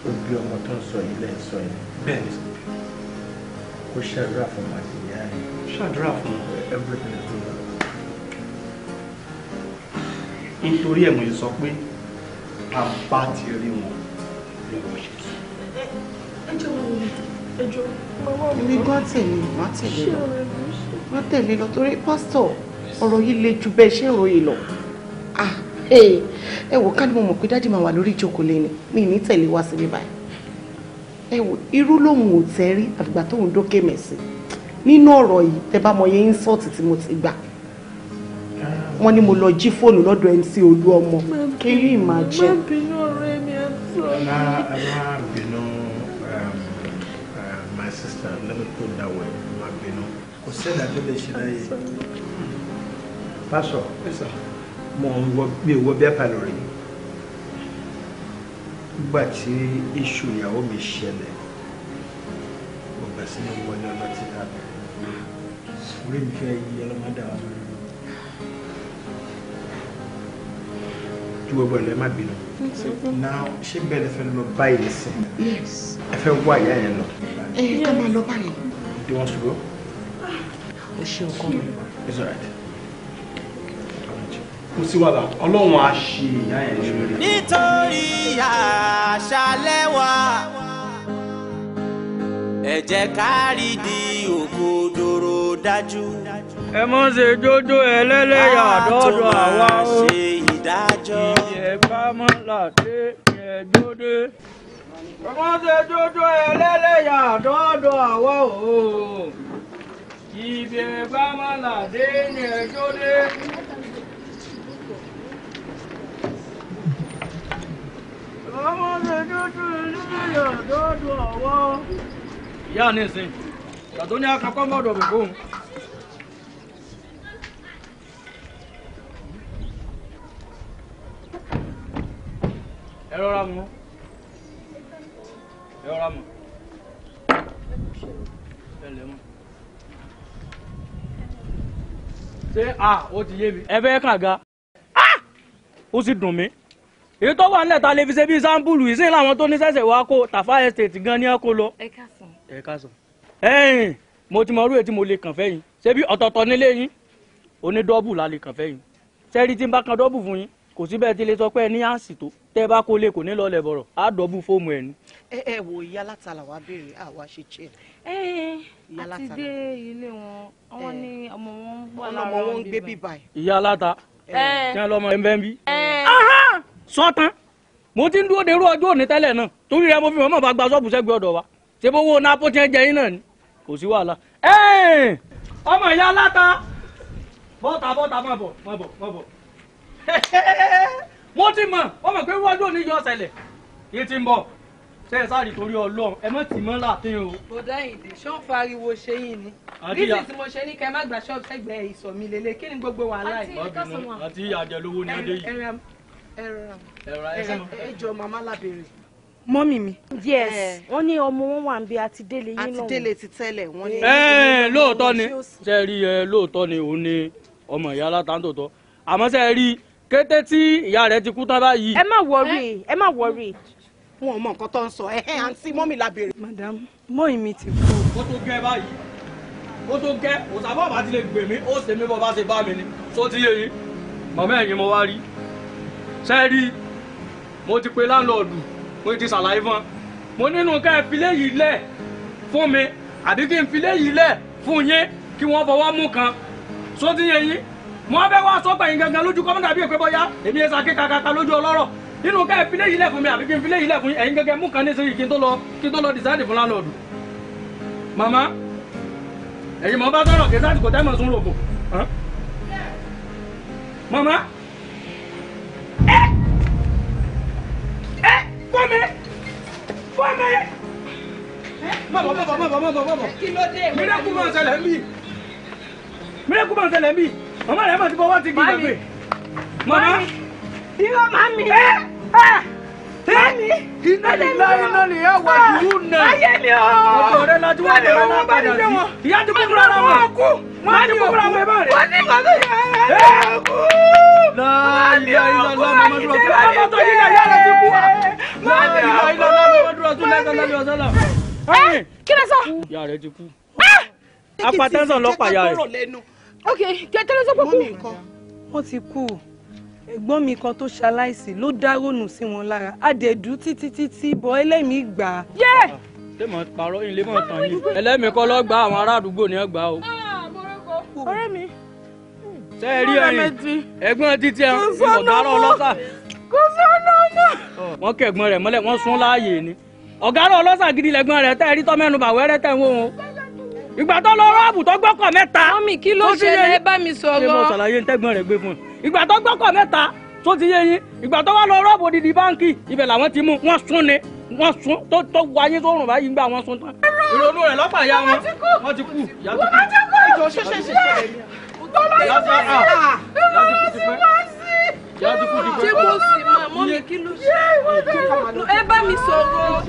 ó bí ọmọ tó ń sọ yìí lẹ́ sọ yìí. bẹ́ẹ̀ kó ṣàdúrà fún màdì ìyá yìí. ṣàdúrà fún everything is good. nítorí ẹ̀mọ̀ yìí sọ pé a bá ti rí wọn ni ṣe tù. ẹ jẹ́ wọn wọlé ẹjọ́ màmá mi. èmi gan tèmi má lọ má tèmi lọ torí pásítọ̀ ọ̀rọ̀ yìí le ju bẹ́ẹ̀ ṣe ń ròyìn lọ. Ah, eh, ẹ wò ká ní mo mọ̀ pé dáàdì máa wà lórí ìjókòó lẹ́ni mi ní tẹ̀lé wá síbí báyìí. ẹ wò irú lòun ò tẹ́ rí àgbà tóun dókè mẹ́sì nínú ọ̀rọ̀ yìí tẹ bá mọ iye insult tí mo ti gbà wọ́n ní mo lọ jí fóònù lọ́dọ̀ mc olú ọmọ can you imagine. má bínú ọ̀rẹ́ mi àti ọ̀rẹ́ mi. kò sẹ́dá tó mi ò wọ bẹ́ẹ̀ pa lórí nígbà tí iṣu mi ṣẹlẹ̀ mo gbà sí ní wọlé ọlọ́tí lábẹ́ orí mi fẹ́ yí ọlọ́mọdé wa lórí. ju gbogbo ẹ̀ lẹ́ má now she bẹ́ẹ̀ lè fẹ́ lọ báyìí Yes. ẹ fẹ́ wá ìyá yẹn lọ. ẹ eh, ká máa lọ báyìí. do you want to go? o ṣe ọkọ mi. it's alright kò sí wàhálà ọlọ́run á ṣe ìyá yẹn lórí. nítorí àṣálẹ́ wa ẹ jẹ́ ká rí di dájú. ẹ mọ̀ ṣe jójó ẹlẹ́lẹ́yà dọ́dọ̀ àwa o ìyẹn bá mọ́ làdé yẹn jóde. ẹ mọ̀ ṣe jójó ẹlẹ́lẹ́yà dọ́dọ̀ àwa o. Ibe bama na denye jode. Ọmọ rẹ̀ dúdú nílẹ̀ dọ́dọ̀ ọ̀wọ́. Ìyá ní ìsìn, ìyàtọ̀ ní akakọ́ mọ́dọ̀ bẹ̀ fóun. Ẹ rọra mú. Ẹ ṣé ah ó ti yé mi. ẹ fẹ́ kàga ó sì dùn mí èyí tó wà nílẹ̀ ta lè fi ṣe bí sáńpùlù yìí sí làwọn tó ní sẹ̀sẹ̀ wá kó Tafa Estate gan ni ẹ kó lọ. ẹ káàsán. ẹ káàsán. ẹyìn mo ti mọ orú ètí mo lè kàn fẹ́ yín ṣé bí ọ̀tọ̀ọ̀tọ̀ nílé yín oní dọ́bù la lè kàn fẹ́ yín sẹ́rí tí n bá kan dọ́bù fún yín kò síbẹ̀ tí lè sọ pé ẹ ní àǹsì tó tẹ́ bá kó lè kò ní lọ lẹ̀ bọ̀rọ̀ á dọ́bù fóòmù ẹ̀ ní ẹ ẹ wo ìyá látàlà wàá béèrè àwa ṣe chair. ẹ ẹ àti dé ilé wọn wọn ní ọmọ wọn ń bọ lára ọmọ wọn ń gbé bí báyìí. ìyá láta kí wọn lọmọ ẹ ń bẹ ń bí. sọtán mo ti ń dúró de irú ọjọ́ òní tẹ́lẹ̀ náà torí rẹ mo fi mọ̀mọ́ bá gba ṣọ́ọ̀bù sẹ́gbẹ̀ẹ́ ọ̀dọ̀ wa ṣé bó wo nápó tiẹ̀ jẹ yín náà ni kò sí wàhálà. ọmọ ìyá láta bọ́ta bọ́ta má bọ̀ má bọ̀ má bọ̀ mo ti mọ̀ ọmọ pé irú ọjọ́ òní yọ ọ̀sẹ̀ ṣe é sáré torí ọlọ́run ẹ mọ̀ tì mọ́ láàtẹ́ o. bọ̀dá ìdè ṣó ń fariwo ṣe yín ni bísí tí mo ṣe ní kẹ́ má gba ṣọ́ọ̀bù sẹ́gbẹ̀ẹ́ ìsọ̀ mi lélẹ̀ kí ni gbogbo wàhálà yìí. àti àjẹlówó ni adé yìí. ẹ̀rọ ẹ̀jọ̀ màmá lábẹ́rẹ́. mọ́mì mi. yes wọ́n ní ọmọ wọn wà ń bí àti délé yín lọ́wọ́. àti délé ti tẹ́lẹ̀ wọ́n ní. ẹ̀ẹ́n lóòótọ́ ni ṣe rí ẹ lóòótọ́ ni òun ni ọmọ ìyá látàntòótọ́ àmọ́ ṣe rí kété tí ìyá rẹ̀ ti kú tán báyìí. ẹ má wọrí ẹ má wọrí wọn ò mọ nǹkan tó ń sọ ẹhẹ àǹtí mọ́mì la béèrè. madam mọ́mì mi ti kú. ó tó gẹ́ báyìí ó tó gẹ́ òsàbọ̀ bá ti lè gbè mí ó ṣe mí bọ́ bá ṣe bá mi ni tó ti yé yín màmá ẹ̀yin mo wá rí ṣe rí mo ti pe láńlọ́ọ̀dù mo ti ṣàlàyé fún un mo nínú ká ẹ fi léyìí lẹ̀ fún mi àbí kí n fi léyìí lẹ̀ fún yín kí wọ́n fọwọ́ mú kan tó ti yé yín mo bẹ́ wá sọ́gbà yín gangan lójú kọ́mọ́dà bíi pé èmi ẹ̀ sàkíkàkàkà lójú ọlọ́rọ̀ nínú ká ìfilé yìí lẹ́fún mi àbí kí n filé yìí lẹ́fún yín ẹ̀yin gẹ́gẹ́ mú kan ní sẹ́yìn kí n tó lọ kí n tó lọ dìsáàdì fún lánàdù màmá ẹ̀yin mọ̀ bá sọ̀rọ̀ kí sáàdì kò tẹ́ mọ̀ sún rògbò màmá ẹ ẹ fọ́mi fọ́mi mọ̀bọ̀ mọ̀bọ̀ mọ̀bọ̀ mọ̀bọ̀ mọ̀bọ̀ mílẹ̀kù máa ń ṣẹlẹ̀ mí mílẹ̀kù máa ń ṣẹlẹ̀ mí màmá rẹ̀ máa ti fọwọ́ ti gbìyànjú màmá irọ́ máa mi ẹ́ tẹ́ẹ̀mí iná lè lọ iná lè yẹ wà dùrú nà ayé mi ọ́ ọ̀dọ̀ rẹ lọ́dún wà lọ́wọ́ náà padà sí ìyá dúpẹ́ kúrò ara wọn kú wọ́n ní kúrò àwọn ẹ̀bọ̀n rẹ̀ wọ́n ní kọ́tù yẹ ẹ̀ kú láàlì àìlọ́lá mọ́mọ́dúró tó lọ́mọ́ tó yí láyé rẹ̀ ti kú wa láàlì àìlọ́lá mọ́mọ́dúró tó lẹ́sọ̀ lálẹ́ ọ̀sán náà. kí ló sọ. ìyá rẹ ti kú. apatẹ́sán lọ́pàá ìyá rẹ. ok kí ẹ tẹ́lẹ̀ sọ́pọ̀ wọ́n ti kú ẹ̀gbọ́n mi kan tó ṣaláìsí ló dá rònú sí wọn lára àdẹ̀dú títí títí bọ́ ẹlẹ́mìí gbà á. yẹ́ ah, ṣé mo parọ́ yín lé mọ̀ tán yín ẹlẹ́mìí kọ́ lọ́ọ́ gba àwọn ará àdúgbò ní ọgbà ah, o. ọ̀rẹ́ mi. ṣé ẹ rí ẹyin ẹ̀gbọ́n títí ẹ ń ọ̀gárọ̀ ọlọ́sà. kò sọ́nà mọ́. wọ́n kẹ̀gbọ́n rẹ̀ mọ́lẹ̀ wọ́n sún láàyè ni ọ̀gárọ̀ ọlọ́sà gidi lẹ̀gbọ́n rẹ̀ tẹ́ ẹ rí tọ́mẹ́nu bàwẹ́rẹ́ tẹ̀ ń wò wọn ìgbà tó lọ rọ́ọ̀bù tó gbọ́kọ̀ mẹ́ta. mọ́mì kí ló ṣẹlẹ̀ ẹ bá mi sọ̀rọ̀. ṣé mo ṣàlàyé ń tẹ́gbọ́n gbé fún un ìgbà tó gbọ́kọ̀ mẹ́ta tó ti yé yín ìgbà tó wá lọ rọ́ọ̀bù odidi báńkì ibẹ̀ làwọn ti mú wọ́n sún ni wọ́n sún tó tó wá tó rùn báyìí gbà wọ́n sún tán. ìrònú rẹ̀ lọ́pà ya wọn wọ́n ti kú ìyá tó ah, ah. kú ìjọ ṣẹṣẹ ṣẹṣẹ ṣé mo sì máa mọ́ mi kí ló ṣe ẹ bá mi sọ̀rọ̀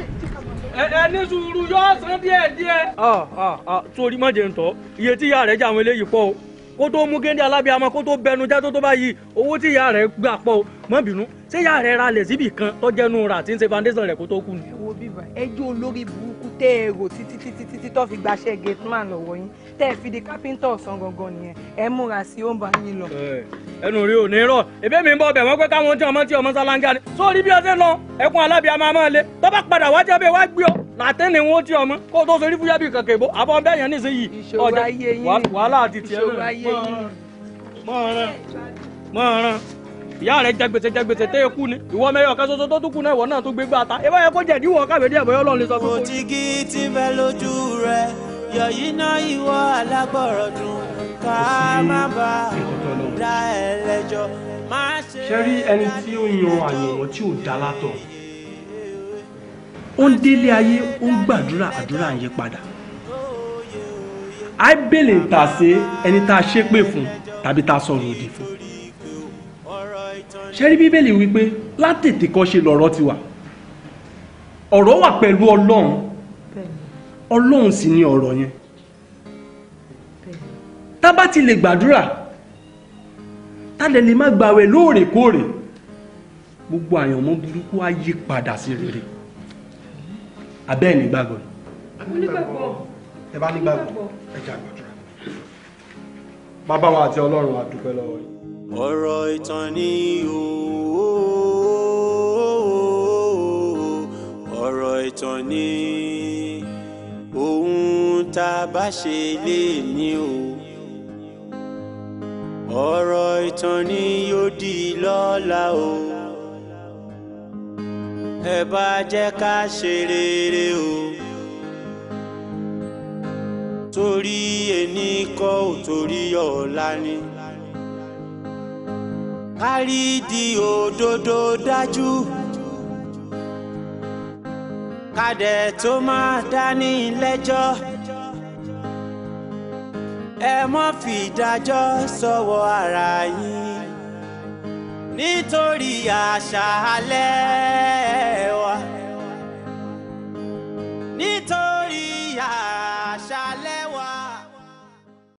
ẹni sùúrù yóò san díẹ̀ díẹ̀. torí ah, má jẹun tọ́ iye tí ìyá rẹ̀ jẹ́ àwọn eléyìí pọ̀ o kó tó mú géńdé alábíàmọ kó tó bẹnu jẹ́ tó tó báyìí owó tí ìyá rẹ̀ gbà pọ̀ mọ́ bínú ṣé ìyá rẹ̀ ra lẹ̀ síbì kan tọ́jẹ́nu rà tí ń ṣe foundation rẹ̀ kó tó kú ni. ẹ wo bíbá ẹjọ́ olórí burúkú tẹ́ ẹ rò títí títí tó fi gbaṣẹ́ gate lọ́wọ́ yín tẹ́ ẹ fi di kápẹ́ńtà ọ̀sán gangan nìyẹn ẹ múra sí ó ń bá yín lọ. ẹnu rí ò ní rọ ebi mi ń bọ bẹ̀ wọ́n pé káwọn tí ọmọ tí ọmọ sálángá ni sórí bí ọtí lọ ẹkún alábìàmọ́ máa lé tó bá padà wá jábẹ́ wá gbé ọ làtẹ́ni wọn tí ọmọ kó o tó sorí fúyàbí kankan ìbò àbọ̀ bẹ́ẹ̀ yẹn nísìnyí ìyá rẹ jẹ gbèsè jẹ kú ni ìwọ mẹyọ kan ṣoṣo tó tún kú náà ìwọ náà tún gbé gbàtà ẹ yẹ kó jẹ ìdíwọ káwé díẹ̀ bọyọ lọ lè sọ fún mi. òtígí ti fẹ́ lójú rẹ̀ yọ̀yí náà ìwọ alágbọ̀rọ̀dún ká má bà á dá ẹ lẹ́jọ́ má ṣe é lẹ́jọ́. ṣe rí ẹni tí ó yan àyànwọ́ tí ò dá látọ̀ ó ń délé ayé ó ń gbàdúrà àdúrà ń yí padà àìbèlè ń tà sí ẹni tá a ṣépè fún tàbí tá a sọ̀rọ̀ òdì fún ṣe bíbélì wípé látètè kọ́ ṣe lọ̀rọ̀ ti wà ọ̀rọ̀ wà pẹ̀lú ọlọ́run ọlọ́run sì ni ọ̀rọ̀ yẹn tá bá ti lè gbàdúrà tá lè lè má gbàwẹ̀ lóòrèkóòrè gbogbo àyànmọ́ burúkú á yí padà sí rere abẹ́ ní gbàgbọ́ ẹ bá ní gbàgbọ́ ẹ jà gbàdúrà bàbá wa àti ọlọ́run a dúpẹ́ lọ́wọ́ yìí. ọ̀rọ̀ ìtàn ni ooo ọ̀rọ̀ ìtàn ni ooo ohun tá a bá ṣe lè ní o ọ̀rọ̀ ìtàn ni yóò di lọ́la o ẹ bá jẹ́ ká ṣe rere o torí ẹni kọ́ ò torí ọ̀la ni kárí di òdodo dájú kádẹ tó máa dání lẹ́jọ́ ẹ mọ́ fìdájọ́ sọ́wọ́ ara yín nítorí àṣà alẹ́ wa nítorí.